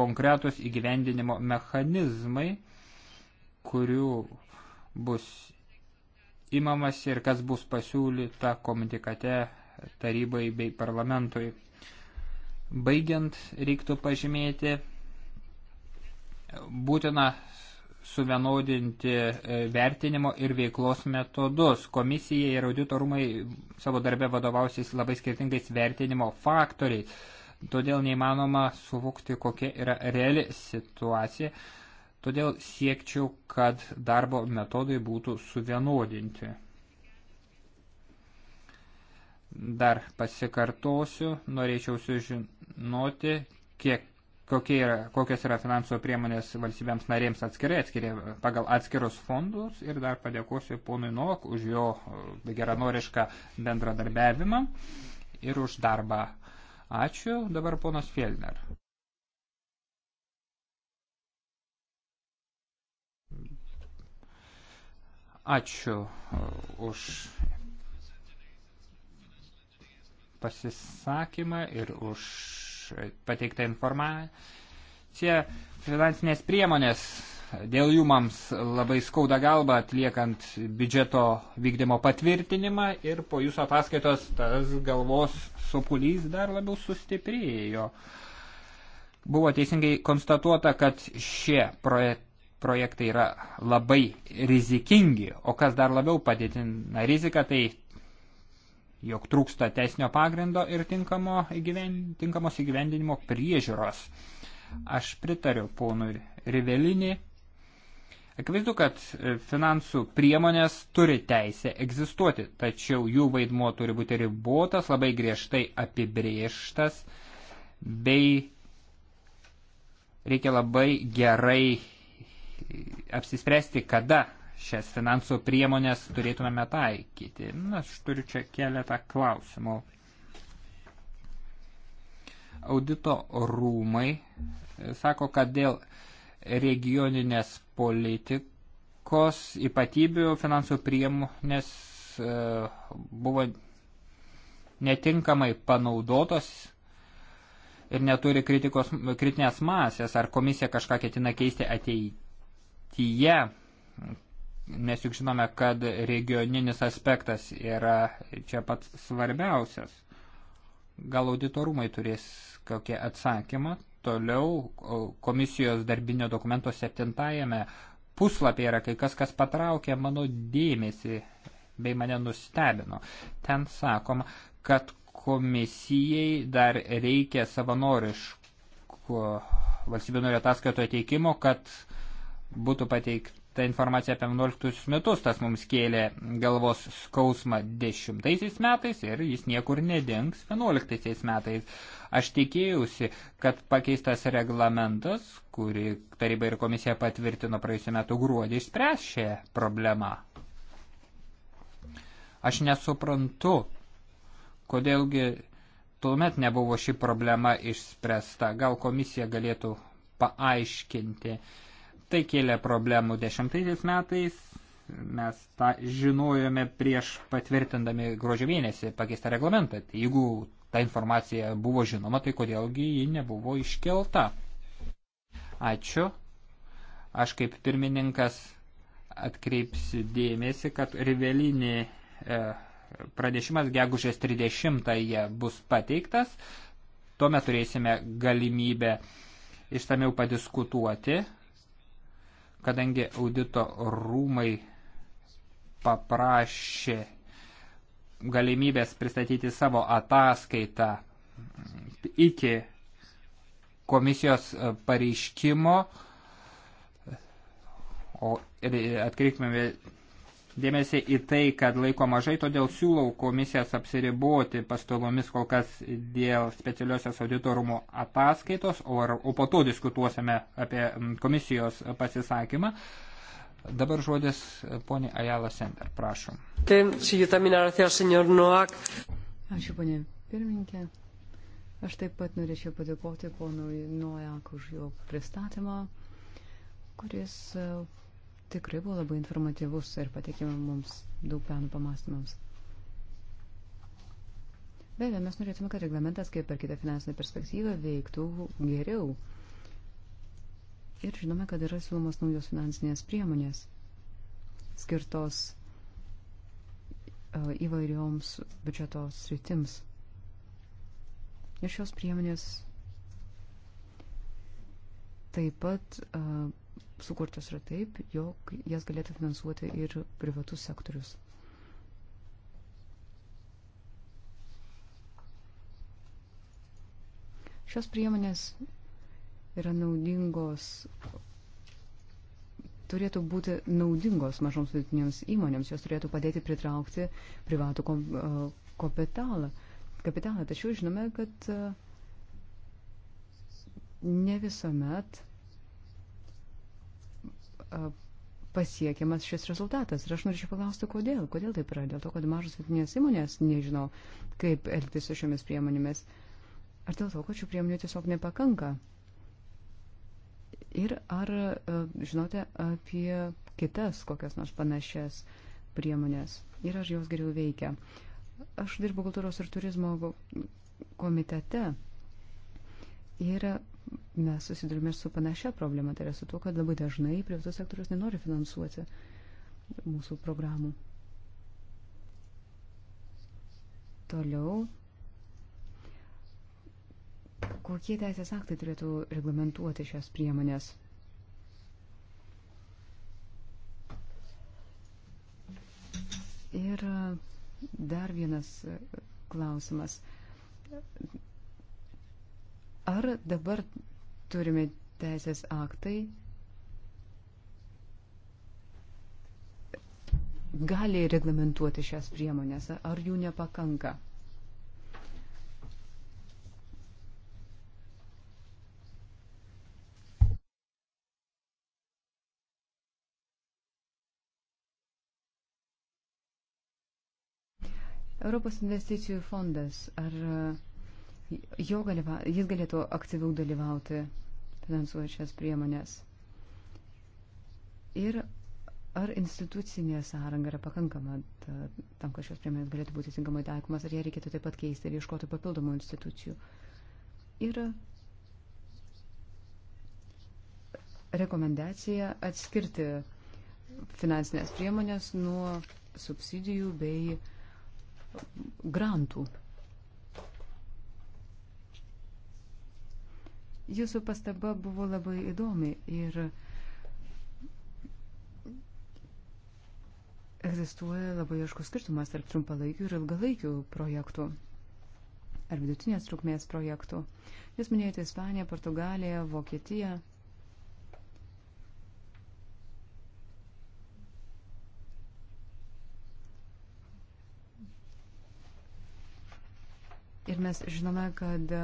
konkretus įgyvendinimo mechanizmai kurių bus imamas ir kas bus pasiūlyta komunikate tarybai bei parlamentui. Baigiant, reiktų pažymėti, būtina suvienodinti e, vertinimo ir veiklos metodus. Komisija ir auditorumai savo darbę vadovausiais labai skirtingais vertinimo faktoriais. Todėl neįmanoma suvokti, kokia yra reali situacija. Todėl siekčiau, kad darbo metodai būtų suvienodinti. Dar pasikartosiu, norėčiau sužinoti, kiek, kokie yra, kokios yra finansų priemonės valstybėms narėms atskirai, atskirai pagal atskirus fondus ir dar padėkosiu ponui Nok už jo e, geranorišką bendradarbiavimą ir už darbą. Ačiū, dabar ponas Fielner. Ačiū e, už pasisakymą ir už pateiktą informaciją. Finansinės priemonės dėl jų mums labai skauda galva atliekant biudžeto vykdymo patvirtinimą ir po jūsų ataskaitos tas galvos sopulys dar labiau sustiprėjo. Buvo teisingai konstatuota, kad šie projek projektai yra labai rizikingi, o kas dar labiau padėtina riziką, tai jog trūksta teisinio pagrindo ir tinkamo įgyven, tinkamos įgyvendinimo priežiūros. Aš pritariu ponui Rivelinį. Akivaizdu, kad e, finansų priemonės turi teisę egzistuoti, tačiau jų vaidmuo turi būti ribotas, labai griežtai apibrieštas, bei reikia labai gerai apsispręsti, kada šias finansų priemonės turėtumėme taikyti. Na, aš turiu čia keletą klausimų. Audito rūmai e, sako, kad dėl regioninės politikos ypatybių finansų priemonės e, buvo netinkamai panaudotos ir neturi kritikos, kritinės masės. Ar komisija kažką ketina keisti ateityje? ateityje. Mes juk žinome, kad regioninis aspektas yra čia pats svarbiausias. Gal auditorumai turės kokį atsakymą. Toliau komisijos darbinio dokumento septintajame puslapyje yra kai kas, kas patraukė mano dėmesį bei mane nustebino. Ten sakoma, kad komisijai dar reikia savanoriško valstybių norių ataskaitoje teikimo, kad uh, būtų pateikta informacija apie 11 metus, tas mums kėlė galvos skausmą 10 metais ir jis niekur nedings 11 metais. Aš tikėjausi, kad pakeistas reglamentas, kurį taryba ir komisija patvirtino praėjusiu metu gruodį, išspręs šią problemą. Aš nesuprantu, kodėlgi tuomet nebuvo ši problema išspręsta. Gal komisija galėtų paaiškinti. Uh, Tai kėlė problemų dešimtaisiais metais, mes tą žinojome prieš patvirtindami gruodžio mėnesį pakeistą reglamentą. Tai jeigu ta informacija buvo žinoma, tai kodėlgi ji nebuvo iškelta. Ačiū. Aš kaip pirmininkas atkreipsiu dėmesį, kad rivelinį e, pranešimas gegužės 30-ąją bus pateiktas. Tuo metu turėsime galimybę išsameu padiskutuoti kadangi audito rūmai paprašė galimybės pristatyti savo ataskaitą iki komisijos pareiškimo, o atkreipkime dėmesį į tai, kad laiko mažai, todėl siūlau komisijas apsiriboti pastolomis kol kas dėl specialiosios auditorumo ataskaitos, o, ar, o po to diskutuosime apie mm, komisijos pasisakymą. Dabar žodis e, ponė Ajala Sender, prašom. Ačiū, ponė pirmininkė. Aš taip pat norėčiau padėkoti ponui Nojak už jo pristatymą, kuris e, tikrai buvo labai informatyvus ir patikė mums daug penų pamastymams. Be abejo, mes norėtume, kad reglamentas, kaip ir kita finansinė perspektyva, veiktų geriau. Ir žinome, kad yra siūlomas naujos finansinės priemonės skirtos e, įvairioms biudžeto sritims. Ir šios priemonės taip pat uh, sukurtos yra taip, jog jas galėtų finansuoti ir privatus sektorius. Šios priemonės yra naudingos, turėtų būti naudingos mažoms vidutinėms įmonėms, jos turėtų padėti pritraukti privatų kapitalą. kapitalą. Tačiau žinome, kad ne visuomet pasiekiamas šis rezultatas. Ir aš norėčiau paklausti, kodėl. Kodėl taip yra? Dėl to, kad mažos vidinės įmonės nežino, kaip elgtis su šiomis priemonėmis. Ar dėl to, kad šių priemonių tiesiog nepakanka? Ir ar žinote apie kitas kokias nors panašias priemonės? Ir ar jos geriau veikia? Aš dirbu kultūros ir turizmo komitete. Ir mes susidurime su panašia problema, tai yra su to, kad labai dažnai privatus sektorius nenori finansuoti mūsų programų. Toliau, kokie teisės aktai turėtų reglamentuoti šias priemonės? Ir dar vienas klausimas Ar dabar turime teisės aktai gali reglamentuoti šias priemonės, ar jų nepakanka? Europos investicijų fondas, ar Galima, jis galėtų aktyviau dalyvauti finansuojant šias priemonės. Ir ar institucinė sąranga yra pakankama tam, kad šios priemonės galėtų būti tinkamai taikomas, ar ją reikėtų taip pat keisti ir ieškoti papildomų institucijų. Ir rekomendacija atskirti finansinės priemonės nuo subsidijų bei grantų. Jūsų pastaba buvo labai įdomi ir egzistuoja labai aiškus skirtumas tarp trumpalaikių ir ilgalaikių projektų ar vidutinės trukmės projektų. Jūs minėjote Ispaniją, Portugaliją, Vokietiją. Ir mes žinome, kad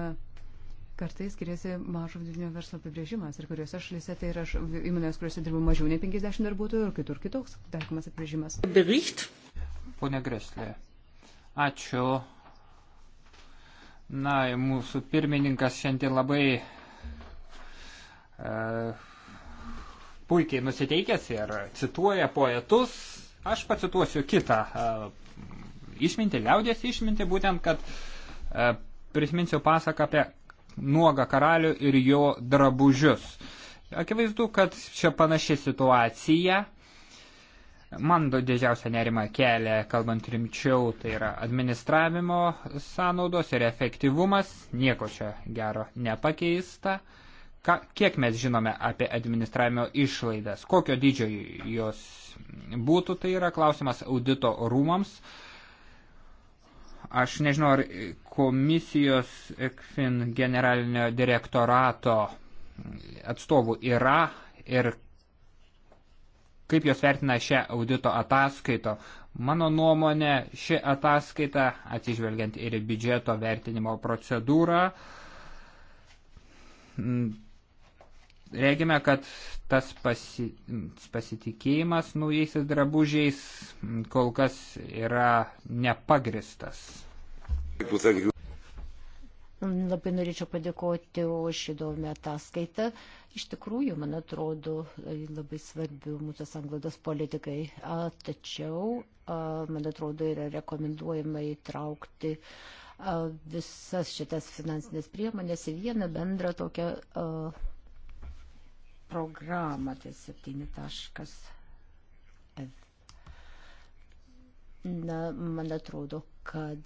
kartais skiriasi mažo vidutinio verslo apibrėžimas ir kuriuose šalyse tai yra įmonės, kuriuose dirba mažiau nei 50 darbuotojų ir kitur kitoks taikomas apibrėžimas. Bericht. Pone Greslė, ačiū. Na, mūsų pirmininkas šiandien labai e, puikiai nusiteikęs ir cituoja poetus. Aš pacituosiu kitą e, išmintį, liaudės išmintį, būtent, kad e, prisiminsiu pasaką apie nuogą karalių ir jo drabužius. Akivaizdu, kad čia panaši situacija. Man didžiausia nerima kelia, kalbant rimčiau, tai yra administravimo sąnaudos ir efektyvumas. Nieko čia gero nepakeista. Ka, kiek mes žinome apie administravimo išlaidas, kokio dydžio jos būtų, tai yra klausimas audito rūmams. Uh, Aš nežinau, ar komisijos ECFIN generalinio direktorato atstovų yra ir kaip jos vertina šią audito ataskaitą. Mano nuomonė, ši ataskaita, atsižvelgiant ir į biudžeto vertinimo procedūrą, regime, kad tas pasi, pasitikėjimas naujaisiais drabužiais kol kas yra nepagristas. Labai norėčiau padėkoti už įdomią ataskaitą. Iš tikrųjų, man atrodo, labai svarbi mūsų sanglados politikai. A, tačiau, a, man atrodo, yra rekomenduojama įtraukti a, visas šitas finansinės priemonės į vieną bendrą tokią a, programą, tai 7.f. Na, man atrodo, kad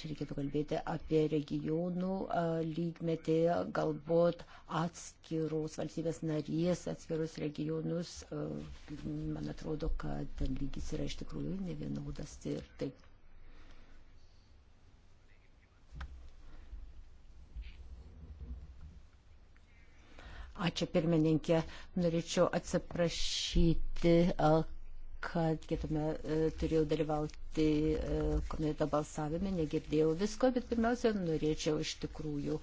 čia reikėtų kalbėti apie regionų lygmetį, galbūt atskirus valstybės narys, atskirus regionus. Man atrodo, kad ten lygis yra iš tikrųjų nevienodas ir taip. Ačiū pirmininkė, norėčiau atsiprašyti, kad kitame e, turėjau dalyvauti e, komiteto balsavime, negirdėjau visko, bet pirmiausia, norėčiau iš tikrųjų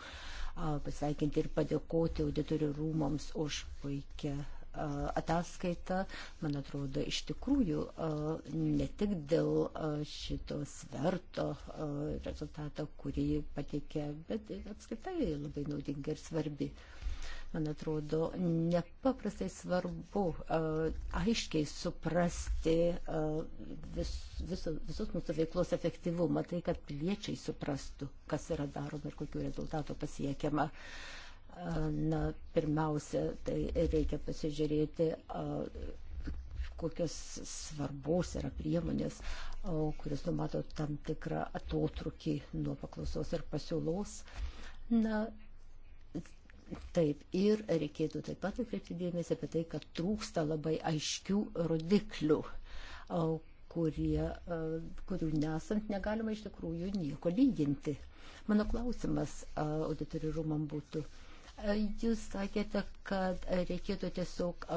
pasveikinti ir padėkoti auditorių rūmams už puikią ataskaitą, man atrodo, iš tikrųjų ne tik dėl šito sverto rezultato, kurį pateikė, bet apskritai labai naudinga ir svarbi man atrodo, nepaprastai svarbu e, aiškiai suprasti e, vis, vis, visos mūsų veiklos efektyvumą, tai kad piliečiai suprastų, kas yra daroma ir kokiu rezultatu pasiekiama. E, na, pirmiausia, tai reikia pasižiūrėti, kokios svarbos yra priemonės, kuris numato tam tikrą atotrukį nuo paklausos ir pasiūlos. Na, Taip, ir reikėtų taip pat atkreipti dėmesį apie tai, kad trūksta labai aiškių rodiklių, kurie, kurių nesant negalima iš tikrųjų nieko lyginti. Mano klausimas auditorių būtų. Jūs sakėte, kad reikėtų tiesiog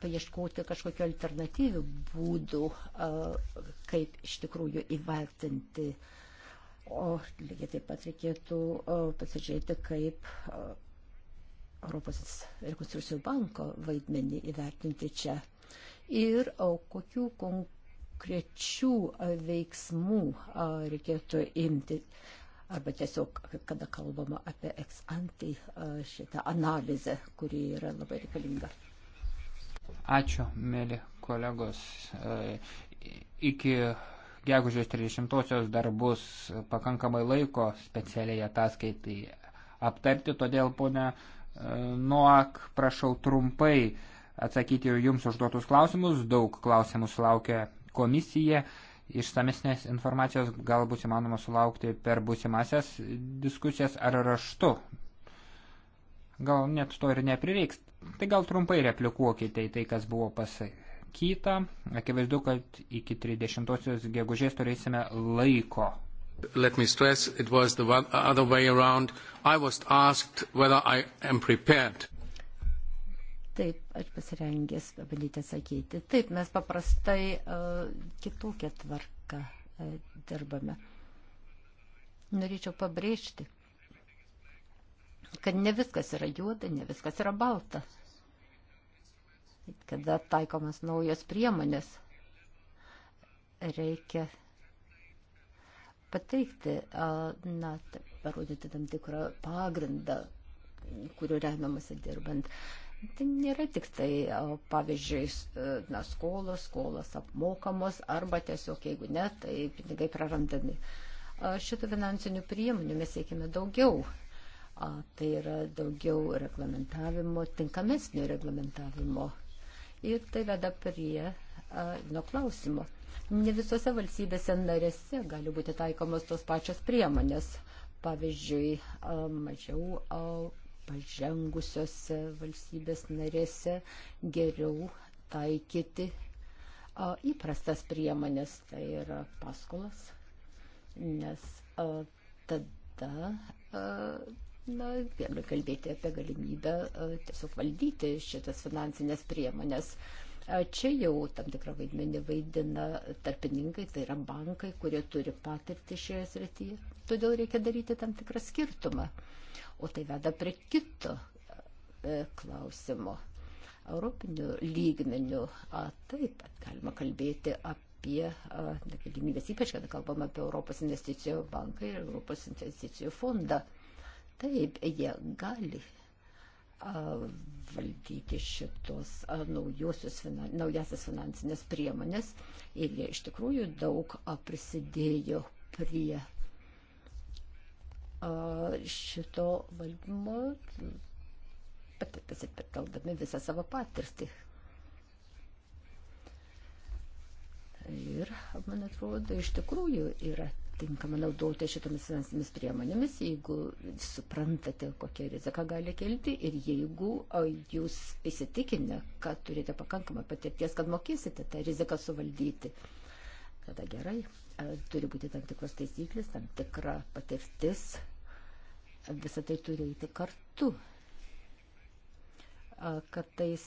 paieškoti kažkokiu alternatyviu būdu, kaip iš tikrųjų įvertinti. O lygiai taip pat reikėtų pasižiūrėti, kaip Europos rekonstrukcijų banko vaidmenį įvertinti čia ir o, kokių konkrečių veiksmų reikėtų imti. Arba tiesiog, kada kalbama apie ex ante šitą analizę, kuri yra labai reikalinga. Ačiū, mėly kolegos. Iki gegužės 30-osios dar bus pakankamai laiko specialiai ataskaitai aptarti, todėl, ponia, Noak, prašau trumpai atsakyti jums užduotus klausimus. Daug klausimų sulaukia komisija. Išsamesnės informacijos gal bus įmanoma sulaukti per būsimasias diskusijas ar raštu. Gal net to ir neprireiks. Tai gal trumpai replikuokite į tai, kas buvo pasakyta. Akivaizdu, kad iki 30 gegužės turėsime laiko Let me stress, it was the one, uh, other way around. I was asked whether I am prepared. Taip, aš pasirengęs pabandyti atsakyti. Taip, mes paprastai uh, kitokią tvarką uh, dirbame. Norėčiau pabrėžti, kad ne viskas yra juoda, ne viskas yra balta. Kada taikomas naujos priemonės, reikia pateikti, na, parodyti tam tikrą pagrindą, kuriuo remiamasi dirbant. Tai nėra tik tai, pavyzdžiui, na, skolos, skolos apmokamos arba tiesiog, jeigu ne, tai pinigai prarandami. Šitų finansinių priemonių mes siekime daugiau. Tai yra daugiau reglamentavimo, tinkamesnio reglamentavimo. Ir tai veda prie nuo klausimo Ne visose valstybėse narėse gali būti taikomos tos pačios priemonės. Pavyzdžiui, mažiau pažengusiose valstybės narėse geriau taikyti įprastas priemonės, tai yra paskolas, nes tada na, galime kalbėti apie galimybę tiesiog valdyti šitas finansinės priemonės. Čia jau tam tikrą vaidmenį vaidina tarpininkai, tai yra bankai, kurie turi patirtį šioje srityje. Todėl reikia daryti tam tikrą skirtumą. O tai veda prie kito e, klausimo. Europinių lygmenių a, taip pat galima kalbėti apie a, galimybės, ypač kada kalbame apie Europos investicijų banką ir Europos investicijų fondą. Taip, jie gali valdyti šitos naujosios, naujasias finansinės priemonės ir jie iš tikrųjų daug prisidėjo prie šito valdymo, pasitelkdami visą savo patirtį. Ir, man atrodo, iš tikrųjų yra tinkama naudoti šitomis finansinėmis priemonėmis, jeigu suprantate, kokia rizika gali kilti ir jeigu jūs įsitikinę, kad turite pakankamą patirties, kad mokėsite tą riziką suvaldyti. Tada gerai, turi būti tam tikros taisyklės, tam tikra patirtis. Visą tai turi eiti kartu kartais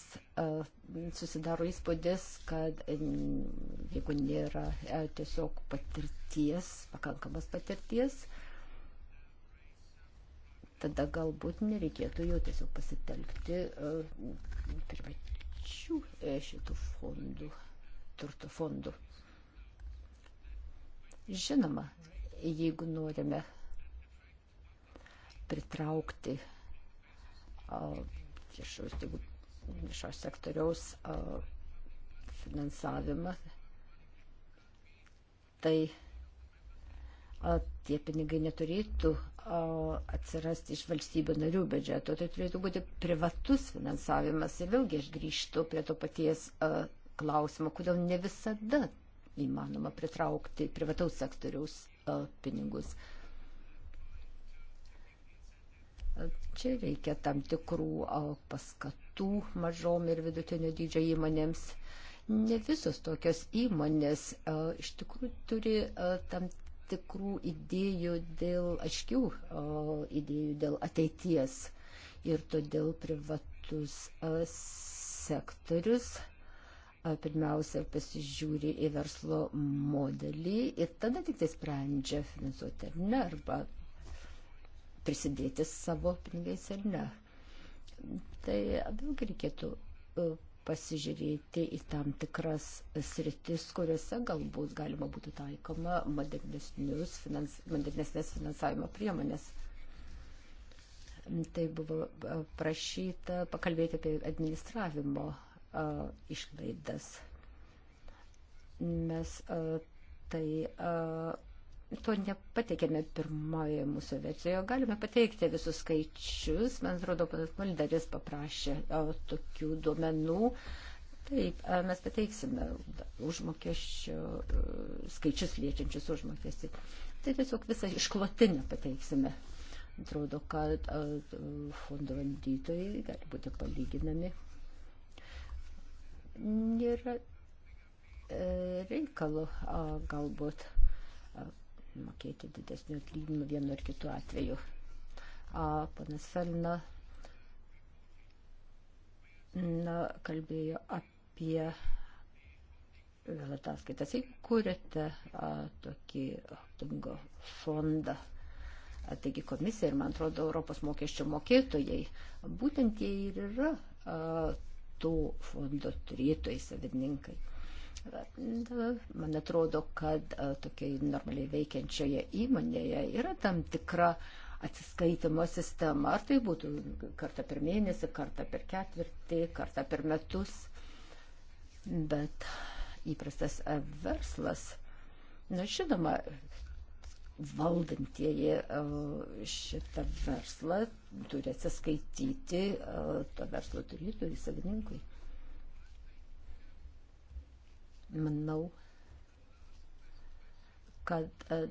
susidaro įspūdis, kad jeigu nėra e, tiesiog patirties, pakankamas patirties, tada galbūt nereikėtų jau tiesiog pasitelkti privačių e, šitų fondų, turto fondų. Žinoma, jeigu norime pritraukti iš viešo sektoriaus finansavimą, tai a, tie pinigai neturėtų a, atsirasti iš valstybių narių biudžeto, tai turėtų būti privatus finansavimas. Ir vėlgi aš grįžtu prie to paties a, klausimo, kodėl ne visada įmanoma pritraukti privataus sektoriaus a, pinigus. A, Čia reikia tam tikrų paskatų mažom ir vidutinio dydžio įmonėms. Ne visos tokios įmonės iš tikrųjų turi tam tikrų idėjų dėl aiškių idėjų dėl ateities. Ir todėl privatus sektorius pirmiausia pasižiūri į verslo modelį ir tada tik tai sprendžia finansuoti ar ne, arba prisidėti savo pinigais ar ne. Tai vėlgi reikėtų e, pasižiūrėti į tam tikras sritis, kuriuose galbūt galima būtų taikoma modernesnės finans, finansavimo priemonės. Tai buvo e, prašyta pakalbėti apie administravimo a, e, išlaidas. Mes a, tai a, to nepateikėme pirmoje mūsų versijoje. Galime pateikti visus skaičius. Man atrodo, panas Malderis paprašė o, tokių duomenų. Taip, mes pateiksime užmokesčio e, skaičius liečiančius užmokestį. Tai tiesiog visą išklotinę pateiksime. Atrodo, kad fondo valdytojai gali būti palyginami. Nėra e, reikalo galbūt mokėti didesnių atlyginimų vienu ar kitu atveju. A, panas Felina na, kalbėjo apie vėl ataskaitas. Jeigu kūrėte a, tokį aptingo fondą, a, taigi komisija ir, man atrodo, Europos mokesčio mokėtojai, būtent jie ir yra a, to fondo turėtojai, savininkai. Man atrodo, kad e, tokiai normaliai veikiančioje įmonėje yra tam tikra atsiskaitimo sistema, ar tai būtų kartą per mėnesį, kartą per ketvirtį, kartą per metus. Bet įprastas e, verslas, na žinoma, valdantieji e, šitą verslą turi atsiskaityti to verslo turėtojų savininkui. Manau, kad e,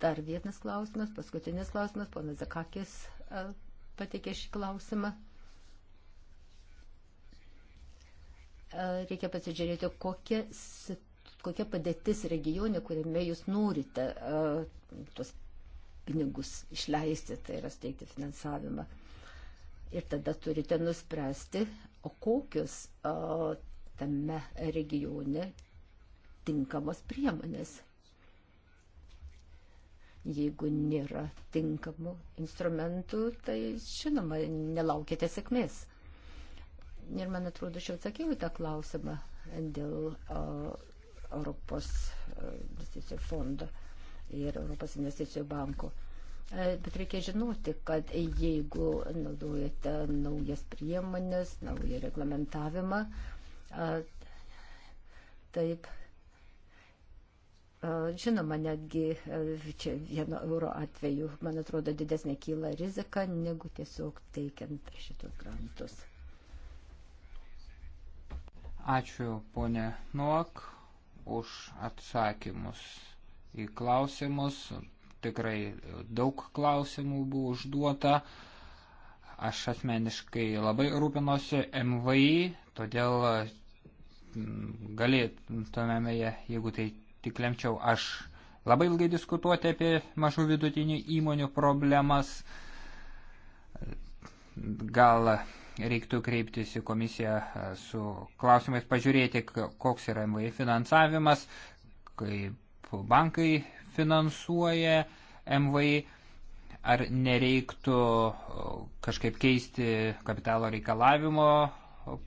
dar vienas klausimas, paskutinis klausimas, ponas Zakakis e, pateikė šį klausimą. E, reikia pasižiūrėti, kokia, kokia padėtis regione, kuriame jūs norite tuos pinigus išleisti, tai yra steigti finansavimą. Ir tada turite nuspręsti, o kokius tame regione tinkamas priemonės. Jeigu nėra tinkamų instrumentų, tai žinoma, nelaukite sėkmės. Ir man atrodo, aš jau atsakiau į tą klausimą dėl uh, Europos investicijų uh, fondo ir Europos investicijų banko. Bet reikia žinoti, kad jeigu naudojate naujas priemonės, naują reglamentavimą, uh, Taip, Žinoma, netgi e, čia vieno euro atveju, man atrodo, didesnė kyla rizika, negu tiesiog teikiant šitus grantus. Ačiū, ponė Nuok, už atsakymus į klausimus. Tikrai daug klausimų buvo užduota. Aš asmeniškai labai rūpinosi MVI, todėl mm, galėtumėme, jeigu tai tik lemčiau, aš labai ilgai diskutuoti apie mažų vidutinių įmonių problemas. Gal reiktų kreiptis į komisiją e, su klausimais pažiūrėti, koks yra MVI finansavimas, kaip bankai finansuoja MVI. Ar nereiktų uh, kažkaip keisti kapitalo reikalavimo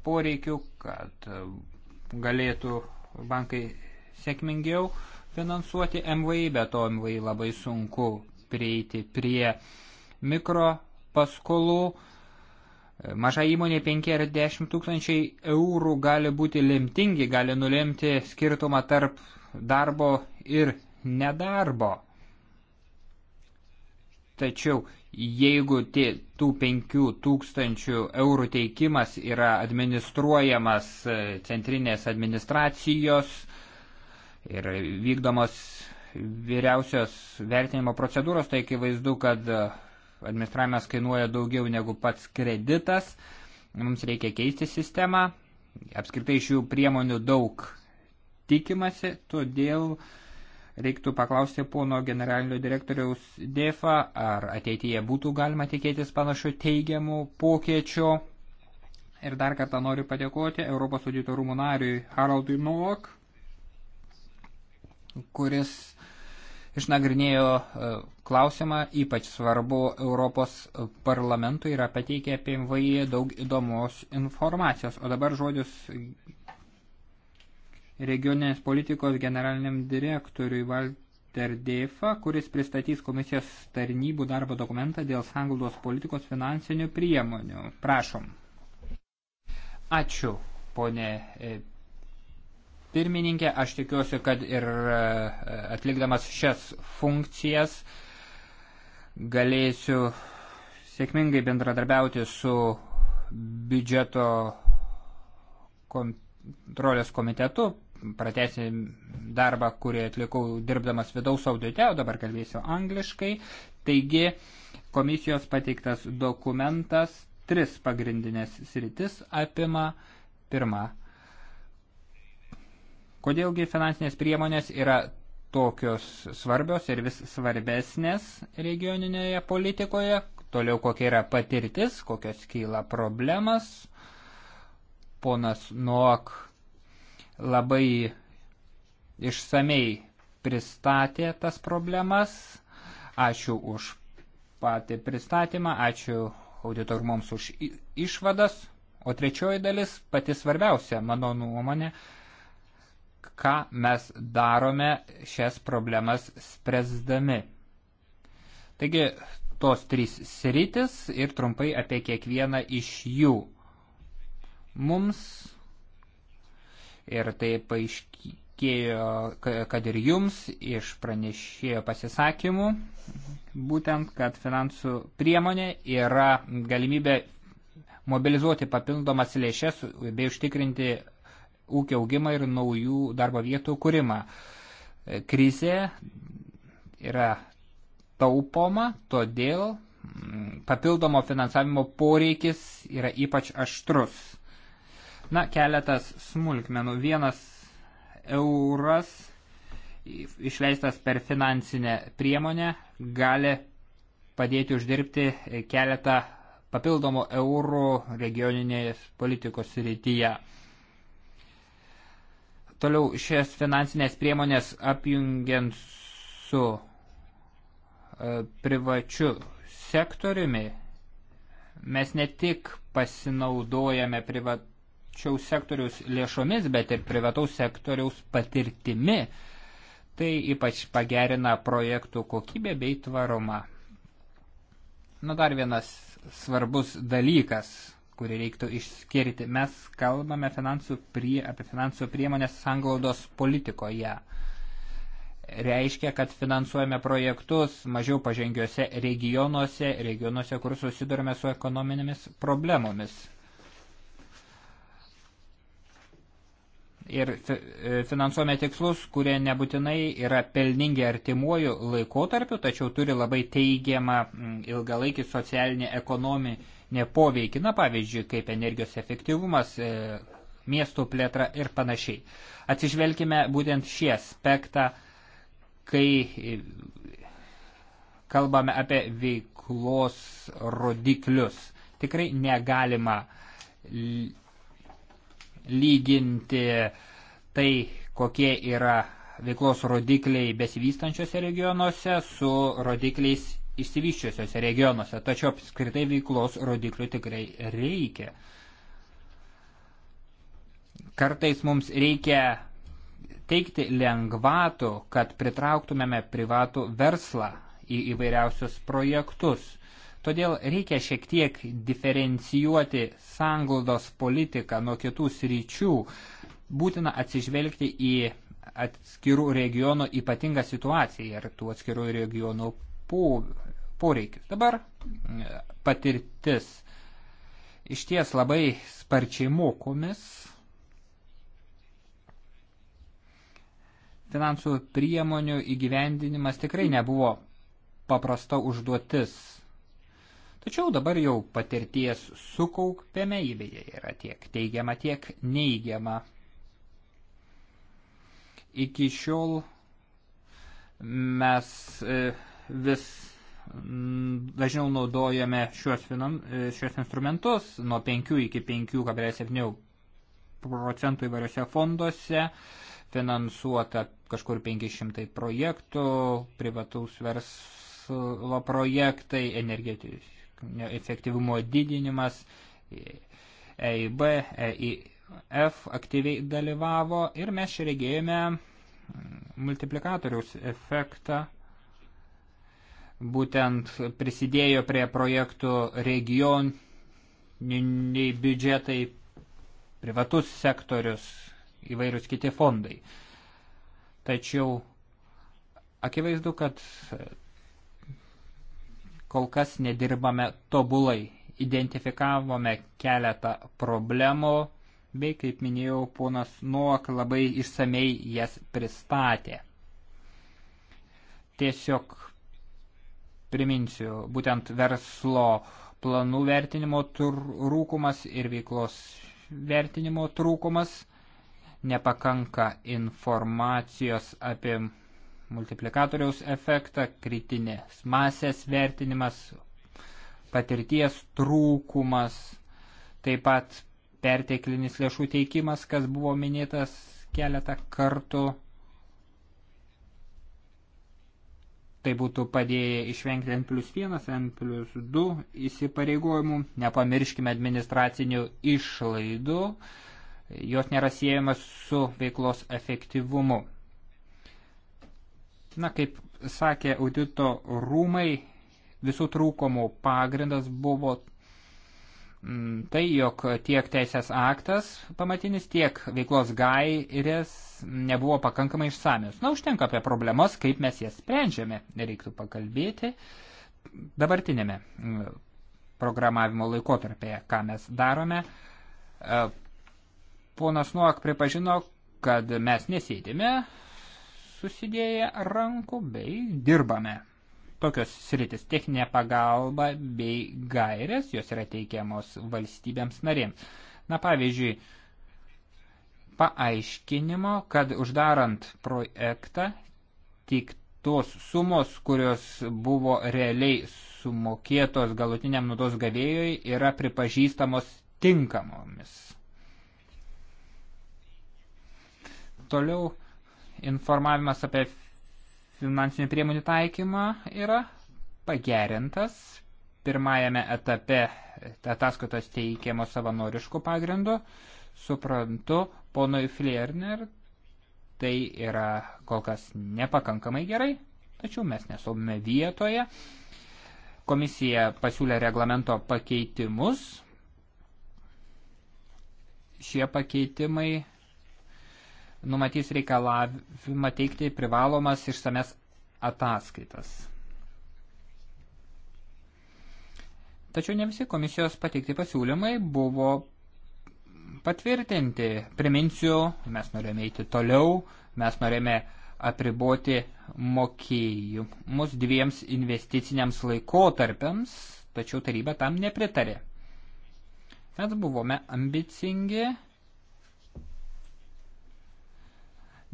poreikių, kad uh, galėtų bankai sėkmingiau finansuoti MVI, bet to MVI labai sunku prieiti prie mikro paskolų. Maža įmonė 5 ar 10 tūkstančiai eurų gali būti lemtingi, gali nulemti skirtumą tarp darbo ir nedarbo. Tačiau jeigu tie, tų 5000 eurų teikimas yra administruojamas e, centrinės administracijos ir vykdomos vyriausios vertinimo procedūros, tai akivaizdu, kad e, administravimas kainuoja daugiau negu pats kreditas. Mums reikia keisti sistemą. Apskritai šių priemonių daug tikimasi, todėl uh, Reiktų paklausti pono generalinio direktoriaus Defa, ar ateityje būtų galima tikėtis panašių teigiamų pokėčių. Ir dar kartą noriu padėkoti Europos audito rūmų nariui Haraldui Novak, kuris išnagrinėjo e, klausimą, ypač svarbu Europos parlamentui yra pateikę apie MVI daug įdomos informacijos. O dabar žodis regioninės politikos generaliniam direktoriui Walter Deifa, kuris pristatys komisijos tarnybų darbo dokumentą dėl sanglaudos politikos finansinių priemonių. Prašom. Ačiū, ponė e, pirmininkė. Aš tikiuosi, kad ir e, atlikdamas šias funkcijas galėsiu sėkmingai bendradarbiauti su biudžeto kontrolės komitetu, pratesi darbą, kurį atlikau dirbdamas vidaus audite, o dabar kalbėsiu angliškai. Taigi, komisijos pateiktas dokumentas tris pagrindinės sritis apima pirmą. Kodėlgi finansinės priemonės yra tokios svarbios ir vis svarbesnės regioninėje politikoje, toliau kokia yra patirtis, kokios kyla problemas. Ponas Nuok labai išsamei pristatė tas problemas. Ačiū už patį pristatymą, ačiū auditormoms už išvadas. O trečioji dalis, pati svarbiausia, mano nuomonė, ką mes darome šias problemas spręsdami. Taigi, tos trys sritis ir trumpai apie kiekvieną iš jų. Mums ir tai paaiškėjo, kad ir jums iš pranešėjo pasisakymų, būtent, kad finansų priemonė yra galimybė mobilizuoti papildomas lėšes bei užtikrinti ūkio augimą ir naujų darbo vietų kūrimą. Krizė yra taupoma, todėl mm, papildomo finansavimo poreikis yra ypač aštrus. Na, keletas smulkmenų. Vienas euras išleistas per finansinę priemonę gali padėti uždirbti keletą papildomų eurų regioninės politikos rytyje. Toliau šias finansinės priemonės apjungiant su e, privačiu sektoriumi, mes ne tik pasinaudojame privatų privačiaus sektoriaus lėšomis, bet ir privataus sektoriaus patirtimi. Tai ypač pagerina projektų kokybę bei tvarumą. Na dar vienas svarbus dalykas, kurį reiktų išskirti. Mes kalbame finansų prie, apie finansų priemonės sanglaudos politikoje. Reiškia, kad finansuojame projektus mažiau pažengiuose regionuose, regionuose, kur susidurime su ekonominėmis problemomis. ir e, finansuojame tikslus, kurie nebūtinai yra pelningi artimuoju laikotarpiu, tačiau turi labai teigiamą ilgalaikį socialinį ekonominį poveikį, na pavyzdžiui, kaip energijos efektyvumas, e, miestų plėtra ir panašiai. Atsižvelgime būtent šį aspektą, kai e, kalbame apie veiklos rodiklius. Tikrai negalima lyginti tai, kokie yra veiklos rodikliai besivystančiose regionuose su rodikliais išsivyščiusiuose regionuose, tačiau apskritai veiklos rodiklių tikrai reikia. Kartais mums reikia teikti lengvatų, kad pritrauktumėme privatų verslą į įvairiausius projektus. Todėl reikia šiek tiek diferencijuoti sanglaudos politiką nuo kitų sričių. Būtina atsižvelgti į atskirų regionų ypatingą situaciją ir tų atskirų regionų poreikius. Dabar patirtis iš ties labai sparčiai mokomis. Finansų priemonių įgyvendinimas tikrai nebuvo paprasta užduotis Tačiau dabar jau patirties sukaupėme, ji beje yra tiek teigiama, tiek neigiama. Iki šiol mes e, vis dažniau naudojame šios, finan, e, šios instrumentus nuo 5 iki 5,7 procentų įvairiose fonduose, finansuota kažkur 500 projektų, privataus verslo projektai, energetikos efektyvumo didinimas, EIB, EIF aktyviai dalyvavo ir mes čia regėjome multiplikatoriaus efektą. Būtent prisidėjo prie projektų regioniniai biudžetai, privatus sektorius, įvairius kiti fondai. Tačiau akivaizdu, kad kol kas nedirbame tobulai. Identifikavome keletą problemų, bei, kaip minėjau, ponas Nuok labai išsamei jas pristatė. Tiesiog priminsiu, būtent verslo planų vertinimo trūkumas ir veiklos vertinimo trūkumas, nepakanka informacijos apie multiplikatoriaus efektą, kritinės masės vertinimas, patirties trūkumas, taip pat perteklinis lėšų teikimas, kas buvo minėtas keletą kartų. Tai būtų padėję išvengti N plus 1, N plus 2 įsipareigojimų. Nepamirškime administracinių išlaidų, jos nėra siejamas su veiklos efektyvumu. Na, kaip sakė audito rūmai, visų trūkumų pagrindas buvo mm, tai, jog tiek teisės aktas pamatinis, tiek veiklos gairės nebuvo pakankamai išsamios. Na, užtenka apie problemas, kaip mes jas sprendžiame, reiktų pakalbėti dabartinėme mm, programavimo laikotarpėje, ką mes darome. E, ponas Nuok pripažino, kad mes nesėdime susidėję rankų bei dirbame. Tokios sritis techninė pagalba bei gairės, jos yra teikiamos valstybėms narėms. Na pavyzdžiui, paaiškinimo, kad uždarant projektą tik tos sumos, kurios buvo realiai sumokėtos galutiniam naudos gavėjui, yra pripažįstamos tinkamomis. Toliau informavimas apie finansinių priemonių taikymą yra pagerintas. Pirmajame etape ataskaitos teikiamos savanoriškų pagrindų. Suprantu, ponui Flierner tai yra kol kas nepakankamai gerai, tačiau mes nesaume vietoje. Komisija pasiūlė reglamento pakeitimus. Šie pakeitimai numatys reikalavimą teikti privalomas išsames ataskaitas. Tačiau ne visi komisijos pateikti pasiūlymai buvo patvirtinti. Priminsiu, mes norėjome eiti toliau, mes norėjome apriboti mokėjimus dviems investiciniams laikotarpiams, tačiau taryba tam nepritarė. Mes buvome ambicingi,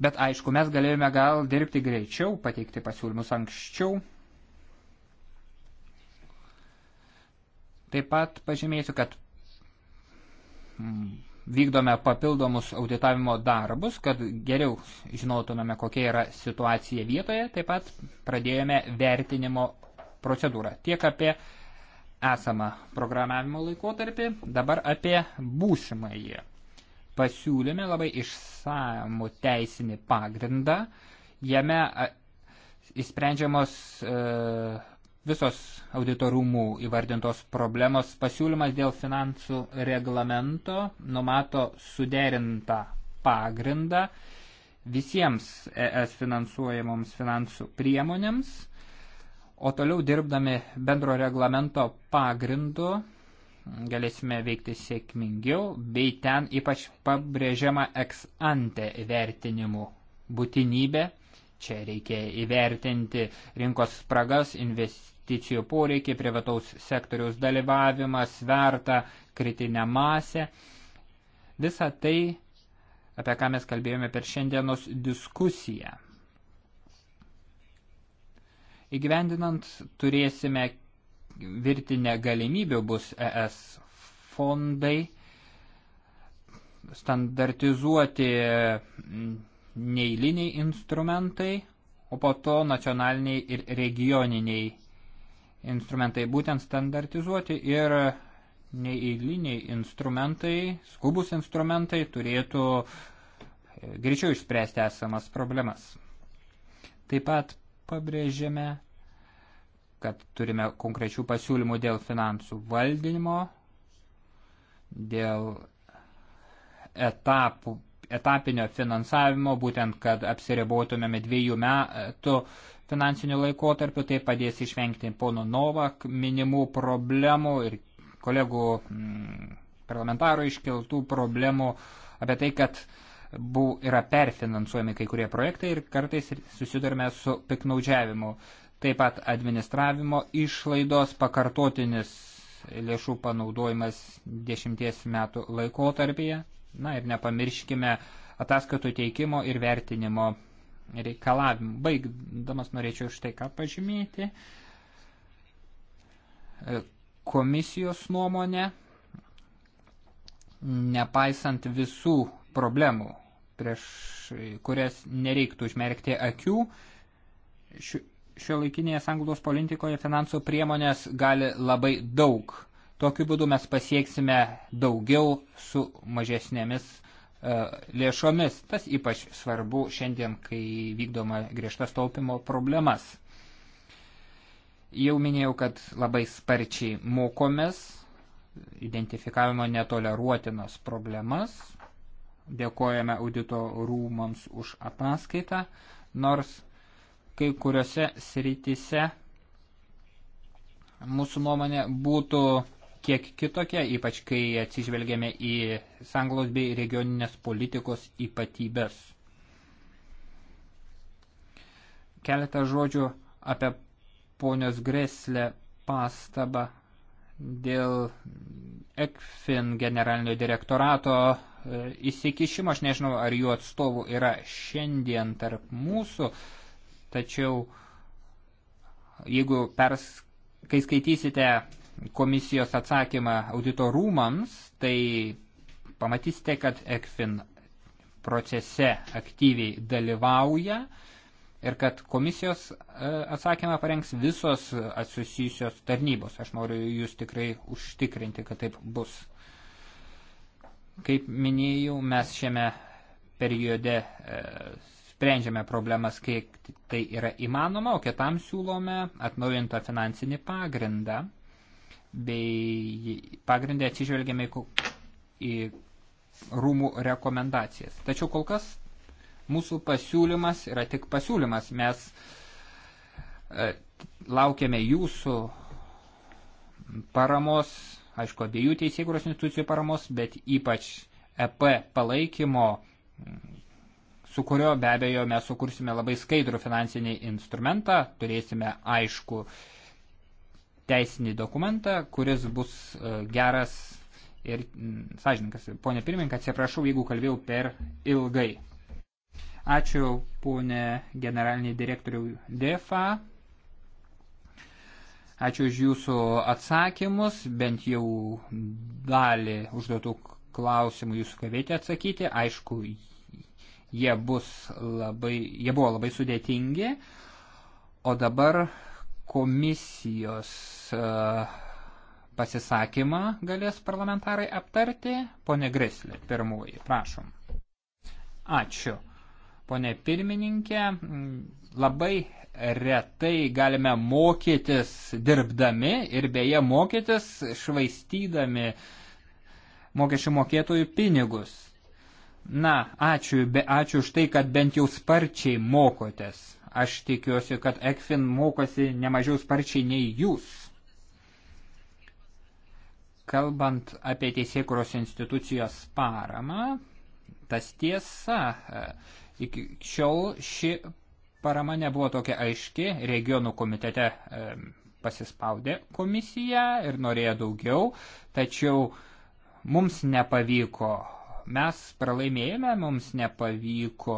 Bet aišku, mes galėjome gal dirbti greičiau, pateikti pasiūlymus anksčiau. Taip pat pažymėsiu, kad vykdome papildomus auditavimo darbus, kad geriau žinotumėme, kokia yra situacija vietoje. Taip pat pradėjome vertinimo procedūrą. Tiek apie esamą programavimo laikotarpį, dabar apie būsimąjį pasiūlėme labai išsamų teisinį pagrindą. Jame įsprendžiamos e, visos auditorumų įvardintos problemos. Pasiūlymas dėl finansų reglamento numato suderintą pagrindą visiems ES finansuojamoms finansų priemonėms, o toliau dirbdami bendro reglamento pagrindu galėsime veikti sėkmingiau, bei ten ypač pabrėžiama ex ante vertinimų būtinybė. Čia reikia įvertinti rinkos spragas, investicijų poreikį, privataus sektoriaus dalyvavimą, svertą, kritinę masę. Visa tai, apie ką mes kalbėjome per šiandienos diskusiją. Įgyvendinant turėsime virtinė galimybių bus ES fondai standartizuoti neįliniai instrumentai, o po to nacionaliniai ir regioniniai instrumentai būtent standartizuoti ir neįliniai instrumentai, skubus instrumentai turėtų e, greičiau išspręsti esamas problemas. Taip pat pabrėžėme kad turime konkrečių pasiūlymų dėl finansų valdymo, dėl etapų, etapinio finansavimo, būtent kad apsiribotumėme dviejų metų finansinių laikotarpių, tai padės išvengti pono Novak minimų problemų ir kolegų m, mm, parlamentarų iškeltų problemų apie tai, kad bu, yra perfinansuojami kai kurie projektai ir kartais susidurime su piknaudžiavimu taip pat administravimo išlaidos, pakartotinis lėšų panaudojimas dešimties metų laikotarpyje. Na ir nepamirškime ataskaitų teikimo ir vertinimo reikalavimų. Baigdamas norėčiau štai ką pažymėti. Komisijos nuomonė, nepaisant visų problemų, prieš kurias nereiktų užmerkti akių, ši šio laikinėje sanglaudos politikoje finansų priemonės gali labai daug. Tokiu būdu mes pasieksime daugiau su mažesnėmis e, lėšomis. Tas ypač svarbu šiandien, kai vykdoma griežtas taupimo problemas. Jau minėjau, kad labai sparčiai mokomės, identifikavimo netoleruotinas problemas. Dėkojame audito rūmams už ataskaitą, nors kai kuriuose srityse mūsų nuomonė būtų kiek kitokia, ypač kai atsižvelgiame į sanglos bei regioninės politikos ypatybės. Keletą žodžių apie ponios Greslę pastabą dėl ECFIN generalinio direktorato e, įsikišimo. Aš nežinau, ar jų atstovų yra šiandien tarp mūsų. Uh, Tačiau jeigu pers, kai skaitysite komisijos atsakymą audito rūmams, tai pamatysite, kad ECFIN procese aktyviai dalyvauja ir kad komisijos e, atsakymą parengs visos susijusios tarnybos. Aš noriu jūs tikrai užtikrinti, kad taip bus. Kaip minėjau, mes šiame periode e, sprendžiame problemas, kiek tai yra įmanoma, o kitam siūlome atnaujintą finansinį pagrindą, bei pagrindė atsižvelgiame į rūmų rekomendacijas. Tačiau kol kas mūsų pasiūlymas yra tik pasiūlymas. Mes e, laukiame jūsų paramos, aišku, abiejų teisėkuros institucijų paramos, bet ypač EP palaikymo su kurio be abejo mes sukursime labai skaidrų finansinį instrumentą, turėsime aišku teisinį dokumentą, kuris bus e, geras ir sąžininkas. Pone pirmininkas, atsiprašau, jeigu kalbėjau per ilgai. Ačiū, ponė generaliniai direktoriau DEFA. Ačiū už jūsų atsakymus, bent jau dalį užduotų klausimų jūsų kavėte atsakyti. Aišku, jie, bus labai, jie buvo labai sudėtingi, o dabar komisijos e, pasisakymą galės parlamentarai aptarti. Pone Grislė, pirmoji, prašom. Ačiū. Pone pirmininkė, labai retai galime mokytis dirbdami ir beje mokytis švaistydami mokesčių mokėtojų pinigus. Na, ačiū, be, ačiū už tai, kad bent jau sparčiai mokotės. Aš tikiuosi, kad Ekfin mokosi nemažiau sparčiai nei jūs. Kalbant apie teisėkuros institucijos paramą, tas tiesa, e, iki šiol ši parama nebuvo tokia aiški, regionų komitete e, pasispaudė komisiją ir norėjo daugiau, tačiau mums nepavyko mes pralaimėjome, mums nepavyko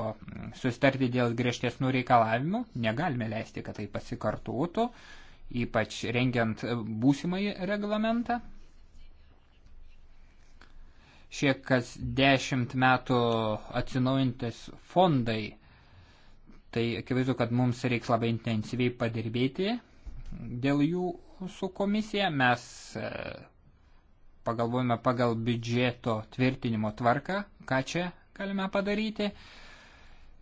sustarti dėl griežtesnių reikalavimų, negalime leisti, kad tai pasikartotų, ypač rengiant būsimąjį reglamentą. Šie kas dešimt metų atsinaujantis fondai, tai akivaizdu, kad mums reiks labai intensyviai padirbėti dėl jų su komisija. Mes pagalvojame pagal biudžeto tvirtinimo tvarką, ką čia galime padaryti.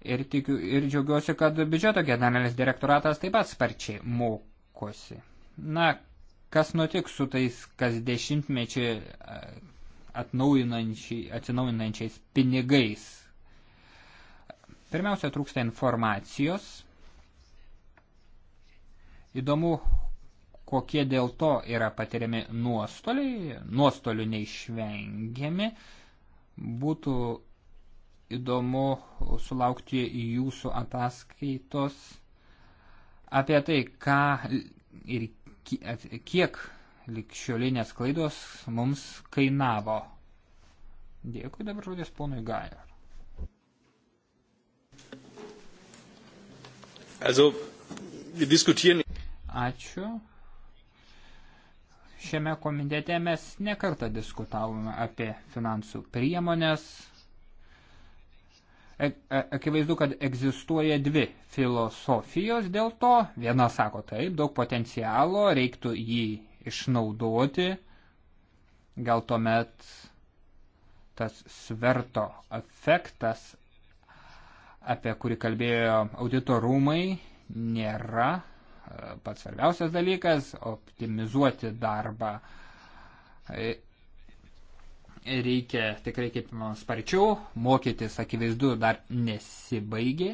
Ir, tikiu, ir džiaugiuosi, kad biudžeto generalinis direktoratas taip pat sparčiai mokosi. Na, kas nutiks su tais kas dešimtmečiai atsinaujinančiais pinigais? Pirmiausia, trūksta informacijos. Įdomu, kokie dėl to yra patiriami nuostoliai, nuostolių neišvengiami. Būtų įdomu sulaukti jūsų ataskaitos apie tai, ką ir kiek likščiolinės klaidos mums kainavo. Dėkui dabar žodės ponui Gajar. Also, wir diskutieren. Ačiū. Šiame komitete mes nekartą diskutavome apie finansų priemonės. E, e, akivaizdu, kad egzistuoja dvi filosofijos dėl to. Viena sako taip, daug potencialo, reiktų jį išnaudoti. Gal tuomet tas sverto efektas, apie kurį kalbėjo auditorumai, nėra pats svarbiausias dalykas - optimizuoti darbą. Reikia tikrai kaip man sparčiau, mokytis akivaizdu dar nesibaigė,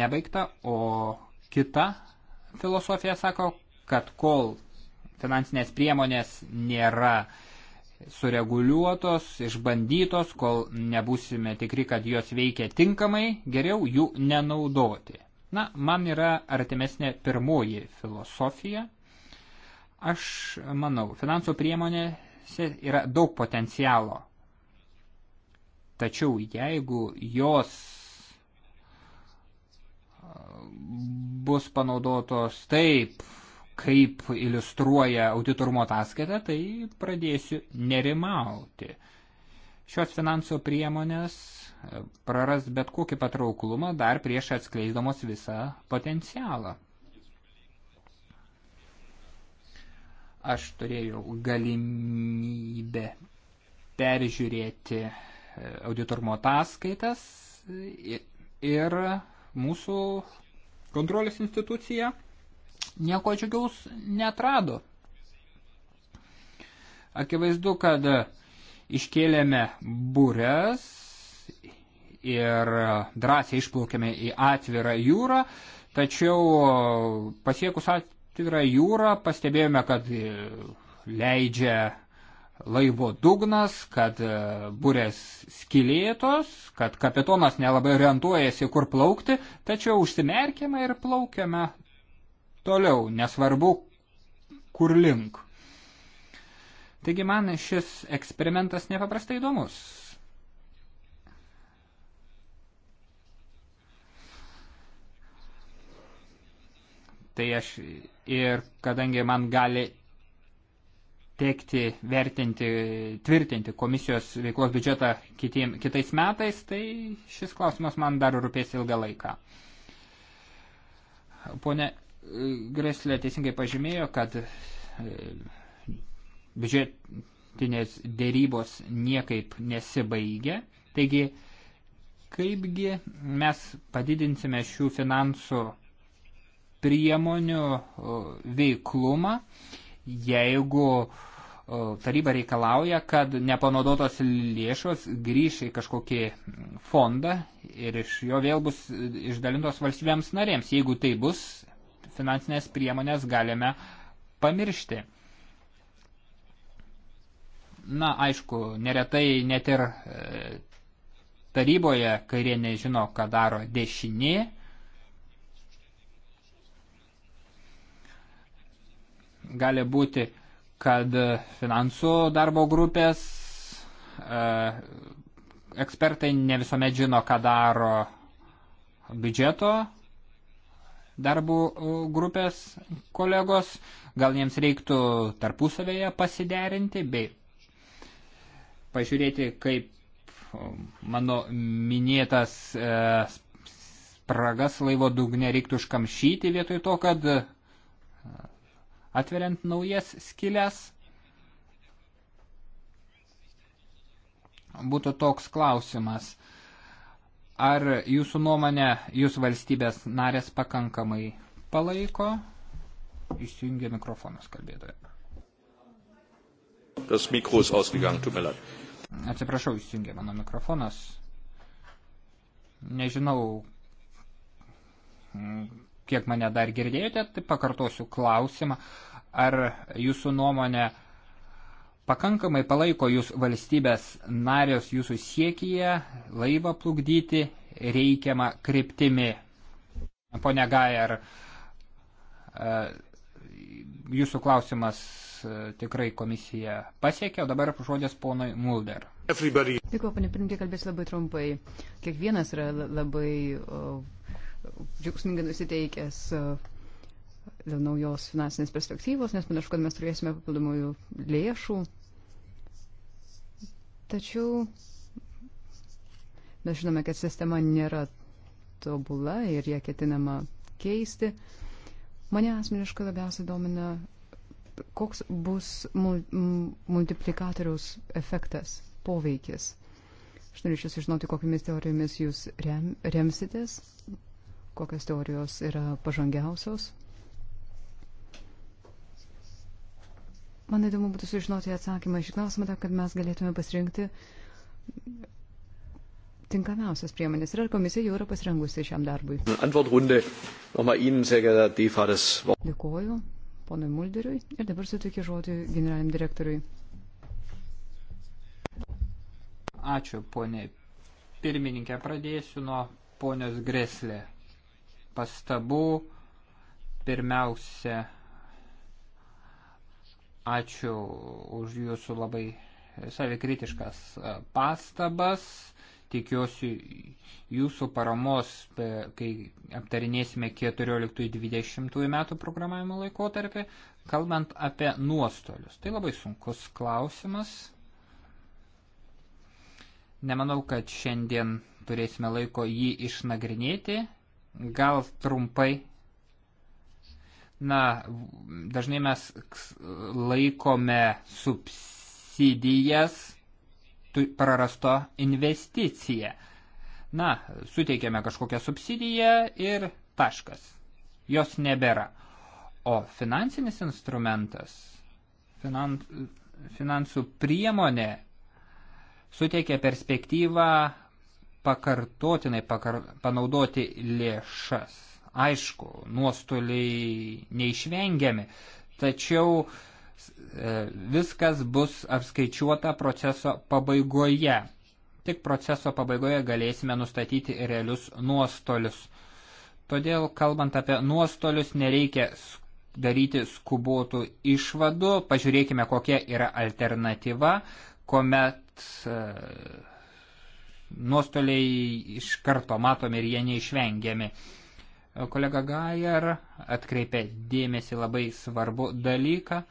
nebaigta, o kita filosofija sako, kad kol finansinės priemonės nėra sureguliuotos, išbandytos, kol nebusime tikri, kad jos veikia tinkamai, geriau jų nenaudoti. Na, man yra artimesnė pirmoji filosofija. Aš manau, finansų priemonėse yra daug potencialo. Tačiau jeigu jos uh, bus panaudotos taip, kaip iliustruoja auditorumo ataskaita, tai pradėsiu nerimauti. Šios finansų priemonės e, praras bet kokį patrauklumą dar prieš atskleidamos visą potencialą. Aš turėjau galimybę peržiūrėti e, auditormo ataskaitas ir mūsų kontrolės institucija nieko džiugiaus netrado. Akivaizdu, kad iškėlėme būres ir drąsiai išplaukėme į atvirą jūrą, tačiau pasiekus atvirą jūrą pastebėjome, kad leidžia laivo dugnas, kad burės skilėtos, kad kapitonas nelabai orientuojasi, kur plaukti, tačiau užsimerkėme ir plaukėme toliau, nesvarbu, kur link. Taigi man šis eksperimentas nepaprastai įdomus. Tai aš ir kadangi man gali teikti, vertinti, tvirtinti komisijos veiklos biudžetą kitiem, kitais metais, tai šis klausimas man dar rūpės ilgą laiką. Pone Greslė teisingai pažymėjo, kad biudžetinės dėrybos niekaip nesibaigia. Taigi, kaipgi mes padidinsime šių finansų priemonių veiklumą, jeigu taryba reikalauja, kad nepanaudotos lėšos grįš į kažkokį fondą ir iš jo vėl bus išdalintos valstybėms narėms. Jeigu tai bus, finansinės priemonės galime pamiršti. Na, aišku, neretai net ir e, taryboje kairė nežino, ką daro dešinė. Gali būti, kad finansų darbo grupės e, ekspertai ne visuomet žino, ką daro biudžeto darbų e, grupės kolegos, gal jiems reiktų tarpusavėje pasiderinti bei pažiūrėti, kaip mano minėtas e, spragas laivo dugne reiktų užkamšyti vietoj to, kad e, atveriant naujas skilės. Būtų toks klausimas. Ar jūsų nuomonė, jūs valstybės narės pakankamai palaiko? Išjungia mikrofonas kalbėtoje. Das Mikro ist ausgegangen, tut mir leid. Atsiprašau, įsijungė mano mikrofonas. Nežinau, kiek mane dar girdėjote, tai pakartosiu klausimą. Ar jūsų nuomonė pakankamai palaiko jūs valstybės narės jūsų siekyje laivą plukdyti reikiamą kryptimi? Pone Gajar, jūsų klausimas e, tikrai komisija pasiekė, o dabar žodis ponui Mulder. Dėkuoju, panė pirmininkė, kalbės labai trumpai. Kiekvienas yra labai džiaugsmingai nusiteikęs dėl naujos finansinės perspektyvos, nes panašu, kad mes turėsime papildomųjų lėšų. Tačiau mes žinome, kad sistema nėra tobula ir ją ketinama keisti. Uh, Mane asmeniškai labiausiai domina, koks bus multiplikatoriaus efektas, poveikis. Aš norėčiau sužinoti, kokiamis teorijomis jūs rem, remsitės, kokios teorijos yra pažangiausios. Man įdomu būtų sužinoti atsakymą iš klausimą, kad mes galėtume pasirinkti tinkamiausios priemonės ir ar komisija jau yra pasirengusi šiam darbui. Dėkuoju ponui Mulderiui ir dabar sutikiu žodį generaliniam direktoriui. Ačiū, ponė pirmininkė. Pradėsiu nuo ponios Greslė pastabų. Pirmiausia, ačiū už jūsų labai savikritiškas pastabas tikiuosi jūsų paramos, kai aptarinėsime 14-20 metų programavimo laikotarpį, kalbant apie nuostolius. Tai labai sunkus klausimas. Nemanau, kad šiandien turėsime laiko jį išnagrinėti. Gal trumpai na, dažnai mes laikome subsidijas prarasta investicija. Na, suteikėme kažkokią subsidiją ir taškas. Jos nebėra. O finansinis instrumentas, finan, finansų priemonė suteikia perspektyvą pakartotinai pakar, panaudoti lėšas. Aišku, nuostoliai neišvengiami, tačiau uh, E, viskas bus apskaičiuota proceso pabaigoje. Tik proceso pabaigoje galėsime nustatyti realius nuostolius. Todėl, kalbant apie nuostolius, nereikia daryti skubotų išvadų. Pažiūrėkime, kokia yra alternatyva, kuomet e, nuostoliai iš karto matomi ir jie neišvengiami. Kolega Gajer atkreipė dėmesį labai svarbu dalyką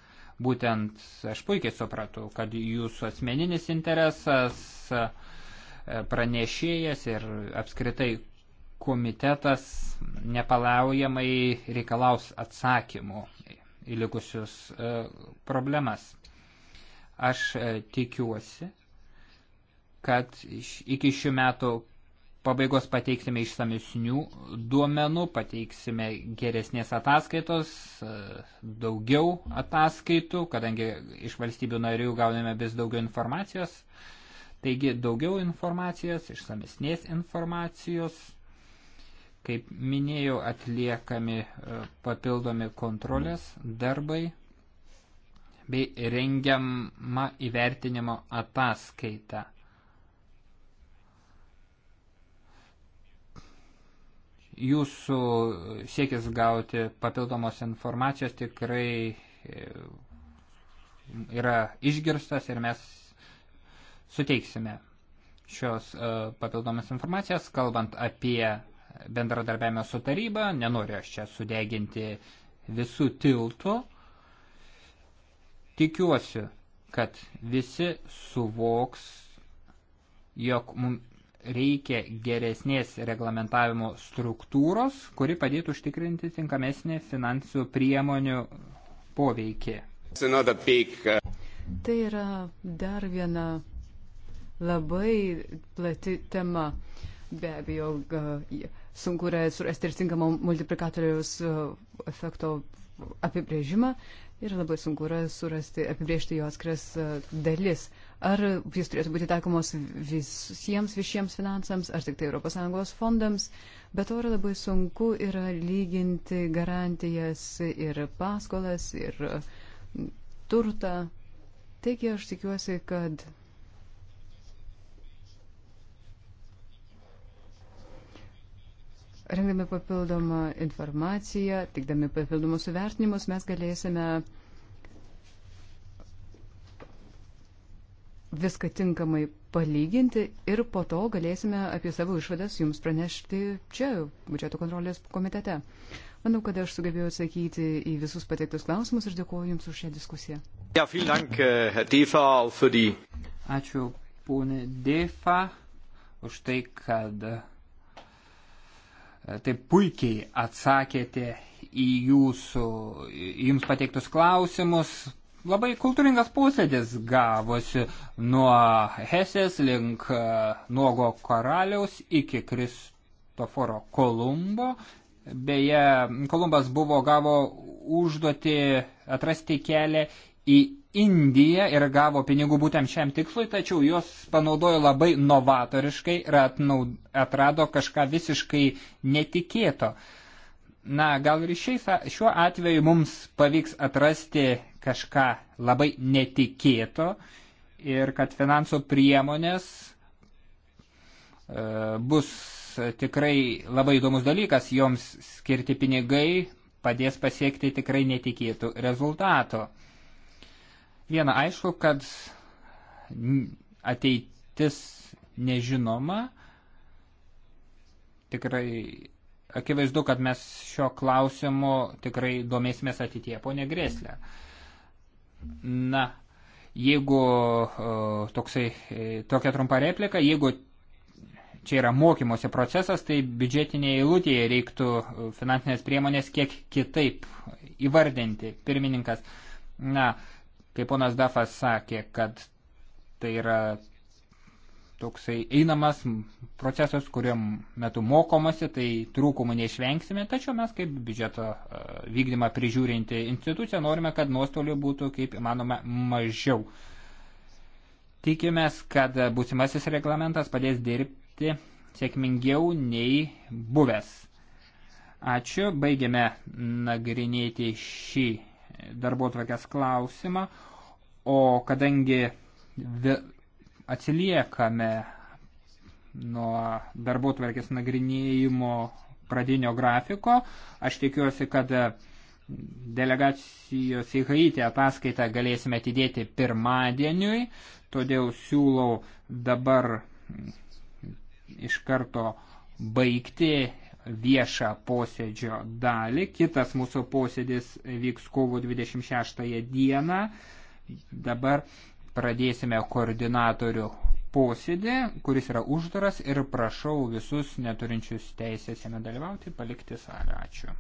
Būtent aš puikiai supratau, kad jūsų asmeninis interesas, e, pranešėjas ir apskritai komitetas nepalaujamai reikalaus atsakymų į likusius e, problemas. Aš e, tikiuosi, kad iki šių metų pabaigos pateiksime išsamesnių duomenų, pateiksime geresnės ataskaitos, daugiau ataskaitų, kadangi iš valstybių narių gauname vis daugiau informacijos. Taigi daugiau informacijos, išsamesnės informacijos. Kaip minėjau, atliekami e, papildomi kontrolės darbai bei rengiama įvertinimo ataskaita. jūsų siekis gauti papildomos informacijos tikrai e, yra išgirstas ir mes suteiksime šios e, papildomas informacijas, kalbant apie bendradarbiavimą su taryba, nenoriu aš čia sudeginti visų tiltų. Tikiuosi, kad visi suvoks, jog mums reikia geresnės reglamentavimo struktūros, kuri padėtų užtikrinti tinkamesnį finansų priemonių poveikį. Uh, tai yra dar viena labai plati tema. Be abejo, uh, sunku yra surasti ir tinkamą multiplikatoriaus uh, efekto apibrėžimą ir labai sunku yra surasti, apibrėžti jos kres dalis. Ar jis turėtų būti taikomos visiems viešiems finansams, ar tik tai ES fondams, bet to yra labai sunku yra lyginti garantijas ir paskolas ir mm, turtą. Taigi aš tikiuosi, kad rengdami papildomą informaciją, tikdami papildomus suvertinimus, mes galėsime uh, viską tinkamai palyginti ir po to galėsime apie savo išvadas jums pranešti čia, biudžeto kontrolės komitete. Manau, kad aš sugebėjau atsakyti į visus pateiktus klausimus ir dėkuoju Jums už šią diskusiją. Ja, dank, äh, Ačiū, ponė Defa, už tai, kad e, taip puikiai atsakėte į jūsų, jums pateiktus klausimus, Labai kultūringas posėdis gavosi nuo Hesės link e, Nuogo karaliaus iki Kristoforo Kolumbo. Beje, Kolumbas buvo gavo užduoti atrasti kelią į Indiją ir gavo pinigų būtent šiam tikslui, tačiau juos panaudojo labai novatoriškai ir atrado kažką visiškai netikėto. Na, gal ir šiais, šiuo atveju mums pavyks atrasti kažką labai netikėto ir kad finansų priemonės e, bus tikrai labai įdomus dalykas, joms skirti pinigai padės pasiekti tikrai netikėtų rezultato. Viena aišku, kad ateitis nežinoma, tikrai akivaizdu, kad mes šio klausimu tikrai domėsimės ateitie, ponė Greslė. Mm. Na, jeigu toksai, e, tokia trumpa replika, jeigu čia yra mokymosi procesas, tai biudžetinėje eilutėje reiktų finansinės priemonės kiek kitaip įvardinti. Pirmininkas, na, kaip ponas Dafas sakė, kad tai yra toksai einamas procesas, kuriam metu mokomasi, tai trūkumų neišvengsime, tačiau mes kaip biudžeto e, vykdymą prižiūrinti instituciją norime, kad nuostolių būtų kaip įmanoma mažiau. Tikimės, kad būsimasis reglamentas padės dirbti sėkmingiau nei buvęs. Ačiū, baigiame nagrinėti šį darbo tvarkės klausimą, o kadangi atsiliekame nuo darbo tvarkės nagrinėjimo pradinio grafiko. Aš tikiuosi, kad delegacijos į Haitį ataskaitą galėsime atidėti pirmadieniui, todėl siūlau dabar iš karto baigti viešą posėdžio dalį. Kitas mūsų posėdis vyks kovo 26 dieną. Dabar pradėsime koordinatorių posėdį, kuris yra uždaras ir prašau visus neturinčius teisės jame dalyvauti palikti salę. Ačiū.